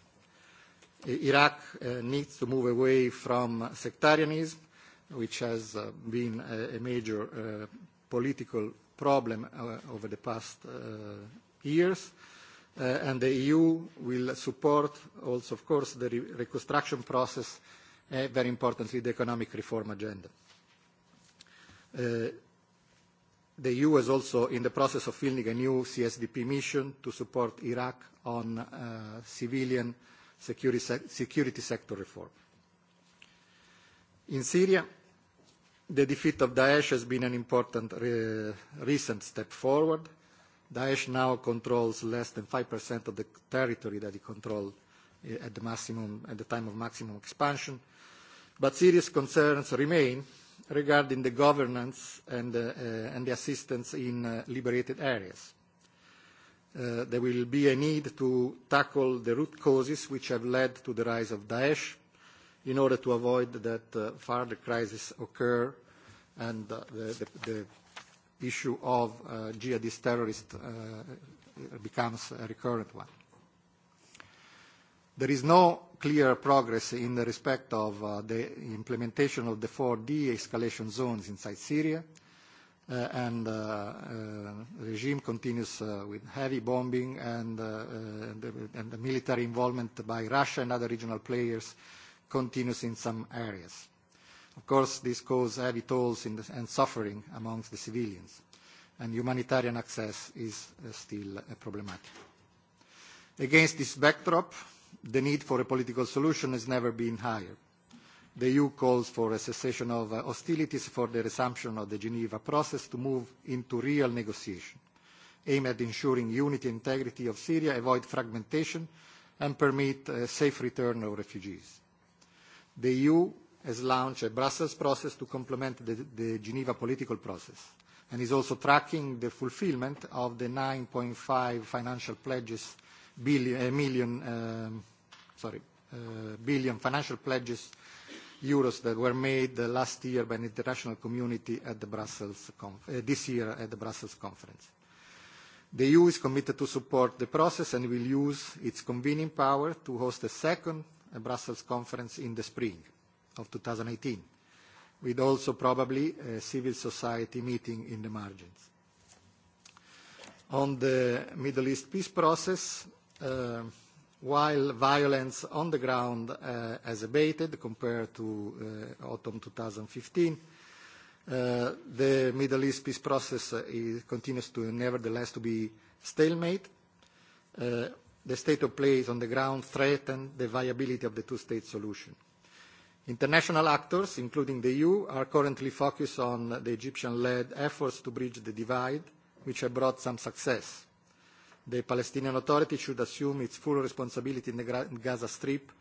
Iraq uh, needs to move away from sectarianism, which has uh, been a, a major uh, political problem uh, over the past uh, years. Uh, and the EU will support also, of course, the re reconstruction process, uh, very importantly, the economic reform agenda. Uh, the EU is also in the process of fielding a new CSDP mission to support Iraq on uh, civilian security, se security sector reform. In Syria, the defeat of Daesh has been an important re recent step forward. Daesh now controls less than 5% of the territory that it controlled eh, at the, maximum, at the time of maximum expansion. But serious concerns remain regarding the governance and, uh, uh and the assistance in uh, liberated areas. Uh, there will be a need to tackle the root causes which have led to the rise of Daesh in order to avoid that further crises occur and the, the, the issue of jihadist terrorists becomes a recurrent one. There is no clear progress in the respect of uh, the implementation of the four de-escalation zones inside Syria, uh, and uh, uh, regime continues with heavy bombing and, the, and the military involvement by Russia and other regional players continues in some areas. Of course, this causes heavy tolls the, and suffering amongst the civilians, and humanitarian access is still problematic. Against this backdrop, the need for a political solution has never been higher. The EU calls for a cessation of uh, hostilities for the resumption of the Geneva process to move into real negotiation, aimed at ensuring unity and integrity of Syria, avoid fragmentation, and permit a safe return of refugees. The EU has launched a Brussels process to complement the, the Geneva political process and is also tracking the fulfillment of the 9.5 financial pledges billion, uh, million um, sorry, uh, billion financial pledges euros that were made last year by the international community at the Brussels uh, this year at the Brussels conference. The EU is committed to support the process and will use its convening power to host a second Brussels conference in the spring of 2018, with also probably a civil society meeting in the margins. On the Middle East peace process, uh, while violence on the ground uh, has abated compared to uh, autumn 2015, uh, the Middle East peace process uh, is, continues to nevertheless to be stalemate. Uh, the state of play on the ground threatens the viability of the two-state solution. International actors, including the EU, are currently focused on the Egyptian-led efforts to bridge the divide, which have brought some success the Palestinian Authority should assume its full responsibility in the Gaza Strip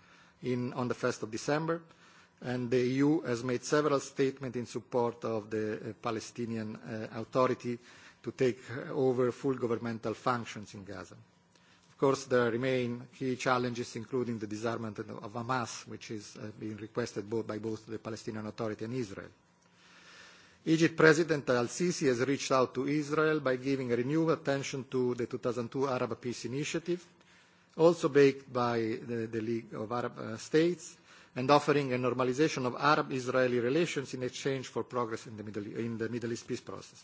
in, on the 1st of December, and the EU has made several statements in support of the uh, Palestinian uh, Authority to take uh, over full governmental functions in Gaza. Of course, there remain key challenges, including the disarmament of Hamas, which is uh, being requested both by both the Palestinian Authority and Israel. Egypt President al-Sisi has reached out to Israel by giving renewed attention to the 2002 Arab Peace Initiative, also backed by the, the League of Arab uh, States, and offering a normalization of Arab-Israeli relations in exchange for progress in the Middle, in the Middle East peace process.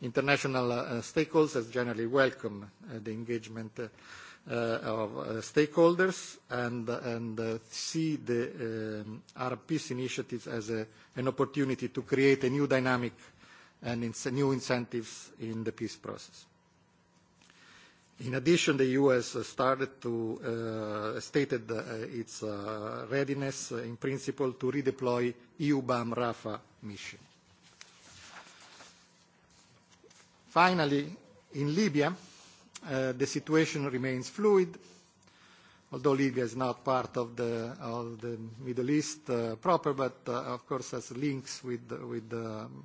International uh, stakeholders generally welcome uh, the engagement uh, Uh, of uh, stakeholders and, uh, see the um, RPs initiatives as an opportunity to create a new dynamic and new incentives in the peace process. In addition, the EU has started to stated its readiness in principle to redeploy EUBAM Rafah mission. Finally, in Libya, Uh, the situation remains fluid. Although Libya is not part of the, of the Middle East uh, proper, but uh, of course has links with, with, um,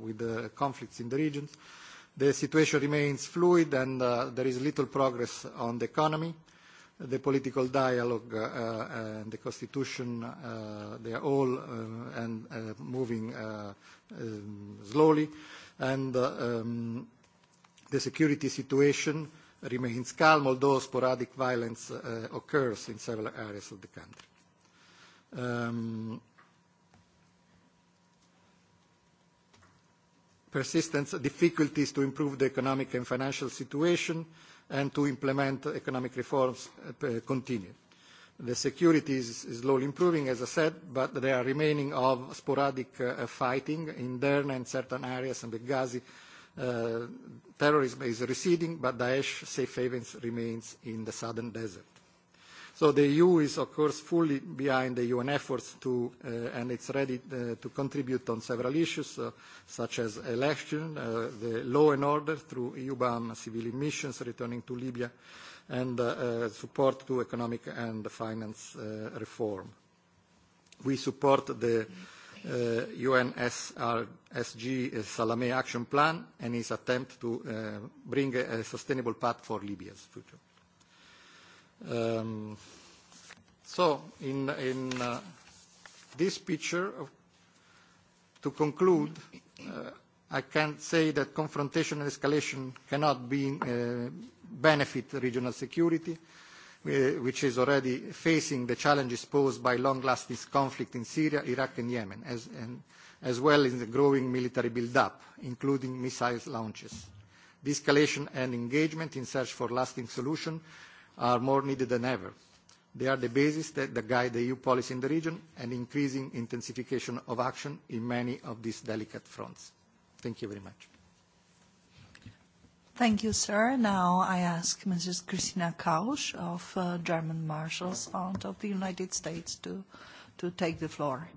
with the conflicts in the region. The situation remains fluid and there is little progress on the economy. The political dialogue and the constitution, they are all and, moving um, slowly. and. Um, The security situation remains calm, although sporadic violence uh, occurs in several areas of the country. Um, persistent difficulties to improve the economic and financial situation and to implement economic reforms uh, continue. The security is slowly improving, as I said, but there are remaining of sporadic uh, fighting in Derna and certain areas in Benghazi Uh, terrorism is receding, but Daesh safe havens remains in the southern desert. So the EU is, of course, fully behind the UN efforts to, uh, and it's ready uh, to contribute on several issues, uh, such as election, uh, the law and order through EU-bound civilian missions returning to Libya, and uh, uh, support to economic and finance uh, reform. We support the mm -hmm UNSRSG uh, Salamé Action Plan and its attempt to uh, bring a, a sustainable path for Libya's future. Um, so in, in uh, this picture, of, to conclude, uh, I can say that confrontation and escalation cannot be, uh, benefit regional security. Eh, which is already facing the challenges posed by long-lasting conflict in Syria, Iraq and Yemen, as, and, as well as the growing military build-up, including missile launches. De-escalation and engagement in search for lasting solutions are more needed than ever. They are the basis that, that guide the EU policy in the region and increasing intensification of action in many of these delicate fronts. Thank you very much.
Thank you, sir. Now I ask Mrs. Christina Kausch of uh, German Marshals Fund of the United States to, to take the floor.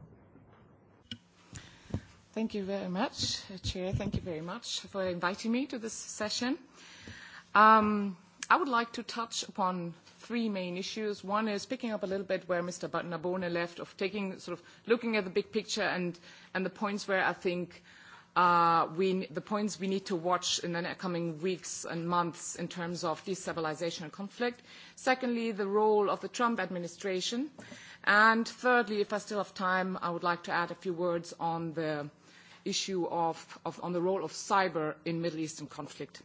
Thank you very much, uh, Chair. Thank you very much for inviting me to this session. Um, I would like to touch upon three main issues. One is picking up a little bit where Mr. Nabone left, of taking sort of looking at the big picture and, and the points where I think Uh, the points we need to watch in the coming weeks and months in terms of destabilization and conflict. Secondly, the role of the Trump administration. And thirdly, if I still have time, I would like to add a few words on the issue of, of on the role of cyber in Middle Eastern conflict.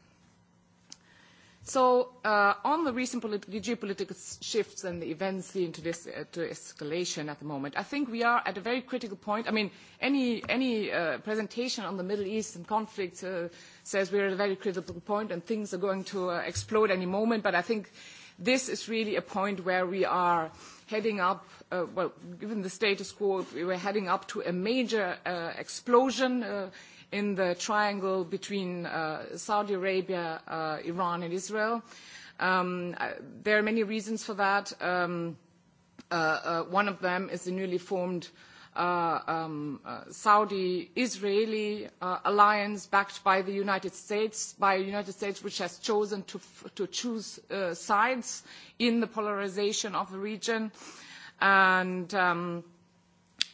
So uh, on the recent polit- geopolitical shifts and the events leading to this uh, to escalation at the moment, I think we are at a very critical point. I mean, any, any uh, presentation on the Middle East and conflict uh, says we're at a very critical point and things are going to uh, explode any moment. But I think this is really a point where we are heading up, uh, well, given the status quo, we were heading up to a major explosion in the triangle between uh, Saudi Arabia, uh, Iran, and Israel. Um, I, there are many reasons for that. Um, uh, uh, one of them is the newly formed uh, um, uh, Saudi-Israeli uh, alliance backed by the United States, by a United States which has chosen to, f- to choose uh, sides in the polarization of the region. And... Um,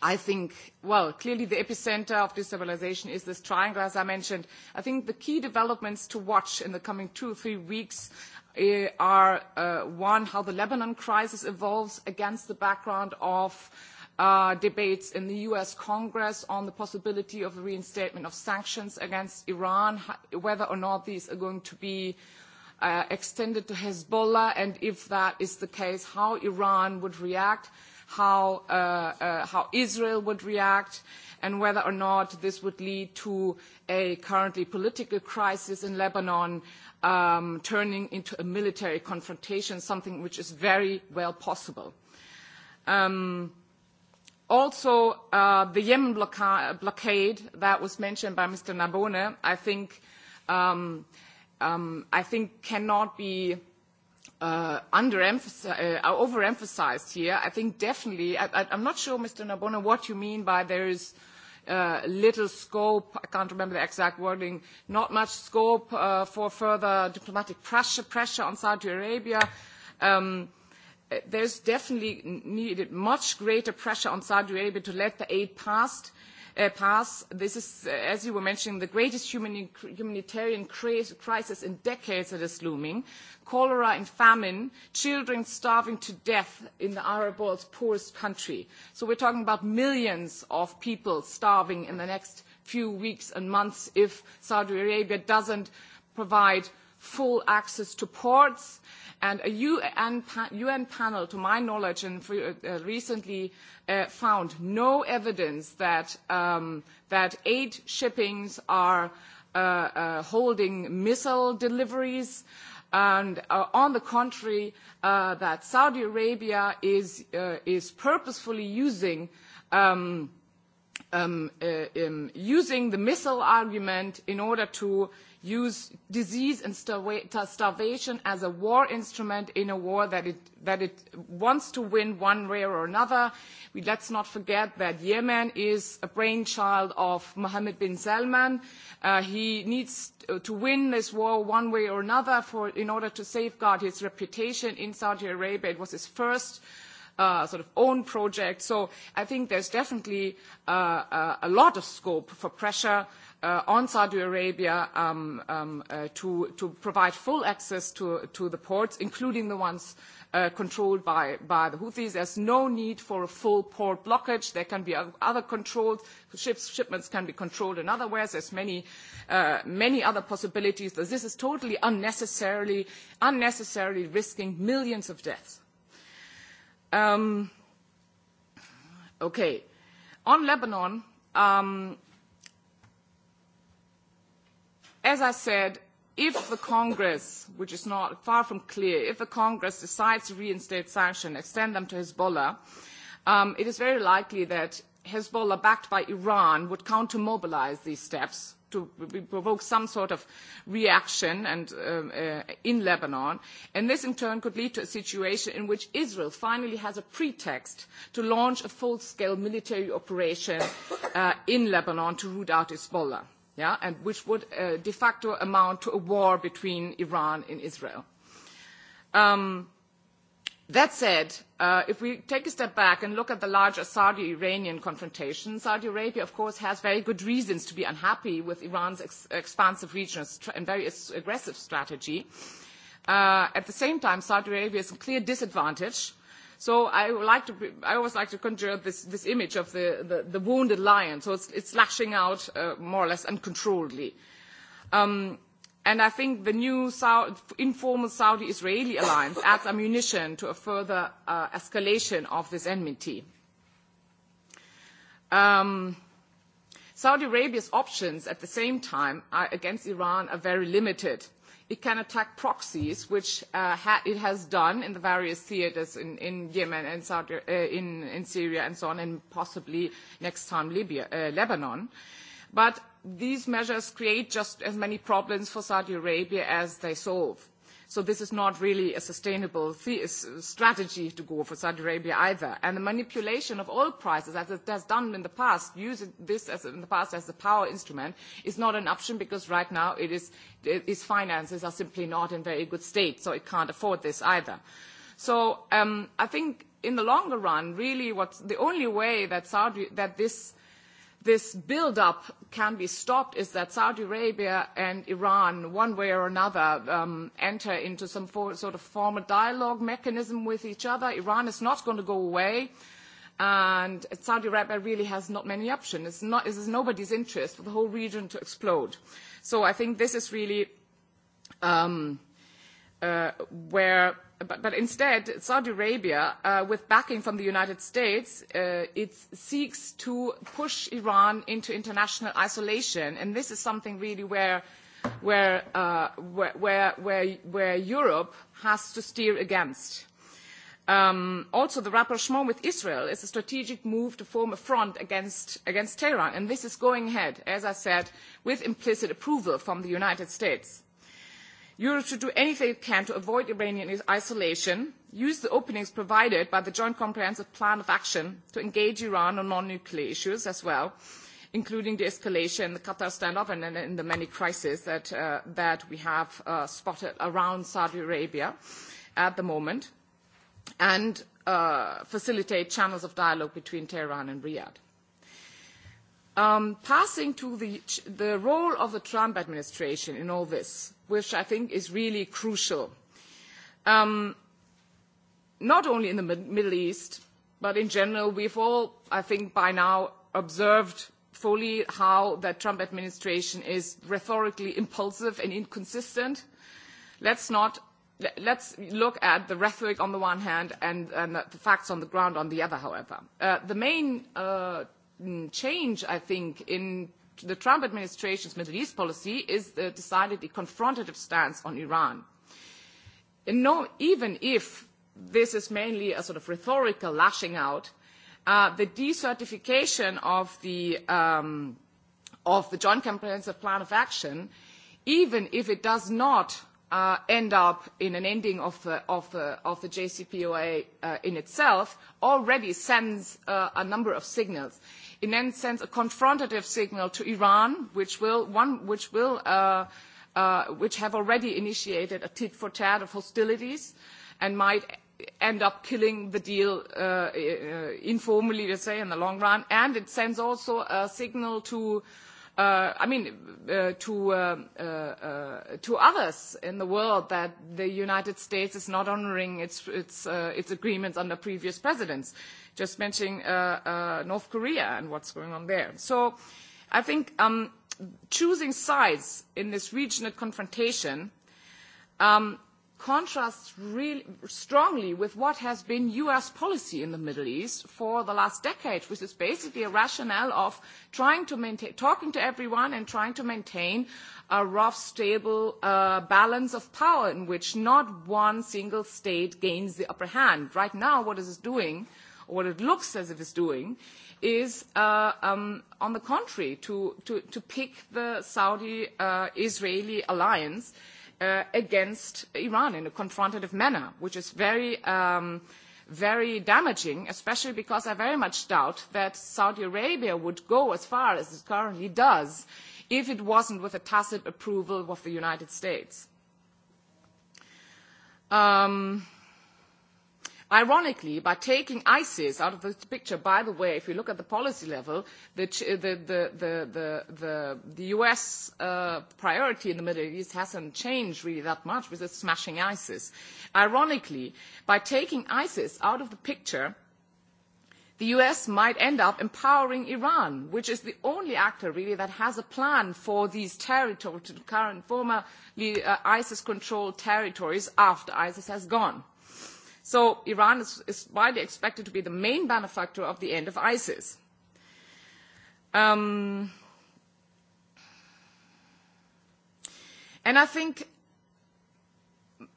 i think, well, clearly the epicenter of destabilization is this triangle, as I mentioned. I think the key developments to watch in the coming two or three weeks eh, are, uh, one, how the Lebanon crisis evolves against the background of uh, debates in the US Congress on the possibility of a reinstatement of sanctions against Iran, whether or not these are going to be uh, extended to Hezbollah, and if that is the case, how Iran would react how, uh, uh, how Israel would react, and whether or not this would lead to a currently political crisis in Lebanon um, turning into a military confrontation, something which is very well possible. Um, also, uh, the Yemen blockade, blockade that was mentioned by Mr. Nabone, I think, um, um, I think cannot be uh, uh overemphasized here. I think definitely, I, I, I'm not sure, Mr. Nabona, what you mean by there is uh, little scope, I can't remember the exact wording, not much scope uh, for further diplomatic pressure, pressure on Saudi Arabia. Um, there's definitely needed much greater pressure on Saudi Arabia to let the aid pass Uh, pass. This is, uh, as you were mentioning, the greatest human, humanitarian crisis in decades that is looming. Cholera and famine, children starving to death in the Arab world's poorest country. So we're talking about millions of people starving in the next few weeks and months if Saudi Arabia doesn't provide full access to ports. And a UN, pa UN panel, to my knowledge, and for, uh, uh, recently uh, found no evidence that, um, that aid shippings are uh, uh, holding missile deliveries and uh, on the contrary, uh, that Saudi Arabia is, uh, is purposefully using, um, um, uh, um, using the missile argument in order to use disease and starvation as a war instrument in a war that it, that it wants to win one way or another. We, let's not forget that Yemen is a brainchild of Mohammed bin Salman. Uh, he needs to win this war one way or another for, in order to safeguard his reputation in Saudi Arabia. It was his first Uh, sort of own project. So I think there's definitely uh, uh, a lot of scope for pressure uh, on Saudi Arabia um, um, uh, to, to provide full access to, to the ports, including the ones uh, controlled by, by the Houthis. There's no need for a full port blockage. There can be other controlled ships, shipments can be controlled in other ways. There's many, uh, many other possibilities. This is totally unnecessarily, unnecessarily risking millions of deaths. Um, okay. On Lebanon, um, as I said, if the Congress, which is not far from clear, if the Congress decides to reinstate sanctions, extend them to Hezbollah, um, it is very likely that Hezbollah, backed by Iran, would counter-mobilize these steps to provoke some sort of reaction and, um, uh, in Lebanon. And this in turn could lead to a situation in which Israel finally has a pretext to launch a full-scale military operation uh, in Lebanon to root out Hezbollah yeah, and which would uh, de facto amount to a war between Iran and Israel. Um, that said, uh, if we take a step back and look at the larger Saudi-Iranian confrontation, Saudi Arabia, of course, has very good reasons to be unhappy with Iran's ex expansive regional and very aggressive strategy. Uh, at the same time, Saudi Arabia is a clear disadvantage uh, So I, like to, I always like to conjure up this, this image of the, the, the wounded lion. So it's, it's lashing out uh, more or less uncontrollably. Um, and I think the new Saudi, informal Saudi-Israeli alliance adds ammunition to a further uh, escalation of this enmity. Um, Saudi Arabia's options at the same time are against Iran are very limited it can attack proxies, which uh, ha it has done in the various theaters in, in Yemen and Saudi, uh, in, in Syria and so on, and possibly next time Libya, uh, Lebanon. But these measures create just as many problems for Saudi Arabia as they solve So this is not really a sustainable th- strategy to go for Saudi Arabia either. And the manipulation of oil prices, as it has done in the past, using this as in the past as a power instrument, is not an option because right now it is, it, its finances are simply not in very good state, so it can't afford this either. So um, I think in the longer run, really, what's the only way that Saudi that this this build-up can be stopped is that Saudi Arabia and Iran, one way or another, um, enter into some for, sort of formal dialogue mechanism with each other. Iran is not going to go away. And Saudi Arabia really has not many options. It's, not, it's nobody's interest for the whole region to explode. So I think this is really um, uh, where but, instead, Saudi Arabia, uh, with backing from the United States, uh, it seeks to push Iran into international isolation, and this is something really where, where, uh, where, where, where, where Europe has to steer against. Um, also, the rapprochement with Israel is a strategic move to form a front against, against Tehran, and this is going ahead, as I said, with implicit approval from the United States. Europe should do anything it can to avoid Iranian isolation, use the openings provided by the Joint Comprehensive Plan of Action to engage Iran on non-nuclear issues as well, including the escalation the Qatar standoff, and, and, and the many crises that, uh, that we have uh, spotted around Saudi Arabia at the moment, and uh, facilitate channels of dialogue between Tehran and Riyadh. Um, passing to the, the role of the Trump administration in all this, which I think is really crucial, um, not only in the Mid Middle East, but in general, we've all, I think, by now observed fully how the Trump administration is rhetorically impulsive and inconsistent. Let's not let's look at the rhetoric on the one hand and, and the facts on the ground on the other, however. Uh, the main uh, change, I think, in the Trump administration's Middle East policy is the decidedly confrontative stance on Iran. And no, even if this is mainly a sort of rhetorical lashing out, uh, the desertification of the, um, of the Joint Comprehensive Plan of Action, even if it does not uh, end up in an ending of the, of the, of the JCPOA uh, in itself, already sends uh, a number of signals in any sense a confrontative signal to Iran, which will, one, which will uh, uh, which have already initiated a tit for tat of hostilities and might end up killing the deal uh, uh, informally, let's say, in the long run. And it sends also a signal to uh, I mean, uh, to, uh, uh, uh, to others in the world that the United States is not honoring its, its, uh, its agreements under previous presidents. Just mentioning uh, uh, North Korea and what's going on there. So I think um, choosing sides in this regional confrontation um, contrasts really strongly with what has been US policy in the Middle East for the last decade, which is basically a rationale of trying to maintain, talking to everyone and trying to maintain a rough, stable uh, balance of power in which not one single state gains the upper hand. Right now, what is it doing, or what it looks as if it's doing, is uh, um, on the contrary, to, to, to pick the Saudi-Israeli uh, alliance – uh, against Iran in a confrontative manner, which is very, um, very damaging, especially because I very much doubt that Saudi Arabia would go as far as it currently does if it wasn't with a tacit approval of the United States. Um, Ironically, by taking ISIS out of the picture, by the way, if you look at the policy level, the, uh, the, the, the, the, the US uh, priority in the Middle East hasn't changed really that much with it's smashing ISIS. Ironically, by taking ISIS out of the picture, the US might end up empowering Iran, which is the only actor really that has a plan for these territories, current formerly uh, ISIS-controlled territories after ISIS has gone. So Iran is, is widely expected to be the main benefactor of the end of ISIS. Um, and I think,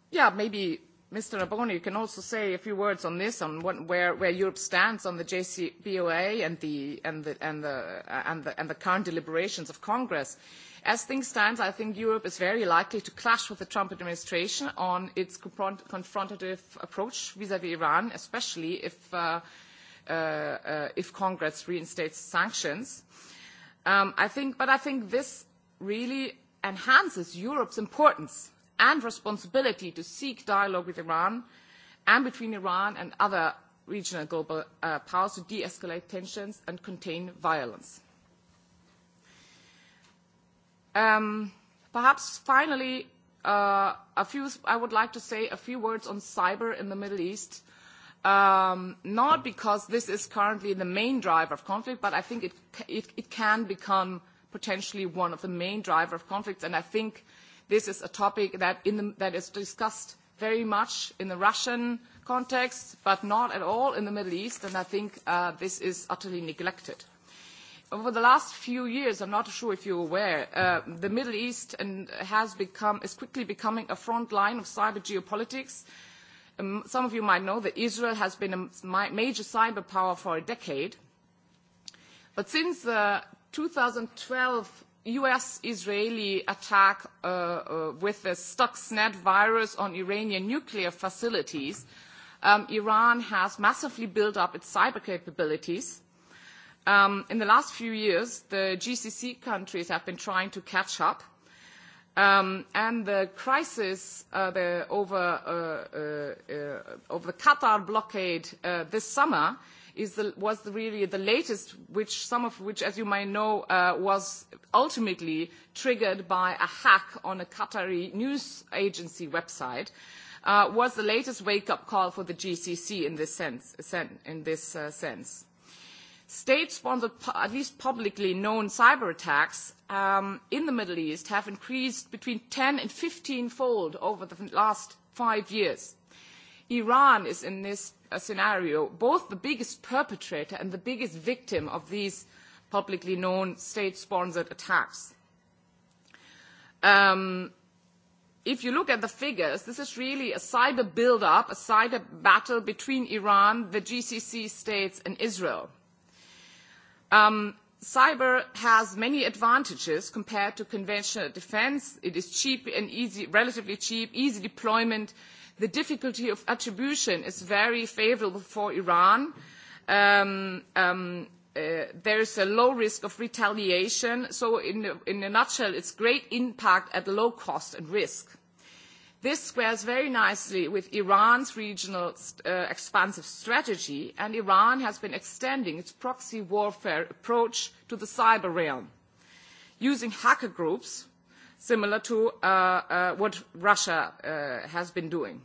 yeah, maybe Mr. Raboni, you can also say a few words on this, on what, where, where Europe stands on the JCPOA and the, and, the, and, the, and, the, and the current deliberations of Congress. Uh, As things stand, I think Europe is very likely to clash with the Trump administration on its confrontative approach vis-à-vis Iran, especially if, uh, uh, uh, if Congress reinstates sanctions. Um, I think, but I think this really enhances Europe's importance and responsibility to seek dialogue with Iran and between Iran and other regional global uh, powers to de-escalate tensions and contain violence. Um, perhaps finally, uh, a few, I would like to say a few words on cyber in the Middle East. Um, not because this is currently the main driver of conflict, but I think it, it, it can become potentially one of the main driver of conflicts. And I think this is a topic that, in the, that is discussed very much in the Russian context, but not at all in the Middle East. And I think uh, this is utterly neglected over the last few years, I'm not sure if you're aware, uh, the Middle East and has become, is quickly becoming a front line of cyber geopolitics. Um, some of you might know that Israel has been a major cyber power for a decade. But since the 2012 US-Israeli attack uh, uh, with the Stuxnet virus on Iranian nuclear facilities, um, Iran has massively built up its cyber capabilities – Um, in the last few years, the GCC countries have been trying to catch up. Um, and the crisis uh, the, over, uh, uh, uh over, the Qatar blockade uh, this summer the, was the, really the latest, which some of which, as you may know, uh, was ultimately triggered by a hack on a Qatari news agency website. was the latest wake-up call for the GCC in this sense. In this, sense. State-sponsored, at least publicly known cyber attacks um, in the Middle East have increased between 10 and 15-fold over the last five years. Iran is in this uh, scenario both the biggest perpetrator and the biggest victim of these publicly known state-sponsored attacks. Um, if you look at the figures, this is really a cyber build-up, a cyber battle between Iran, the GCC states, and Israel. Um, cyber has many advantages compared to conventional defense. It is cheap and easy, relatively cheap, easy deployment. The difficulty of attribution is very favorable for Iran. Um, um, uh, there is a low risk of retaliation. So in, in a nutshell, it's great impact at low cost and risk. This squares very nicely with Iran's regional uh, expansive strategy, and Iran has been extending its proxy warfare approach to the cyber realm, using hacker groups similar to uh, uh, what Russia uh, has been doing.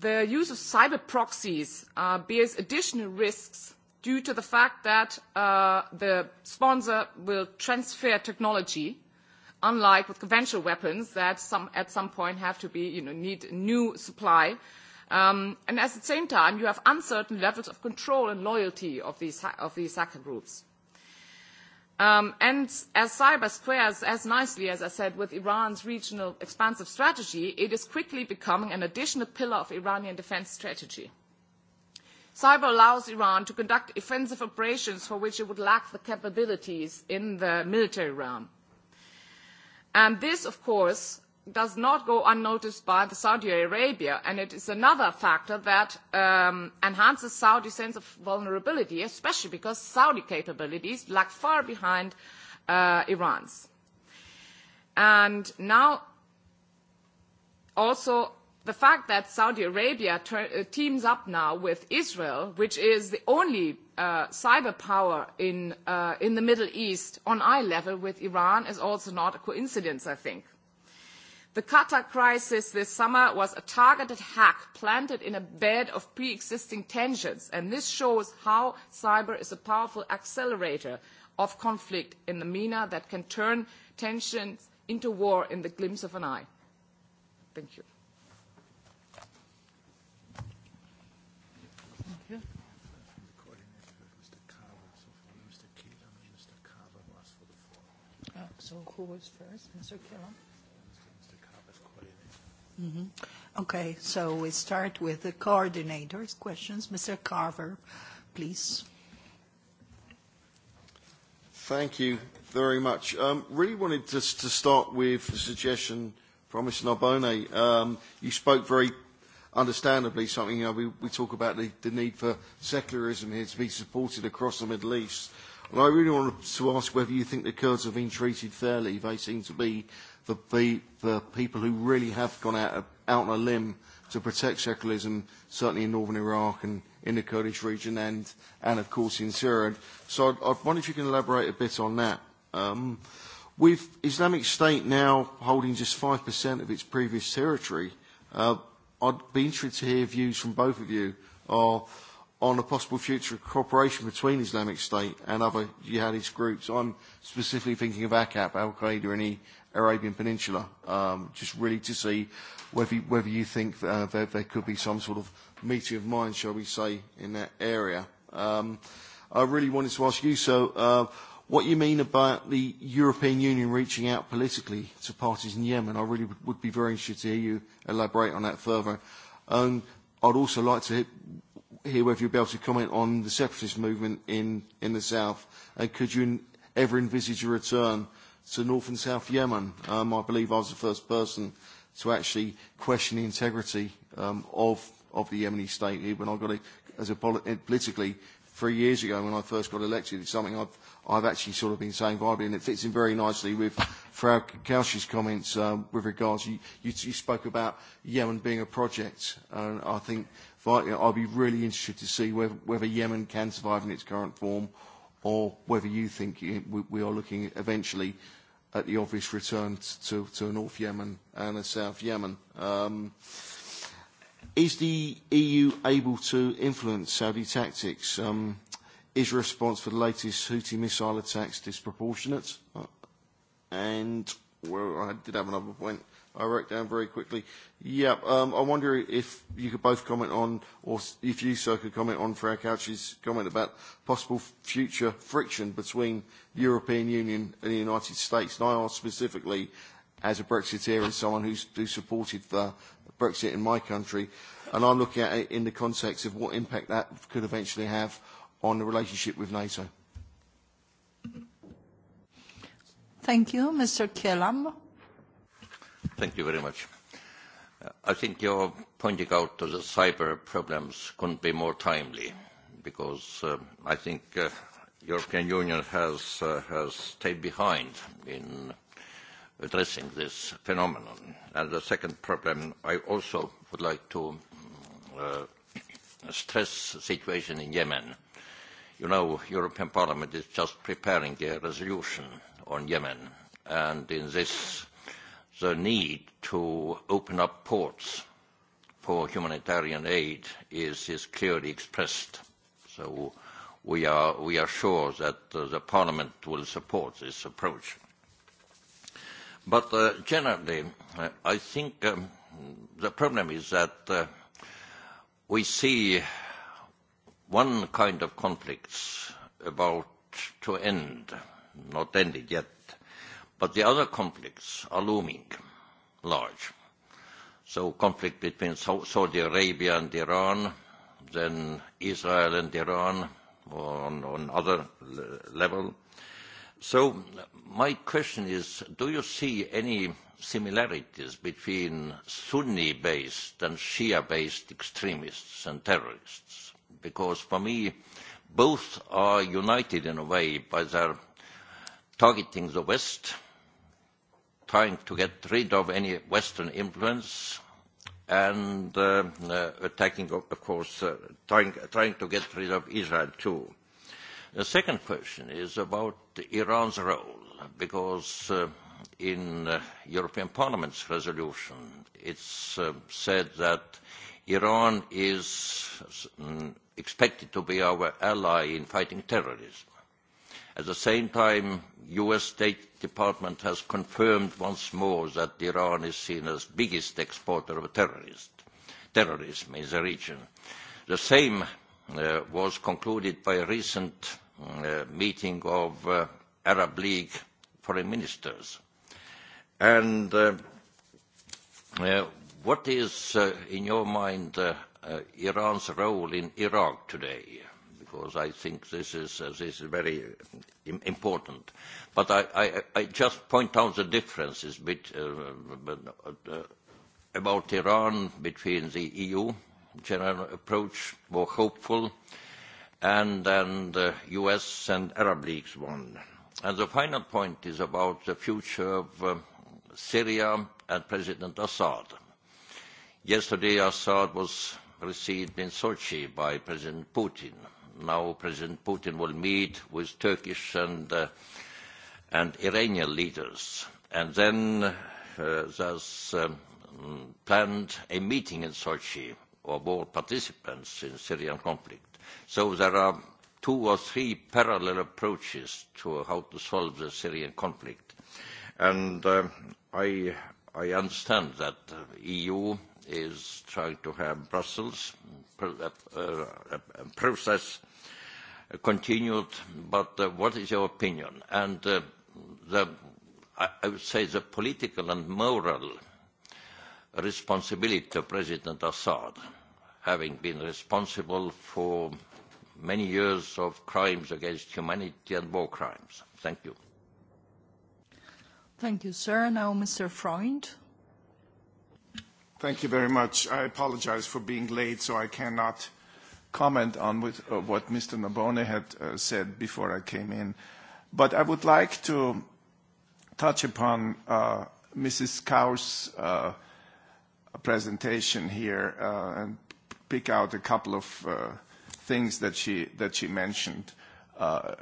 The use of cyber proxies uh, bears additional risks due to the fact that uh, the sponsor will transfer technology unlike with conventional weapons that some, at some point have to be, you know, need new supply. Um, and at the same time, you have uncertain levels of control and loyalty of these, of these hacker groups. Um, and as cyber squares as nicely, as I said, with Iran's regional expansive strategy, it is quickly becoming an additional pillar of Iranian defense strategy. Cyber allows Iran to conduct offensive operations for which it would lack the capabilities in the military realm. And this, of course, does not go unnoticed by Saudi Arabia, and it is another factor that um, enhances Saudi's sense of vulnerability, especially because Saudi capabilities lag far behind uh, Iran's. And now also the fact that Saudi Arabia uh, teams up now with Israel, which is the only uh, cyber power in, uh, in the Middle East on eye level with Iran, is also not a coincidence, I think. The Qatar crisis this summer was a targeted hack planted in a bed of pre-existing tensions, and this shows how cyber is a powerful accelerator of conflict in the MENA that can turn tensions into war in the glimpse of an eye. Thank you.
So who was first? Mr. Killam? Mm -hmm. Okay, so we start with the coordinators' questions. Mr. Carver, please.
Thank you very much. Um, really wanted to, to start with the suggestion from Mr. Narbonne. Um, you spoke very understandably something, you know, we, we talk about the, the need for secularism here to be supported across the Middle East. And I really want to ask whether you think the Kurds have been treated fairly. They seem to be the, the, the people who really have gone out, out on a limb to protect secularism, certainly in northern Iraq and in the Kurdish region and, and of course, in Syria. And so I, I wonder if you can elaborate a bit on that. Um, with Islamic State now holding just 5% of its previous territory, uh, I'd be interested to hear views from both of you. Are uh, on the possible future cooperation between Islamic State and other jihadist groups. I'm specifically thinking of ACAP, Al Qaeda and the Arabian Peninsula, um, just really to see whether, whether you think uh, there, there could be some sort of meeting of minds, shall we say, in that area. Um, I really wanted to ask you, so uh, what you mean about the European Union reaching out politically to parties in Yemen. I really would be very interested to hear you elaborate on that further. Um, I'd also like to hear whether you'll be able to comment on the separatist movement in, in the south, and could you ever envisage a return to North and South Yemen? Um, I believe I was the first person to actually question the integrity um, of, of the Yemeni state when I got it as a polit- eh, politically three years ago when I first got elected. It's something I've, I've actually sort of been saying vibrantly, and it fits in very nicely with Frau Kausch's comments um, with regards, you, you, you spoke about Yemen being a project, and I think fight. I'll be really interested to see whether, whether Yemen can survive in its current form or whether you think we, are looking eventually at the obvious return to, to a North Yemen and a South Yemen. Um, is the EU able to influence Saudi tactics? Um, is your response for the latest Houthi missile attacks disproportionate? Uh, and well, I did have another point. I wrote down very quickly. Yeah, um, I wonder if you could both comment on, or if you, sir, could comment on Frau Couch's comment about possible future friction between the European Union and the United States. And I ask specifically, as a Brexiteer and someone who's, who supported the Brexit in my country, and I'm looking at it in the context of what impact that could eventually have on the relationship with NATO.
Thank you. Mr. Kellam.
Thank you very much.
Uh, I think your pointing out to the cyber problems couldn't be more timely because uh, I think uh, European Union has, uh, has stayed behind in addressing this phenomenon. And the second problem, I also would like to uh, stress the situation in Yemen. You know, European Parliament is just preparing a resolution on Yemen, and in this the need to open up ports for humanitarian aid is, is clearly expressed. So we are, we are sure that uh, the Parliament will support this approach. But uh, generally, uh, I think um, the problem is that uh, we see one kind of conflicts about to end, not ended yet, But the other conflicts are looming large. So conflict between Saudi Arabia and Iran, then Israel and Iran on, on other level. So my question is, do you see any similarities between Sunni-based and Shia-based extremists and terrorists? Because for me, both are united in a way by their targeting the West, trying to get rid of any Western influence, and uh, uh, attacking, of course, uh, trying, trying to get rid of Israel too. The second question is about Iran's role, because uh, in uh, European Parliament's resolution, it's uh, said that Iran is um, expected to be our ally in fighting terrorism. At the same time, U.S. State Department has confirmed once more that Iran is seen as biggest exporter of terrorist, terrorism in the region. The same uh, was concluded by a recent uh, meeting of uh, Arab League foreign ministers. And uh, uh, what is, uh, in your mind, Iran's role in Iraq today? because I think this is, uh, this is very important. But I, I, I just point out the differences bit, uh, uh, about Iran between the EU general approach, more hopeful, and then the U.S. and Arab League's one. And the final point is about the future of uh, Syria and President Assad. Yesterday, Assad was received in Sochi by President Putin now President Putin will meet with Turkish and, uh, and Iranian leaders. And then uh, there's um, planned a meeting in Sochi of all participants in Syrian conflict. So there are two or three parallel approaches to how to solve the Syrian conflict. And uh, I, I understand that uh, EU is trying to have Brussels uh, uh, uh, process continued, but uh, what is your opinion? And uh, the, I, I would say the political and moral responsibility of President Assad, having been responsible for many years of crimes against humanity and war crimes. Thank you.
Thank you, sir. Now, Mr. Freund.
Thank you very much. I apologize for being late, so I cannot comment on with, uh, what Mr. Narbonne had uh, said before I came in. But I would like to touch upon uh, Mrs. Kaur's uh, presentation here uh, and pick out a couple of uh, things that she, that she mentioned. I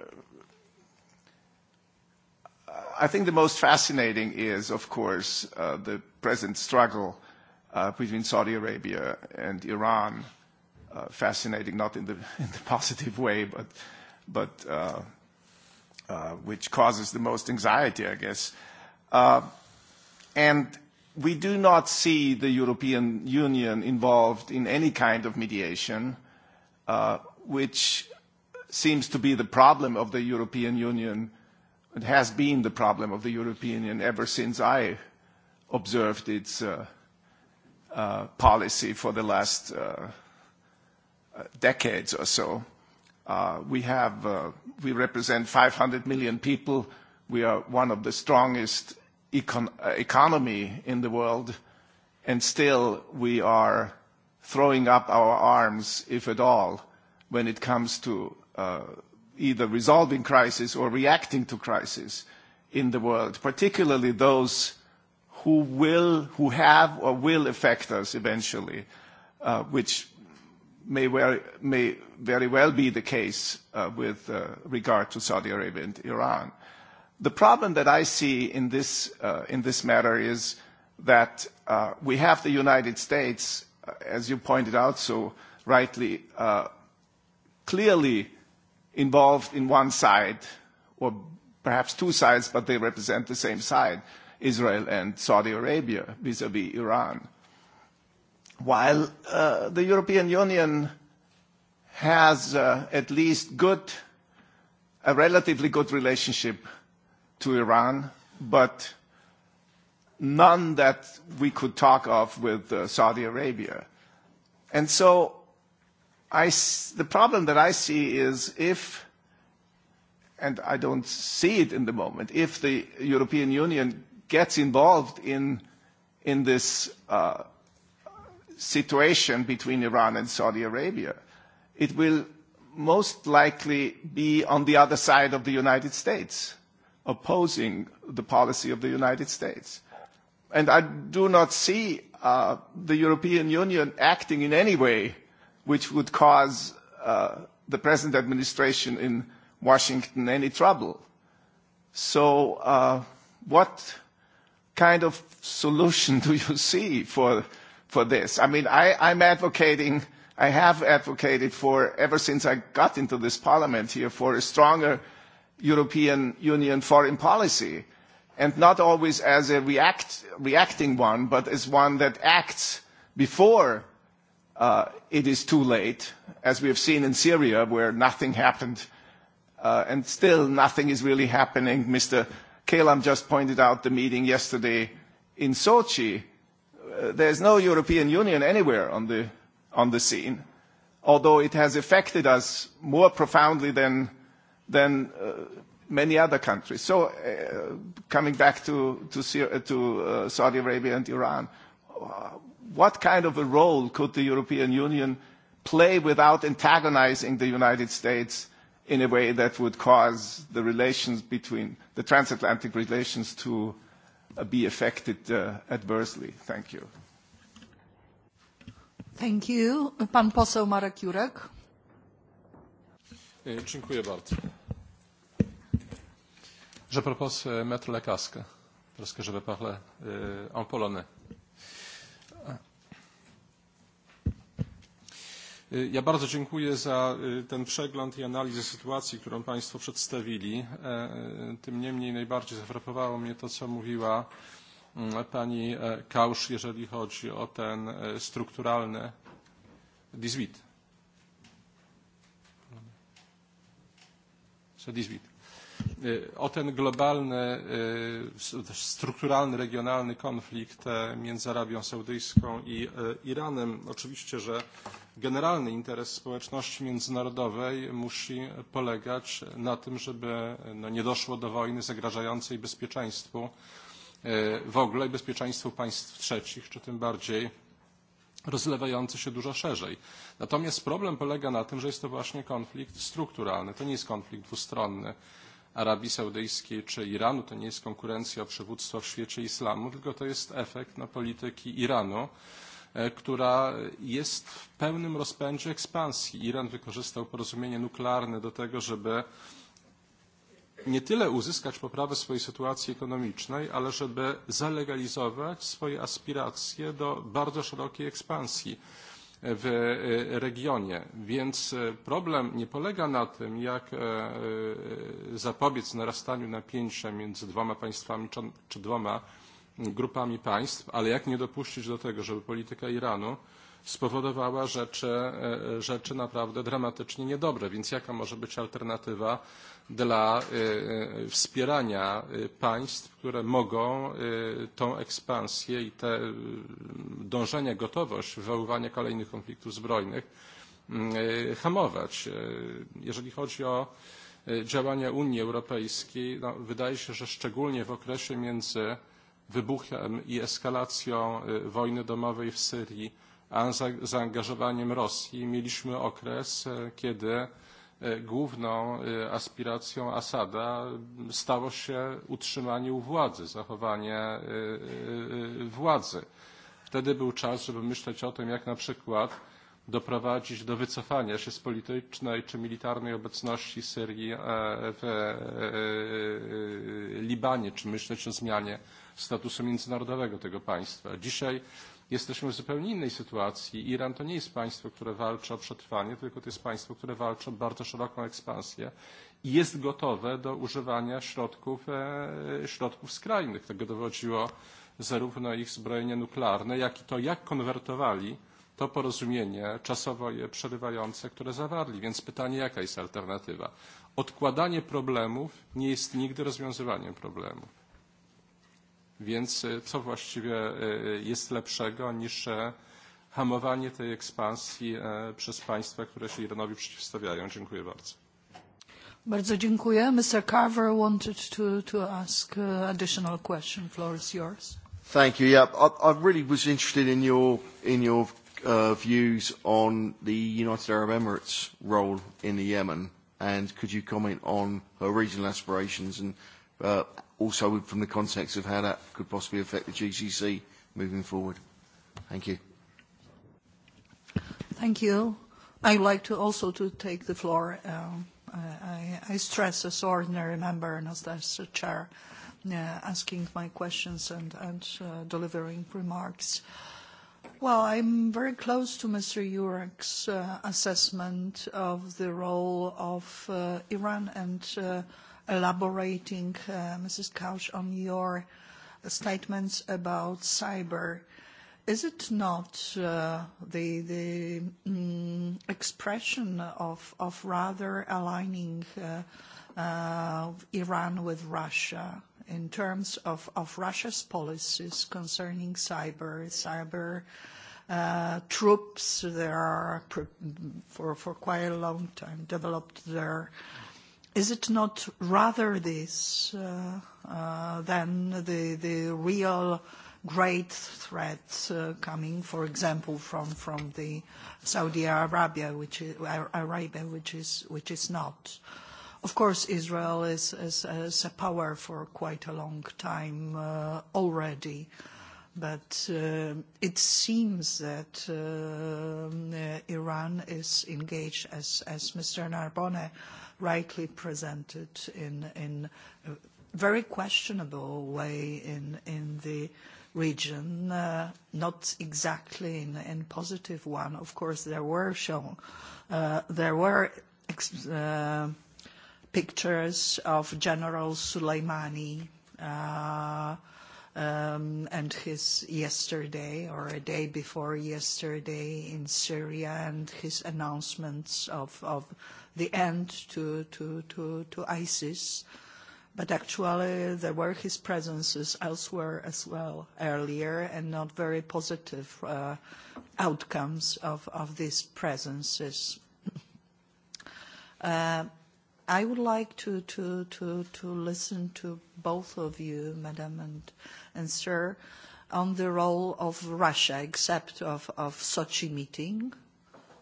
think the most fascinating is, of course, the present struggle Uh, between Saudi Arabia and Iran. Uh, fascinating, not *laughs* in the, positive way, but, uh, which causes the most anxiety, I guess. and we do not see the European Union involved in any kind of mediation, which seems to be the problem of the European Union. It has been the problem of the European Union ever since I observed its Uh, policy for the last uh, decades or so. Uh, we have, we represent 500 million people. We are one of the strongest economy in the world, and still we are throwing up our arms, if at all, when it comes to either resolving crisis or reacting to crisis in the world, particularly those who will, who have or will affect us eventually, uh, which may, well, may very well be the case uh, with uh, regard to Saudi Arabia and Iran. The problem that I see in this, uh, in this matter is that uh, we have the United States, uh, as you pointed out so rightly, uh, clearly involved in one side, or perhaps two sides, but they represent the same side Israel and Saudi Arabia vis-à-vis Iran. While uh, the European Union has uh, at least good, a relatively good relationship to Iran, but none that we could talk of with uh, Saudi Arabia. And so I, the problem that I see is if, and I don't see it in the moment, if the European Union gets involved in, in this uh, situation between Iran and Saudi Arabia, it will most likely be on the other side of the United States, opposing the policy of the United States. And I do not see uh, the European Union acting in any way which would cause uh, the present administration in Washington any trouble. So uh, what kind of solution do you *laughs* see for for this? I mean, I, I'm advocating, I have advocated for ever since I got into this parliament here for a stronger European Union foreign policy, and not always as a react, reacting one, but as one that acts before uh, it is too late, as we have seen in Syria, where nothing happened, uh, and still nothing is really happening. Mr. Kelam just pointed out the meeting yesterday in Sochi. Uh, there's no European Union anywhere on the, on the scene, although it has affected us more profoundly than, than uh, many other countries. So uh, coming back to, to, Syria, uh, to uh, Saudi Arabia and Iran, uh, what kind of a role could the European Union play without antagonizing the United States in a way that would cause the relations between the transatlantic relations to uh, be affected uh, adversely. Thank you.
Thank you. Pan poseł Marek Jurek.
E, dziękuję bardzo. Je propose euh, mettre la casque parce que je vais parler euh, en polonais. Ja bardzo dziękuję za ten przegląd i analizę sytuacji, którą Państwo przedstawili. E, tym niemniej najbardziej zafrapowało mnie to, co mówiła mm, Pani e, Kausz, jeżeli chodzi o ten e, strukturalny dizwit. o ten globalny, strukturalny, regionalny konflikt między Arabią Saudyjską i Iranem. Oczywiście, że generalny interes społeczności międzynarodowej musi polegać na tym, żeby no, nie doszło do wojny zagrażającej bezpieczeństwu e, w ogóle i bezpieczeństwu państw trzecich, czy tym bardziej rozlewający się dużo szerzej. Natomiast problem polega na tym, że jest to właśnie konflikt strukturalny. To nie jest konflikt dwustronny Arabii Saudyjskiej czy Iranu, to nie jest konkurencja o przywództwo w świecie islamu, tylko to jest efekt no, polityki Iranu, E, która jest w pełnym rozpędzie ekspansji. Iran wykorzystał porozumienie nuklearne do tego, żeby nie tyle uzyskać poprawę swojej sytuacji ekonomicznej, ale żeby zalegalizować swoje aspiracje do bardzo szerokiej ekspansji w e, regionie. Więc e, problem nie polega na tym, jak zapobiec narastaniu napięcia między dwoma państwami czy dwoma grupami państw, ale jak nie dopuścić do tego, żeby polityka Iranu spowodowała rzeczy, e, rzeczy naprawdę dramatycznie niedobre. Więc jaka może być alternatywa dla e, e, wspierania państw, które mogą tą ekspansję i te dążenie, gotowość wywoływania kolejnych konfliktów zbrojnych mm, hamować? Jeżeli chodzi o działania Unii Europejskiej, no, wydaje się, że szczególnie w okresie między wybuchem i eskalacją wojny domowej w Syrii, a zaangażowaniem Rosji mieliśmy okres, kiedy główną aspiracją Asada stało się utrzymanie u władzy, zachowanie władzy. Wtedy był czas, żeby myśleć o tym, jak na przykład doprowadzić do wycofania się z politycznej czy militarnej obecności Syrii e, w e, e, Libanie, czy myśleć o zmianie statusu międzynarodowego tego państwa. Dzisiaj jesteśmy w zupełnie innej sytuacji. Iran to nie jest państwo, które walczy o przetrwanie, tylko to jest państwo, które walczy o bardzo szeroką ekspansję i jest gotowe do używania środków, e, środków skrajnych. Tego dowodziło zarówno ich zbrojenie nuklearne, jak i to, jak konwertowali to porozumienie czasowo je przerywające, które zawarli. Więc pytanie, jaka jest alternatywa? Odkładanie problemów nie jest nigdy rozwiązywaniem problemów. Więc e, co właściwie e, jest lepszego niż e, hamowanie tej ekspansji przez państwa, które się Iranowi przeciwstawiają?
Dziękuję bardzo.
Bardzo dziękuję. Mr. Carver wanted to, to ask additional question. Floor is yours.
Thank you. Yeah, I, I really was interested in your, in your uh, views on the United Arab Emirates role in the Yemen, and could you comment on her regional aspirations and uh, also from the context of how that could possibly affect the GCC moving forward. Thank you.
Thank you. I'd like to also to take the floor. Um, I, stress as ordinary member and as the chair, uh, asking my questions and, uh, delivering remarks. Well, I'm very close to Mr. Jurek's uh, assessment of the role of Iran and elaborating, uh, Mrs. Kausz, on your statements about cyber. Is it not uh, the, the um, expression of, of rather aligning uh, uh, Iran with Russia in terms of, of Russia's policies concerning cyber, cyber uh, troops there are for, for quite a long time developed there Is it not rather this uh, uh, than the, the real great threat uh, coming, for example, from, from the Saudi Arabia, which is, Arabia, which is, which is not? Of course, Israel is, is, is a power for quite a long time uh, already, but uh, it seems that uh, Iran is engaged, as, as Mr. Narbonne rightly presented, in, in a very questionable way in, in the region, uh, not exactly in, a positive one. Of course, there were shown, uh, there were ex- uh, pictures of General Soleimani uh, um, and his yesterday or a day before yesterday in Syria and his announcements of, of the end to, to, to, to ISIS. But actually, there were his presences elsewhere as well earlier, and not very positive uh, outcomes of, of these presences. *laughs* Uh, i would like to, to, to, to listen to both of you, Madam and, and Sir, on the role of Russia, except of, of Sochi meeting.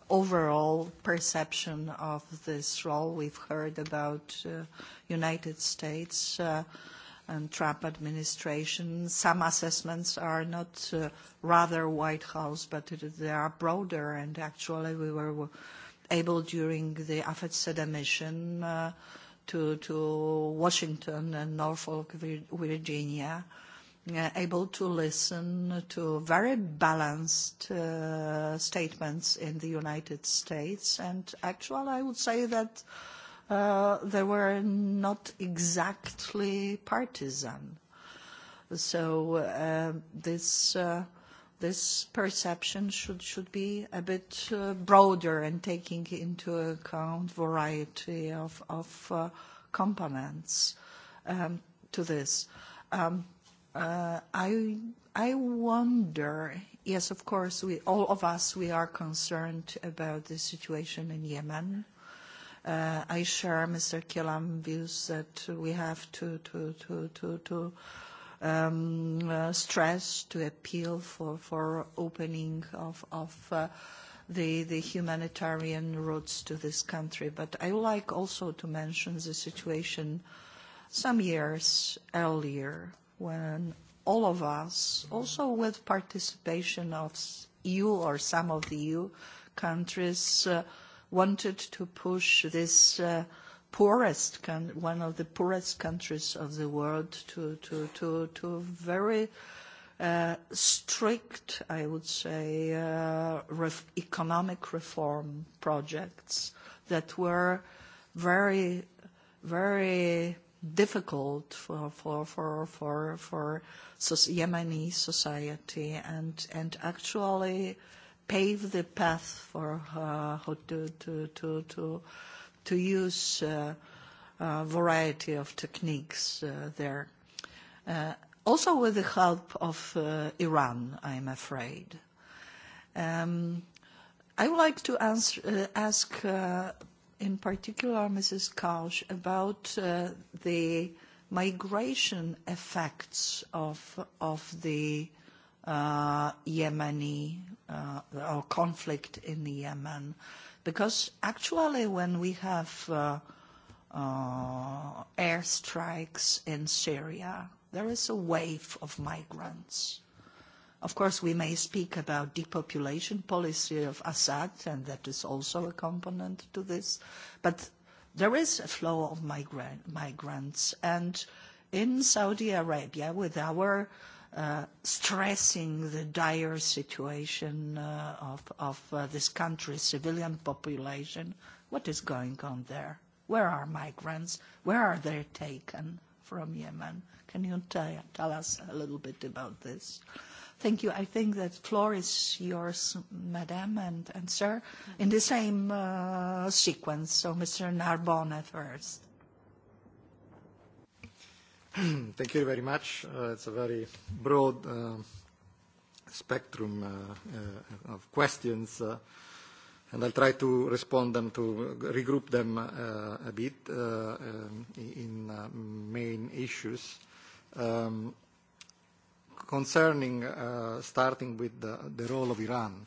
Overall perception of this role, we've heard about uh, United States uh, and Trump administration. Some assessments are not uh, rather White House, but it, they are broader, and actually we were able during the afed mission uh, to, to Washington and Norfolk, Virginia, uh, able to listen to very balanced uh, statements in the United States. And actually, I would say that uh, they were not exactly partisan. So uh, this... Uh, this perception should, should be a bit uh, broader and taking into account variety of, of uh, components um, to this. Um, uh, I, I wonder, yes, of course, we, all of us, we are concerned about the situation in Yemen. Uh, I share Mr. Kilam views that we have to to, to, to, to Um, stress, to appeal for, for opening of, of uh, the, the humanitarian routes to this country. But I would like also to mention the situation some years earlier when all of us, also with participation of EU or some of the EU countries, uh, wanted to push this uh, poorest con- one of the poorest countries of the world to to to to very uh, strict, I would say, uh, ref- economic reform projects that were very, very difficult for for for for, for so- Yemeni society, and and actually paved the path for uh, to to to. to to use uh, a variety of techniques uh, there. Uh, also with the help of Iran, I'm afraid. Um, I would like to answer, ask in particular Mrs. Kausch about the migration effects of, of the uh, Yemeni uh, or conflict in Yemen Because actually when we have uh, uh, air strikes in Syria, there is a wave of migrants. Of course, we may speak about depopulation policy of Assad, and that is also a component to this. But there is a flow of migrants. And in Saudi Arabia, with our uh, Uh, stressing the dire situation uh, of, of uh, this country's civilian population. What is going on there? Where are migrants? Where are they taken from Yemen? Can you tell us a little bit about this? Thank you. I think that floor is yours, madam and, and sir, in the same uh, sequence. So Mr. Narbonne first.
*clears throat* Thank you very much. Uh, it's a very broad uh, spectrum uh, uh of questions, uh, and I'll try to respond them to regroup them uh, a bit um, in main issues. Um, concerning starting with the, the role of Iran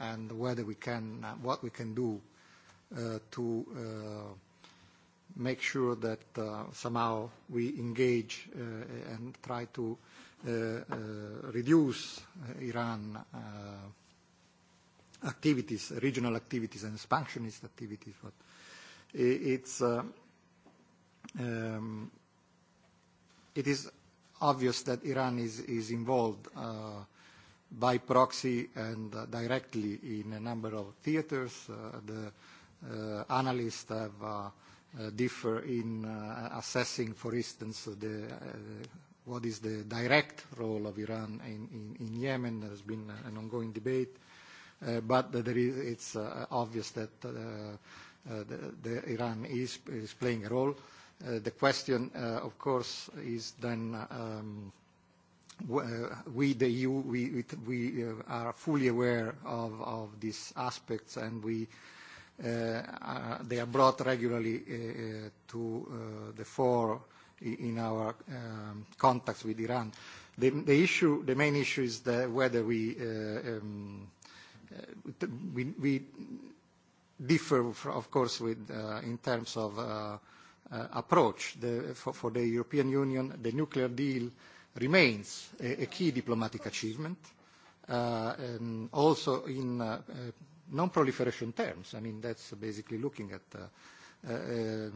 and whether we can, what we can do to make sure that uh, somehow we engage uh, and try to uh, reduce Iran activities, regional activities and expansionist activities. But it's, um, it is obvious that Iran is, is involved by proxy and directly in a number of theaters. The analysts have Uh, differ in uh, assessing, for instance, the, uh, what is the direct role of Iran in, in, in Yemen. There has been an ongoing debate, uh, but there is, it's uh, obvious that uh, uh, the, the Iran is, is playing a role. Uh, the question, uh, of course, is then um, uh, we, the EU, we, we uh, are fully aware of, of these aspects and we uh, are, uh, they are brought regularly uh, uh to uh, the fore in our um, contacts with Iran. The, the issue, the main issue is that whether we, uh, um, uh, we, we differ, of course, with, uh, in terms of uh, uh, approach. The, for, for the European Union, the nuclear deal remains a, a key diplomatic achievement. Uh, and also in uh, non-proliferation terms. I mean, that's basically looking at uh, uh,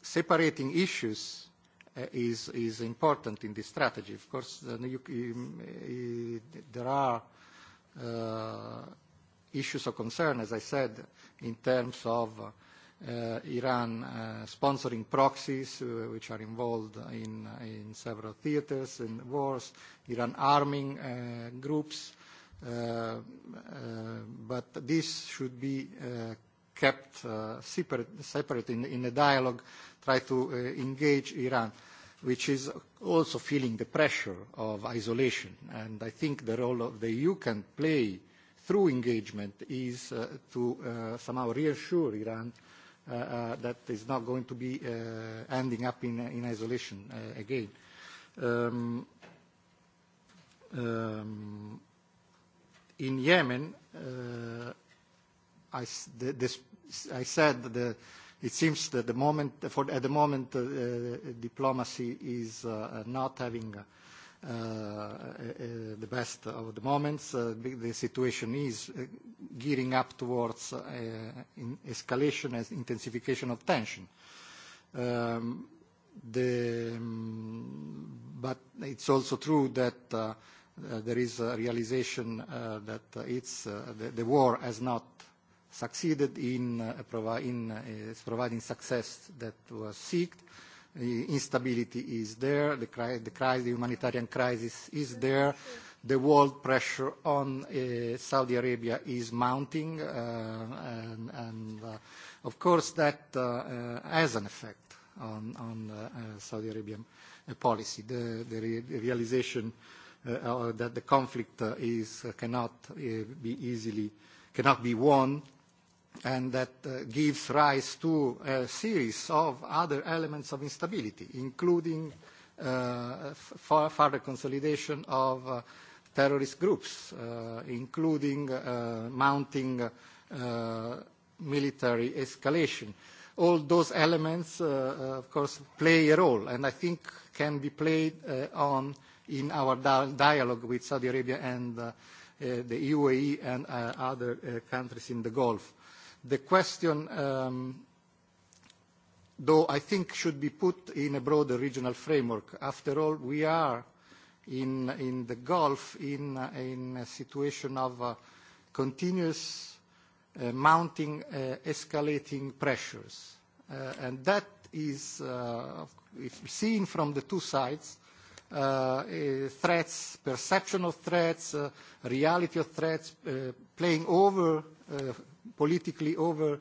separating issues uh, is, is important in this strategy. Of course, uh, you, you, uh, there are issues of concern, as I said, in terms of Uh, Iran uh, sponsoring proxies, uh, which are involved in, in several theaters and wars, Iran arming groups, Uh, uh, but this should be uh, kept separate, separate in, in a dialogue, try to engage Iran which is also feeling the pressure of isolation. And I think the role of the EU can play through engagement is uh, to uh, somehow reassure Iran uh, uh, that it's not going to be uh, ending up in, in isolation uh, again. Um, um, in Yemen, uh, I, the, this, I said the, it seems that the moment, for, at the moment uh, uh diplomacy is uh, not having uh, uh, uh the best of the moments. the situation is gearing up towards in escalation and intensification of tension. Um, the, um, but it's also true that Uh, there is a realization uh, that uh, it's, uh, the, the war has not succeeded in, uh, provi in uh, providing success that was sought. instability is there, the, cri the, crisis, the humanitarian crisis is there, the world pressure on uh, Saudi Arabia is mounting, uh, and, and uh, of course that uh, uh, has an effect on, on uh, uh, Saudi Arabian uh, policy. The, the, re the realization uh, Uh, uh, that the conflict uh, is uh, cannot uh, be easily cannot be won and that uh, gives rise to a series of other elements of instability including uh, far further consolidation of uh, terrorist groups uh, including uh, mounting uh, military escalation all those elements uh, uh of course play a role and i think can be played uh, on uh, in our dialogue with Saudi Arabia and uh, uh the UAE and uh, other uh, countries in the Gulf. The question, um, though, I think should be put in a broader regional framework. After all, we are in, in the Gulf in, in a situation of continuous Uh, mounting uh, escalating pressures. Uh, and that is, if seen from the two sides, uh, threats, perception of threats, uh, reality of threats, uh, playing over, uh, politically over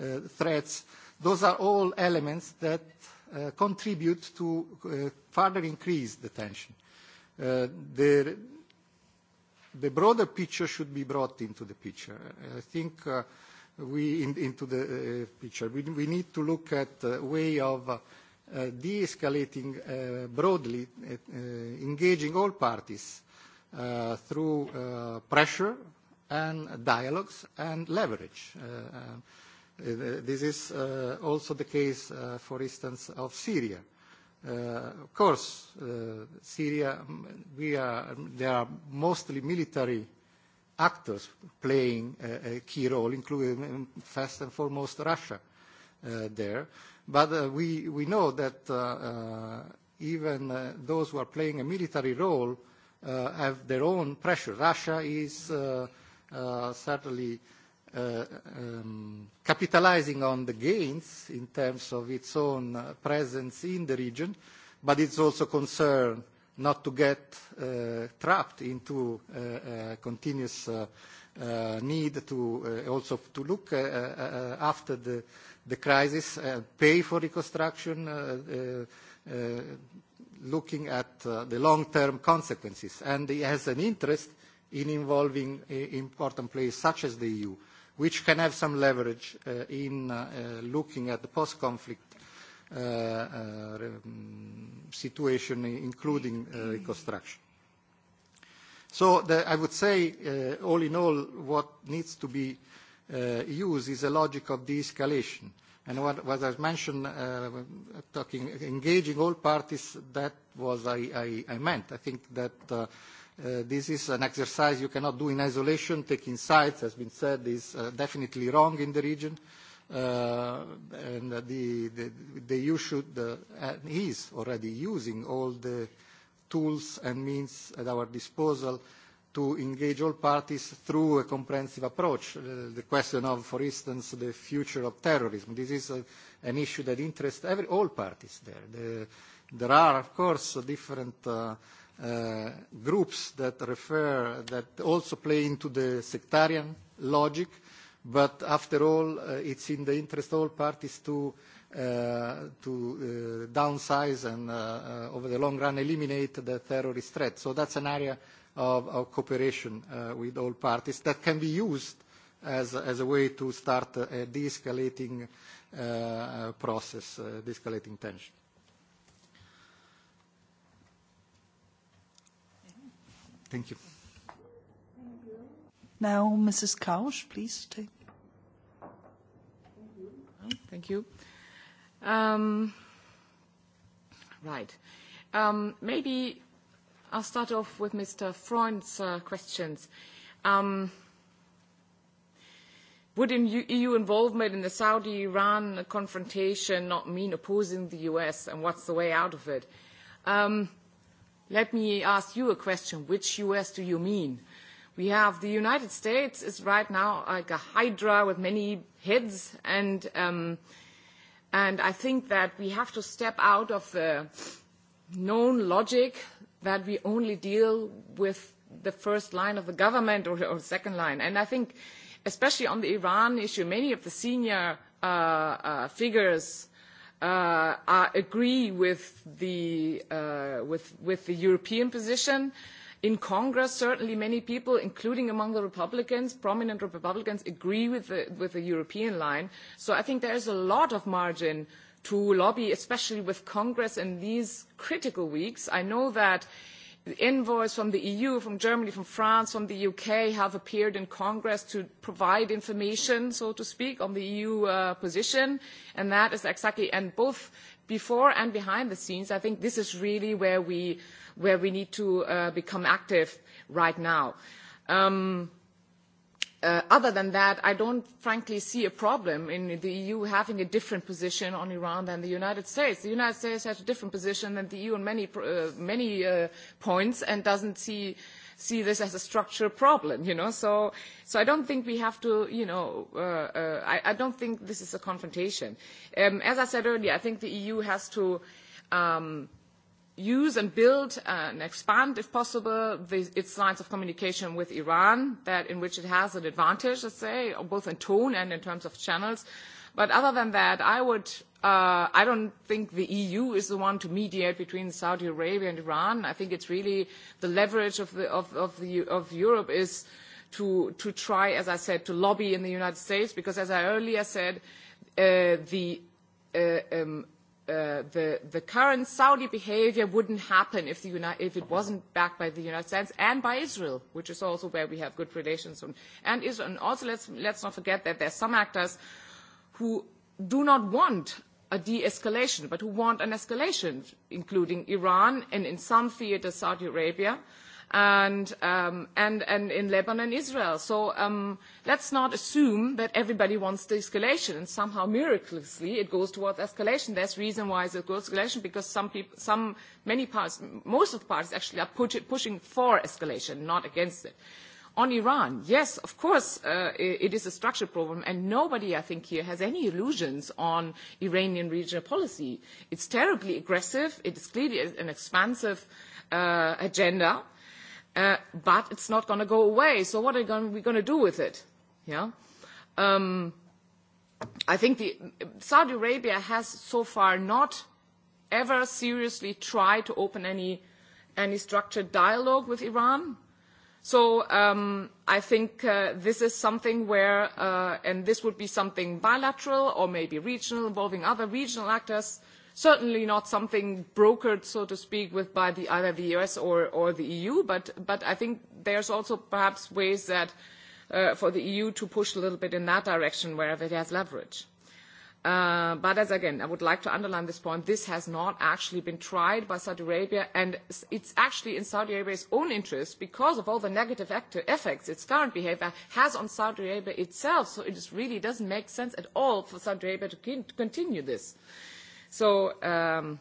uh, threats. Those are all elements that uh, contribute to uh, further increase the tension. Uh, the, the broader picture should be brought into the picture. I think uh, we, in, into the uh, picture, we, we need to look at a way of uh, uh, de-escalating uh, broadly, uh, uh, engaging all parties uh, through uh, pressure and dialogues and leverage. Uh, uh this is uh, also the case, uh, for instance, of Syria. Uh, of course, uh, Syria, we are, there are mostly military actors playing a, a key role, including um, first and foremost Russia there But uh, we, we know that uh, uh, even uh, those who are playing a military role uh, have their own pressure. Russia is uh, uh, certainly uh, um, capitalizing on the gains in terms of its own uh, presence in the region, but it's also concerned not to get uh, trapped into uh, uh continuous uh, uh, need to uh, also to look uh, uh, uh after the the crisis, uh, pay for reconstruction, uh, uh, uh looking at uh, the long-term consequences. And it has an interest in involving uh, important players such as the EU, which can have some leverage in looking at the post-conflict mm, situation, including reconstruction. So the, I would say, all in all, what needs to be Uh, use is a logic of de-escalation. And what, what I mentioned, uh, talking, engaging all parties, that was I, I, I meant. I think that uh, uh, this is an exercise you cannot do in isolation. Taking sides, as been said, is uh, definitely wrong in the region. Uh, and the, the, the EU should, uh, is already using all the tools and means at our disposal uh, to engage all parties through a comprehensive approach. Uh, the question of, for instance, the future of terrorism. This is a, an issue that interests every, all parties there. The, there are, of course, different uh, uh, groups that refer, that also play into the sectarian logic, but after all, uh, it's in the interest of all parties to Uh, to uh, downsize and uh, uh over the long run eliminate the terrorist threat. So that's an area of, cooperation uh, with all parties that can be used as, as a way to start a de-escalating uh, uh, process, de-escalating tension. Thank you.
Now,
Mrs. Kausch, please take. Thank you. Um, right. Um, maybe I'll start off with Mr. Freund's uh, questions. Um, would EU e involvement in the Saudi-Iran confrontation not mean opposing the US, and what's the way out of it? Um, let me ask you a question. Which US do you mean? We have the United States is right now like a hydra with many heads, and um, I think that we have to step out of the known logic that we only deal with the first line of the government or, or second line. And I think, especially on the Iran issue, many of the senior uh, uh, figures uh, are, agree with the, uh, with, with the European position. In Congress, certainly many people, including among the Republicans, prominent Republicans, agree with the, with the European line. So I think there is a lot of margin uh, to lobby, especially with Congress in these critical weeks. I know that the envoys from the EU, from Germany, from France, from the UK have appeared in Congress to provide information, so to speak, on the EU uh, position. And that is exactly, and both before and behind the scenes, I think this is really where we, where we need to uh, become active right now. Um, Uh, other than that, I don't frankly see a problem in the EU having a different position on Iran than the United States. The United States has a different position than the EU on many, uh, many uh, points and doesn't see, see this as a structural problem, you know. So, so I don't think we have to, you know, uh, uh, I, I, don't think this is a confrontation. Um, as I said earlier, I think the EU has to um, use and build and expand, if possible, the, its lines of communication with Iran, that in which it has an advantage, let's say, both in tone and in terms of channels. But other than that, I would, uh, I don't think the EU is the one to mediate between Saudi Arabia and Iran. I think it's really the leverage of, the, of, of, the, of Europe is to, to try, as I said, to lobby in the United States, because as I earlier said, uh, the uh, um, Uh, the, the current Saudi behavior wouldn't happen if, the Uni- if it wasn't backed by the United States and by Israel, which is also where we have good relations. And Israel, and also let's, let's not forget that there are some actors who do not want a de-escalation, but who want an escalation, including Iran and in some theater Saudi Arabia. Uh, and, um, and, and in Lebanon and Israel. So um, let's not assume that everybody wants the escalation and somehow miraculously it goes towards escalation. There's reason why it goes escalation because some people, some, many parts, most of the parties actually are push, pushing for escalation, not against it. On Iran, yes, of course, uh, it is a structural problem, and nobody, I think, here has any illusions on Iranian regional policy. It's terribly aggressive. It is clearly an expansive uh, agenda Uh, but it's not going to go away. So what are we going to do with it? Yeah. Um, I think the, Saudi Arabia has so far not ever seriously tried to open any, any structured dialogue with Iran. So um, I think uh, this is something where, uh, and this would be something bilateral or maybe regional, involving other regional actors, certainly not something brokered, so to speak, with by the, either the US or, or the EU, but, but I think there's also perhaps ways that uh, for the EU to push a little bit in that direction wherever it has leverage. Uh, but as again, I would like to underline this point, this has not actually been tried by Saudi Arabia, and it's actually in Saudi Arabia's own interest because of all the negative actor effects its current behavior has on Saudi Arabia itself. So it really doesn't make sense at all for Saudi Arabia to continue this. Uh, So, um,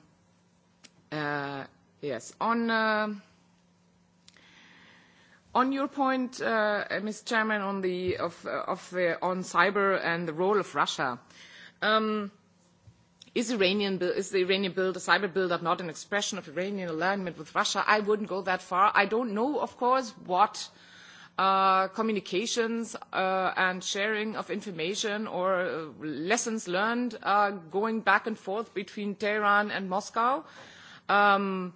uh, yes, uh, on, your point, uh, Mr. Chairman, on the of, of on cyber and the role of Russia, um, is, Iranian, is the Iranian build, a cyber build-up not an expression of Iranian alignment with Russia? I wouldn't go that far. I don't know, of course, what Uh, communications uh, and sharing of information or uh, lessons learned going back and forth between Tehran and Moscow. Um,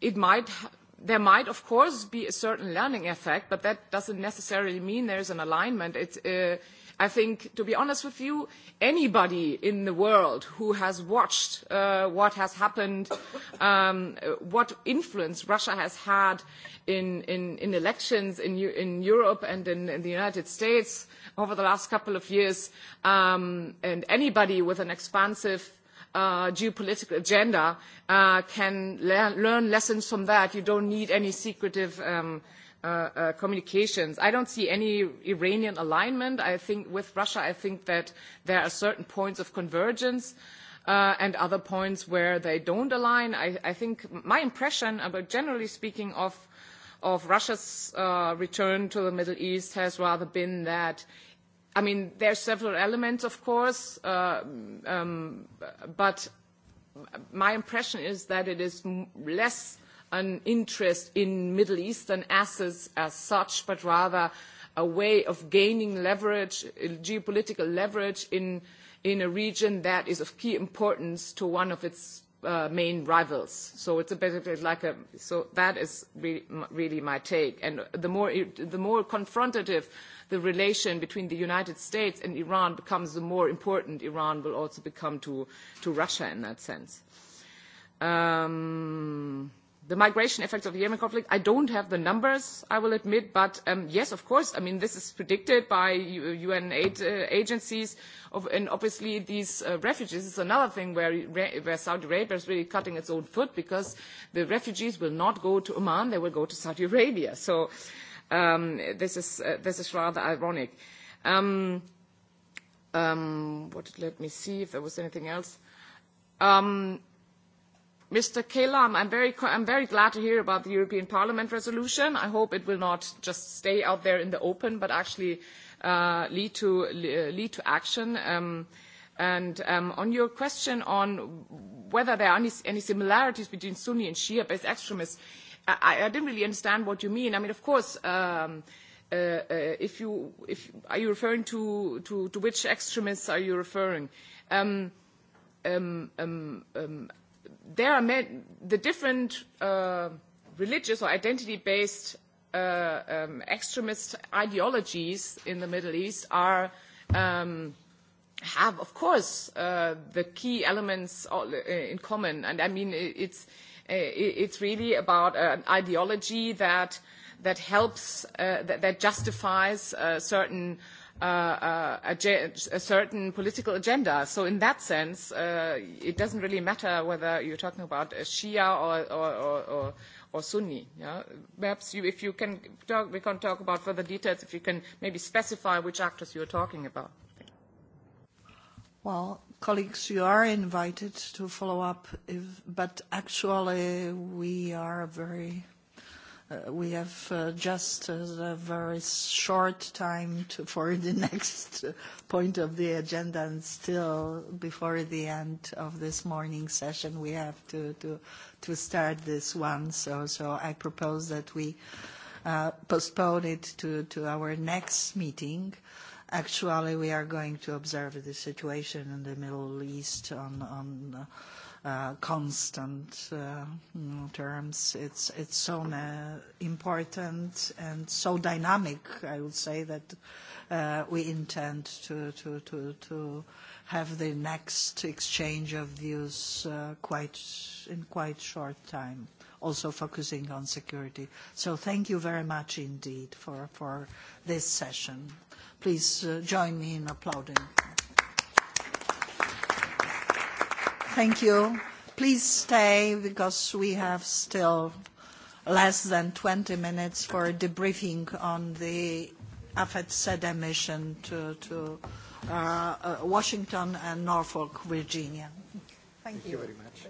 it might, there might, of course, be a certain learning effect, but that doesn't necessarily mean there's an alignment. It's, i think, to be honest with you, anybody in the world who has watched uh, what has happened, um, what influence Russia has had in, in, in elections in, in Europe and in, in the United States over the last couple of years, um, and anybody with an expansive Uh, geopolitical agenda uh, can le learn lessons from that. You don't need any secretive um, uh, uh, communications. I don't see any Iranian alignment. I think with Russia, I think that there are certain points of convergence. Uh, and other points where they don't align. I, I think my impression, about uh, generally speaking, of, of Russia's uh, return to the Middle East has rather been that, I mean, there are several elements, of course, uh, um, but my impression is that it is less an interest in Middle Eastern assets as such, but rather a way of gaining leverage, geopolitical leverage in, in a region that is of key importance to one of its uh, main rivals. So it's a basically like a, so that is really, really my take. And the more, the more confrontative the relation between the United States and Iran becomes, the more important Iran will also become to, to Russia in that sense. Um, the migration effects of the Yemen conflict, I don't have the numbers, I will admit, but um, yes, of course, I mean, this is predicted by UN aid, uh, agencies, and obviously these uh, refugees is another thing where, Saudi Arabia is really cutting its own foot because the refugees will not go to Oman, they will go to Saudi Arabia. So um, this, is, uh, this is rather ironic. Um, um, what, let me see if there was anything else. Um, Mr. Kelam, I'm very, very glad to hear about the European Parliament resolution. I hope it will not just stay out there in the open, but actually uh, lead, to, action. Um, um, on your question on whether there are any, similarities between Sunni and Shia-based extremists, I, didn't really understand what you mean. I mean, of course, um, uh, uh, are you referring to, which extremists are you referring? to? there are many, the different uh, religious or identity-based uh, um, extremist ideologies in the Middle East are um, have, of course, uh, the key elements all, uh, in common. And I mean, it's uh, it's really about an ideology that that helps uh, that, that justifies uh, certain Uh, uh, a, a certain political agenda. So in that sense, uh, it doesn't really matter whether you're talking about a Shia or, or, or, or Sunni. Yeah? Perhaps you, if you can talk, we can talk about further details, if you can maybe specify which actors you're talking about.
Well, colleagues, you are invited to follow up, if, but actually we are very Uh, we have uh, just a uh, very short time for *laughs* the next point of the agenda, and still before the end of this morning session, we have to, to, to start this one. So, so I propose that we postpone it to our next meeting. Actually, we are going to observe the situation in the Middle East on, on Uh, constant uh, terms. It's, it's so important and so dynamic, I would say, that uh, we intend to, to, to, to have the next exchange of views quite, in quite short time, also focusing on security. So thank you very much indeed for, for this session. Please join me in applauding. Thank you. Please stay because we have still less than 20 minutes for debriefing on the AFED-SEDE mission to, to uh, uh, Washington and Norfolk, Virginia. Thank, Thank you. you very much.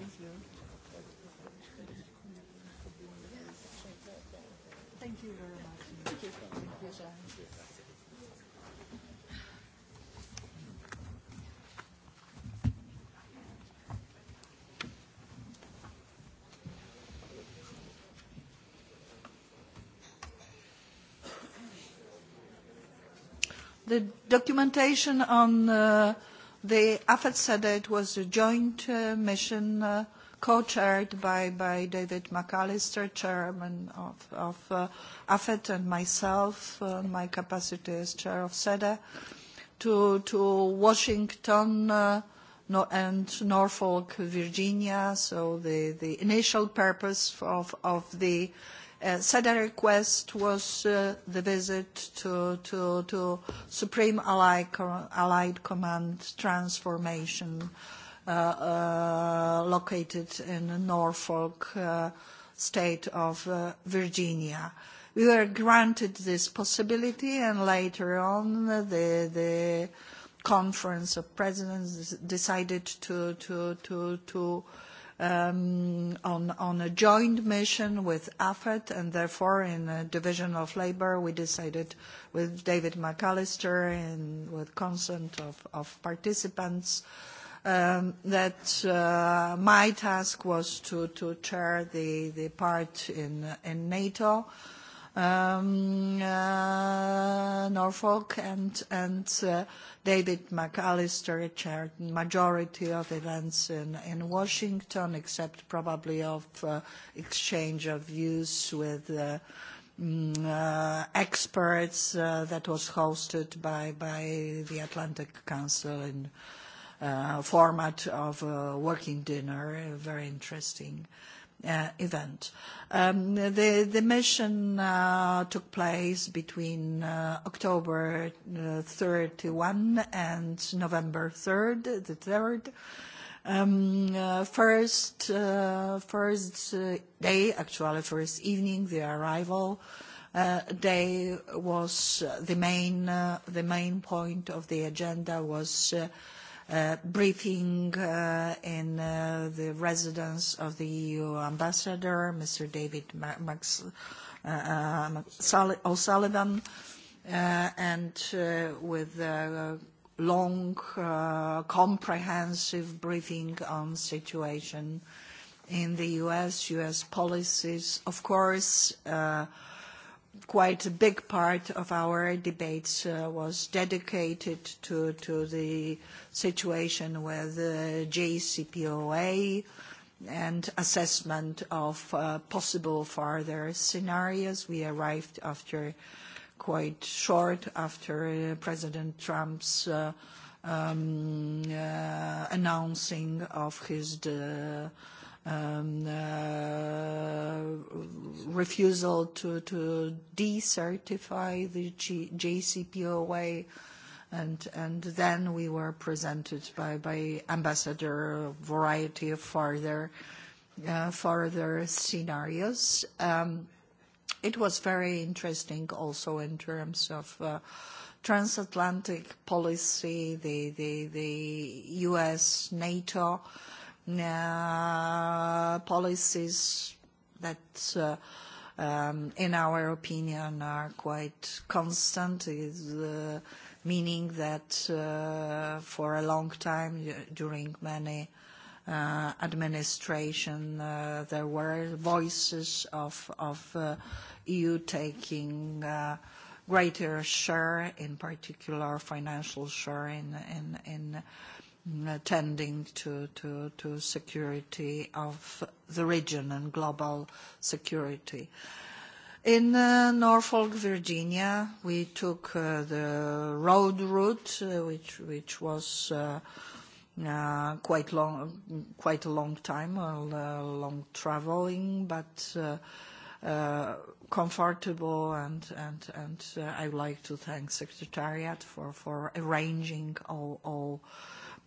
The documentation on uh, the AFET SEDET was a joint uh, mission uh, co-chaired by, by David McAllister, chairman of, of uh, AFET, and myself, uh, my capacity as chair of SEDE, to, to Washington uh, no, and Norfolk, Virginia. So the, the initial purpose of, of the Uh, sudden request was uh, the visit to, to, to Supreme Allied, Allied Command transformation uh, uh located in Norfolk, uh, state of Virginia. We were granted this possibility, and later on, the, the Conference of Presidents decided to, to Um, on, a joint mission with AFET, and therefore in a division of labor, we decided with David McAllister and with consent of, participants um, that uh, my task was to, chair the, part in, NATO. Um, uh, Norfolk and, and uh, David McAllister chaired majority of events in, in Washington, except probably of uh, exchange of views with uh, mm, uh, experts uh, that was hosted by, by the Atlantic Council in uh, format of a working dinner, very interesting. Uh, event. Um, the, mission uh, took place between uh, October 31 and November 3rd, the third, um, first, first day, actually first evening, the arrival day was the main, the main point of the agenda was Uh, briefing uh, in uh, the residence of the EU ambassador, Mr. David Max, uh, uh, O'Sullivan, and with a long, comprehensive briefing on situation in the U.S., U.S. policies. Of course, quite a big part of our debates uh, was dedicated to, to the situation with the JCPOA and assessment of uh, possible further scenarios. We arrived after quite short after uh, President Trump's uh, um, uh, announcing of his Um, uh, refusal to, to decertify the G JCPOA. And, and then we were presented by, by Ambassador a variety of further, uh, further scenarios. Um, it was very interesting also in terms of uh, transatlantic policy, the, the, the U.S., NATO, Uh, policies that, uh, um, in our opinion, are quite constant, is, uh, meaning that for a long time, during many administration, there were voices of, EU taking greater share, in particular financial share in tending to, to, to security of the region and global security. In uh, Norfolk, Virginia, we took uh, the road route, uh, which, which was quite, long, quite a long time, a long traveling, but comfortable, and, and, and I would like to thank Secretariat for, for arranging all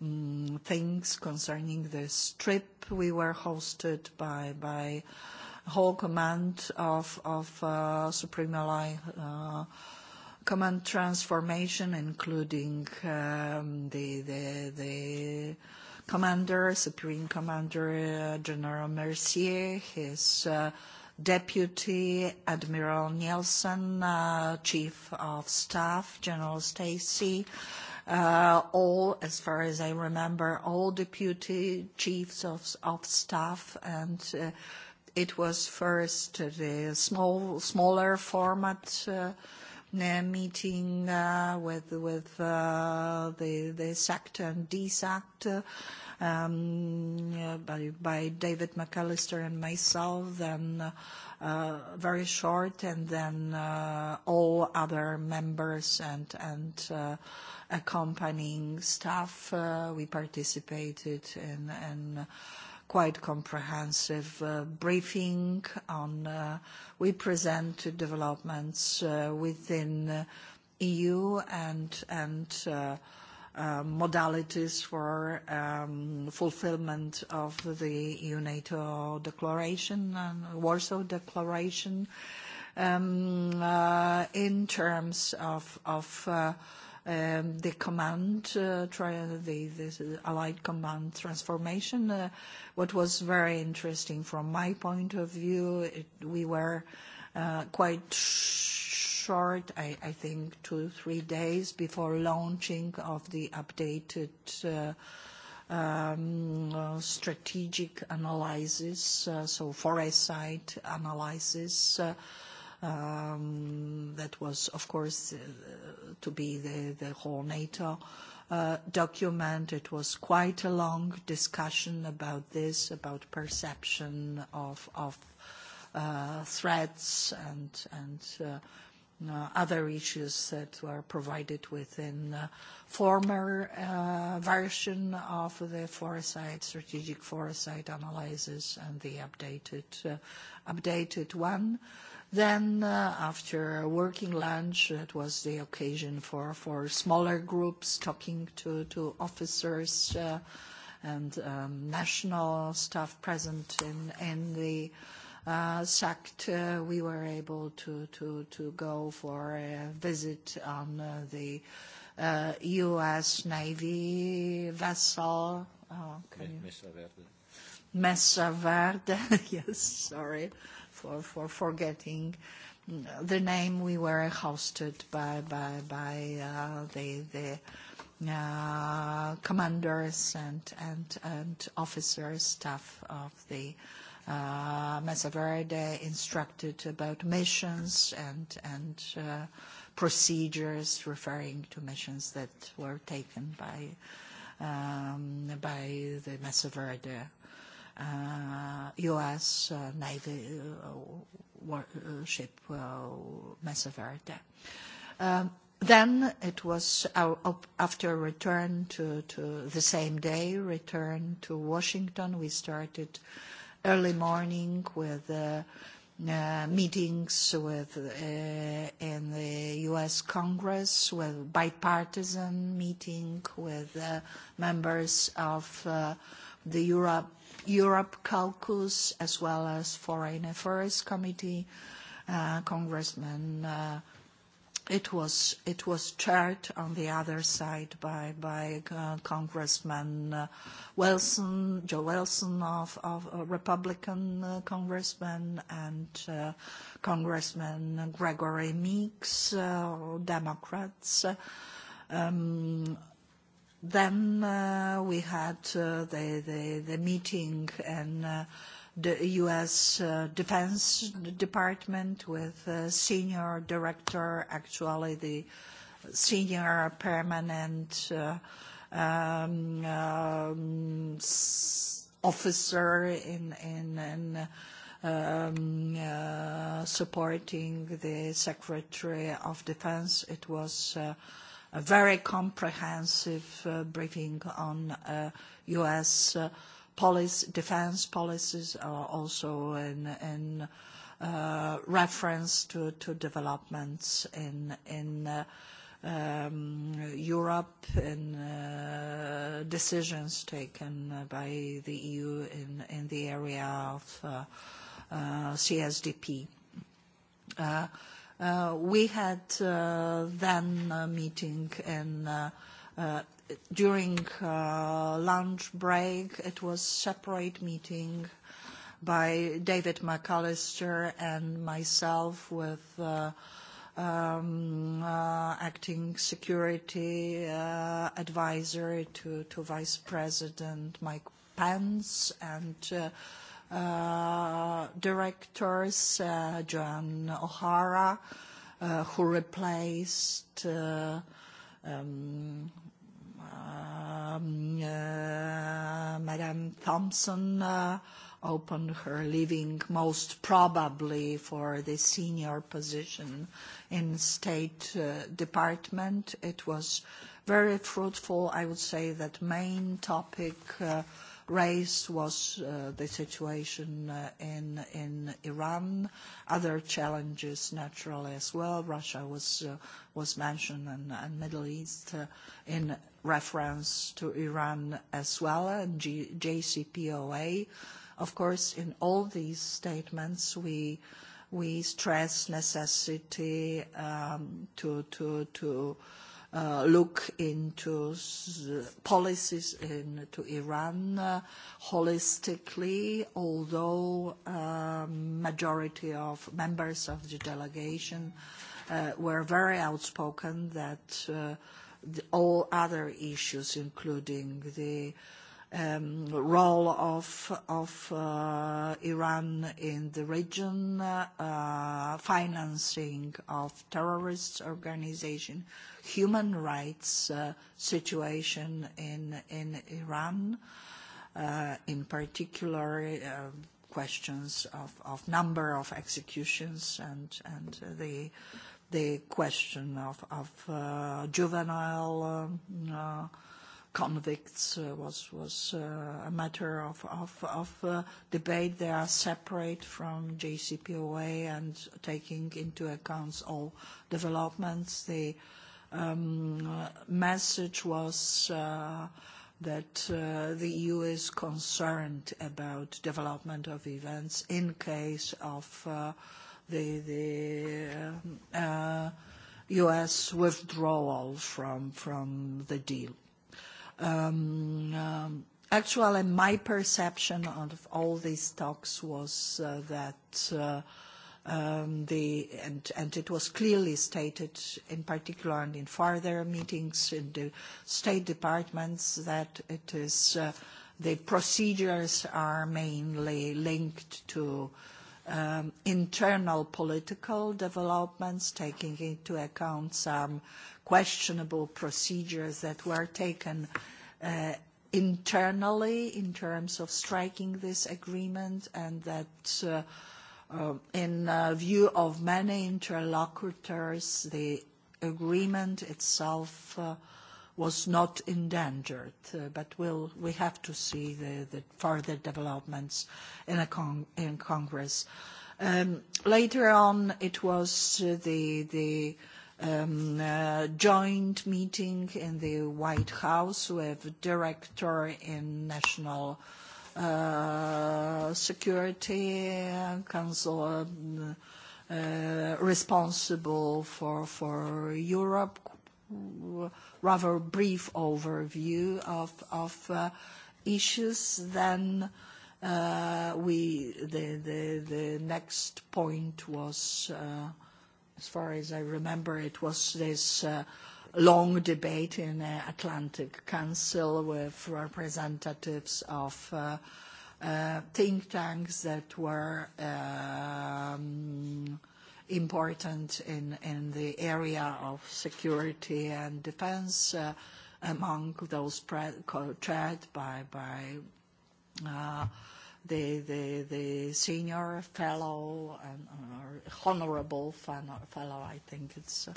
Mm, things concerning the strip. We were hosted by by whole command of of uh, Supreme Ally uh, command transformation, including um, the the the commander, Supreme Commander uh, General Mercier, his uh, Deputy Admiral Nielsen, uh, Chief of Staff General Stacy, uh, Uh, all, as far as I remember, all deputy chiefs of, of staff, and uh, it was first the small, smaller format uh, meeting uh, with, with uh, the, the sect and DSACT um, by, by David McAllister and myself, then Uh, very short, and then uh, all other members and, and uh, accompanying staff. Uh, we participated in, quite comprehensive uh, briefing on. Uh, we presented developments within EU and, and modalities for um, fulfillment of the EU-NATO declaration and Warsaw Declaration. Um, in terms of um, the command, uh, uh the, the Allied command transformation. Uh, what was very interesting from my point of view, it, we were uh, quite short, I, I think two, three days before launching of the updated uh, Um, uh, strategic analysis, uh, so foresight analysis, uh, Um, that was, of course, uh, to be the, the whole NATO uh, document. It was quite a long discussion about this, about perception of, of uh, threats and, and other issues that were provided within former version of the foresight, strategic foresight analysis and the updated, updated one. Then, uh, after working lunch, it was the occasion for, smaller groups talking to, officers uh, and um, national staff present in, the uh, SACT. Uh, we were able to, go for a visit on uh, the U.S. Navy vessel. Oh, can you? Mesa Verde. Mesa Verde. *laughs* Yes, sorry for, for forgetting the name. We were hosted by, by, by uh, the, the uh, commanders and, and, and officers, staff of the uh, Mesa Verde, instructed about missions and, and uh, procedures referring to missions that were taken by, um, by the Mesa Verde uh, U.S. Uh, Navy uh, war, ship uh, Verde. Um, then it was our, after return to, to the same day, return to Washington, we started early morning with Uh, uh meetings with, uh, in the U.S. Congress, with bipartisan meeting with uh, members of the Europe Europe Caucus, as well as Foreign Affairs Committee, uh, Congressman. Uh, it was it was chaired on the other side by by uh, Congressman uh, Wilson, Joe Wilson of of a uh, Republican uh, Congressman and uh, Congressman Gregory Meeks, uh, Democrats. Um, Then uh, we had uh, the, meeting in uh, the U.S. Defense Department with senior director, actually the senior permanent um, um, officer in, in, um, supporting the Secretary of Defense. It was a very comprehensive uh, briefing on uh, U.S. Uh, policy, defense policies, uh, also in, in uh, reference to, to developments in, in uh, um, Europe, in decisions taken by the EU in, in the area of CSDP. Uh, we had then uh, a uh, meeting in, during lunch break. It was separate meeting by David McAllister and myself with um, acting security advisor to, to Vice President Mike Pence and directors, uh, Joan O'Hara, uh, who replaced uh, um, um, Madame Thompson, opened her leaving most probably for the senior position in State Department. It was very fruitful. I would say that main topic raised was uh, the situation uh, in, in Iran, other challenges naturally as well. Russia was, uh, was mentioned and, Middle East in reference to Iran as well, and JCPOA. Of course, in all these statements, we, we stress necessity um, to, to, to Uh, look into policies in, Iran uh, holistically, although a um, majority of members of the delegation uh, were very outspoken that uh, the, all other issues, including the um, role of, of uh, Iran in the region, uh, financing of terrorist organization, human rights uh, situation in, in Iran, uh, in particular, uh, questions of, of number of executions and, and the, the question of, of uh, juvenile um, convicts uh, was was uh, a matter of of, of uh, debate. They are separate from JCPOA and taking into account all developments. The um, message was uh, that uh, the EU is concerned about development of events in case of uh, the the U.S. Um, withdrawal from from the deal. Um, um, actually, my perception out of all these talks was uh, that uh, um, the and, and it was clearly stated, in particular and in further meetings in the state departments, that it is uh, the procedures are mainly linked to um, internal political developments, taking into account some questionable procedures that were taken uh, internally in terms of striking this agreement, and that uh, uh, in uh, view of many interlocutors, the agreement itself uh, was not endangered. Uh, but we'll, we have to see the, the further developments in, con in Congress. Um, later on, it was the, the um, uh, joint meeting in the White House with Director in National uh, Security Council uh, responsible for, for Europe, rather brief overview of, of uh, issues. Then uh, we, the, the, the next point was uh, As far as I remember, it was this uh, long debate in the uh, Atlantic Council with representatives of uh, uh, think tanks that were um, important in, in the area of security and defense, uh, among those chaired by, by uh, the, the, the senior fellow and um, uh, honorable fellow, I think it's uh,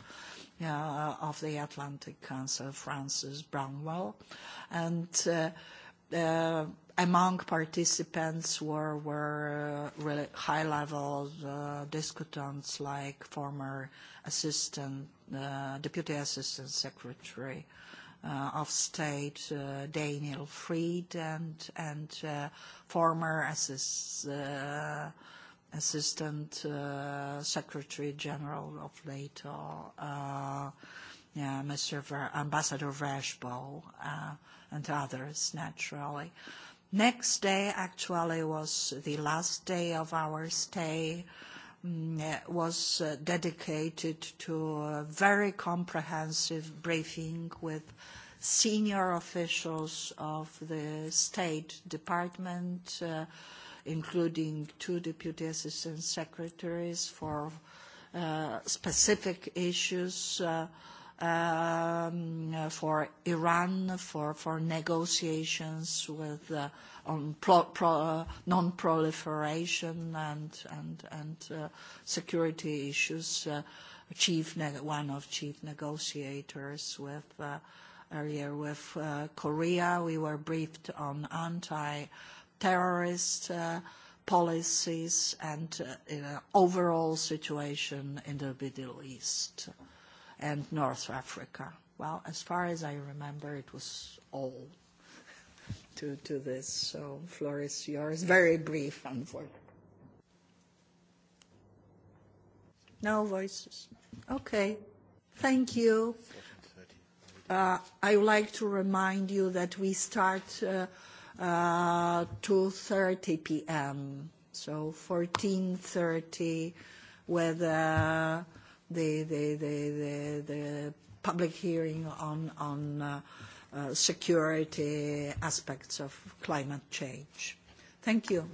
uh, of the Atlantic Council, uh, Francis Brownwell. And uh, uh, among participants were, were really high-level discutants like former assistant, deputy assistant secretary uh, uh, of State uh, Daniel Fried and, and uh, former assist, uh, Assistant uh, Secretary General of NATO, uh, yeah, Mr. Ver, Ambassador Vrashbal, uh, and others, naturally. Next day actually was the last day of our stay. Uh, Mm, eh, was uh, dedicated to a very comprehensive briefing with senior officials of the State Department, uh, including two deputy assistant secretaries for uh, specific issues. Um, for Iran, for, for negotiations with, uh, on uh, non-proliferation and, and, and uh, security issues. Uh, chief one of chief negotiators with uh, earlier with uh, Korea. We were briefed on anti-terrorist policies and overall situation in the Middle East and North Africa. Well, as far as I remember, it was all to, *laughs* to this. So floor is yours. Very brief, unfortunately. No voices. Okay. Thank you. Uh, I would like to remind you that we start uh, uh, 2:30 P.M., so 14:30 with the, the, the, the public hearing on, on uh, uh, security aspects of climate change. Thank you.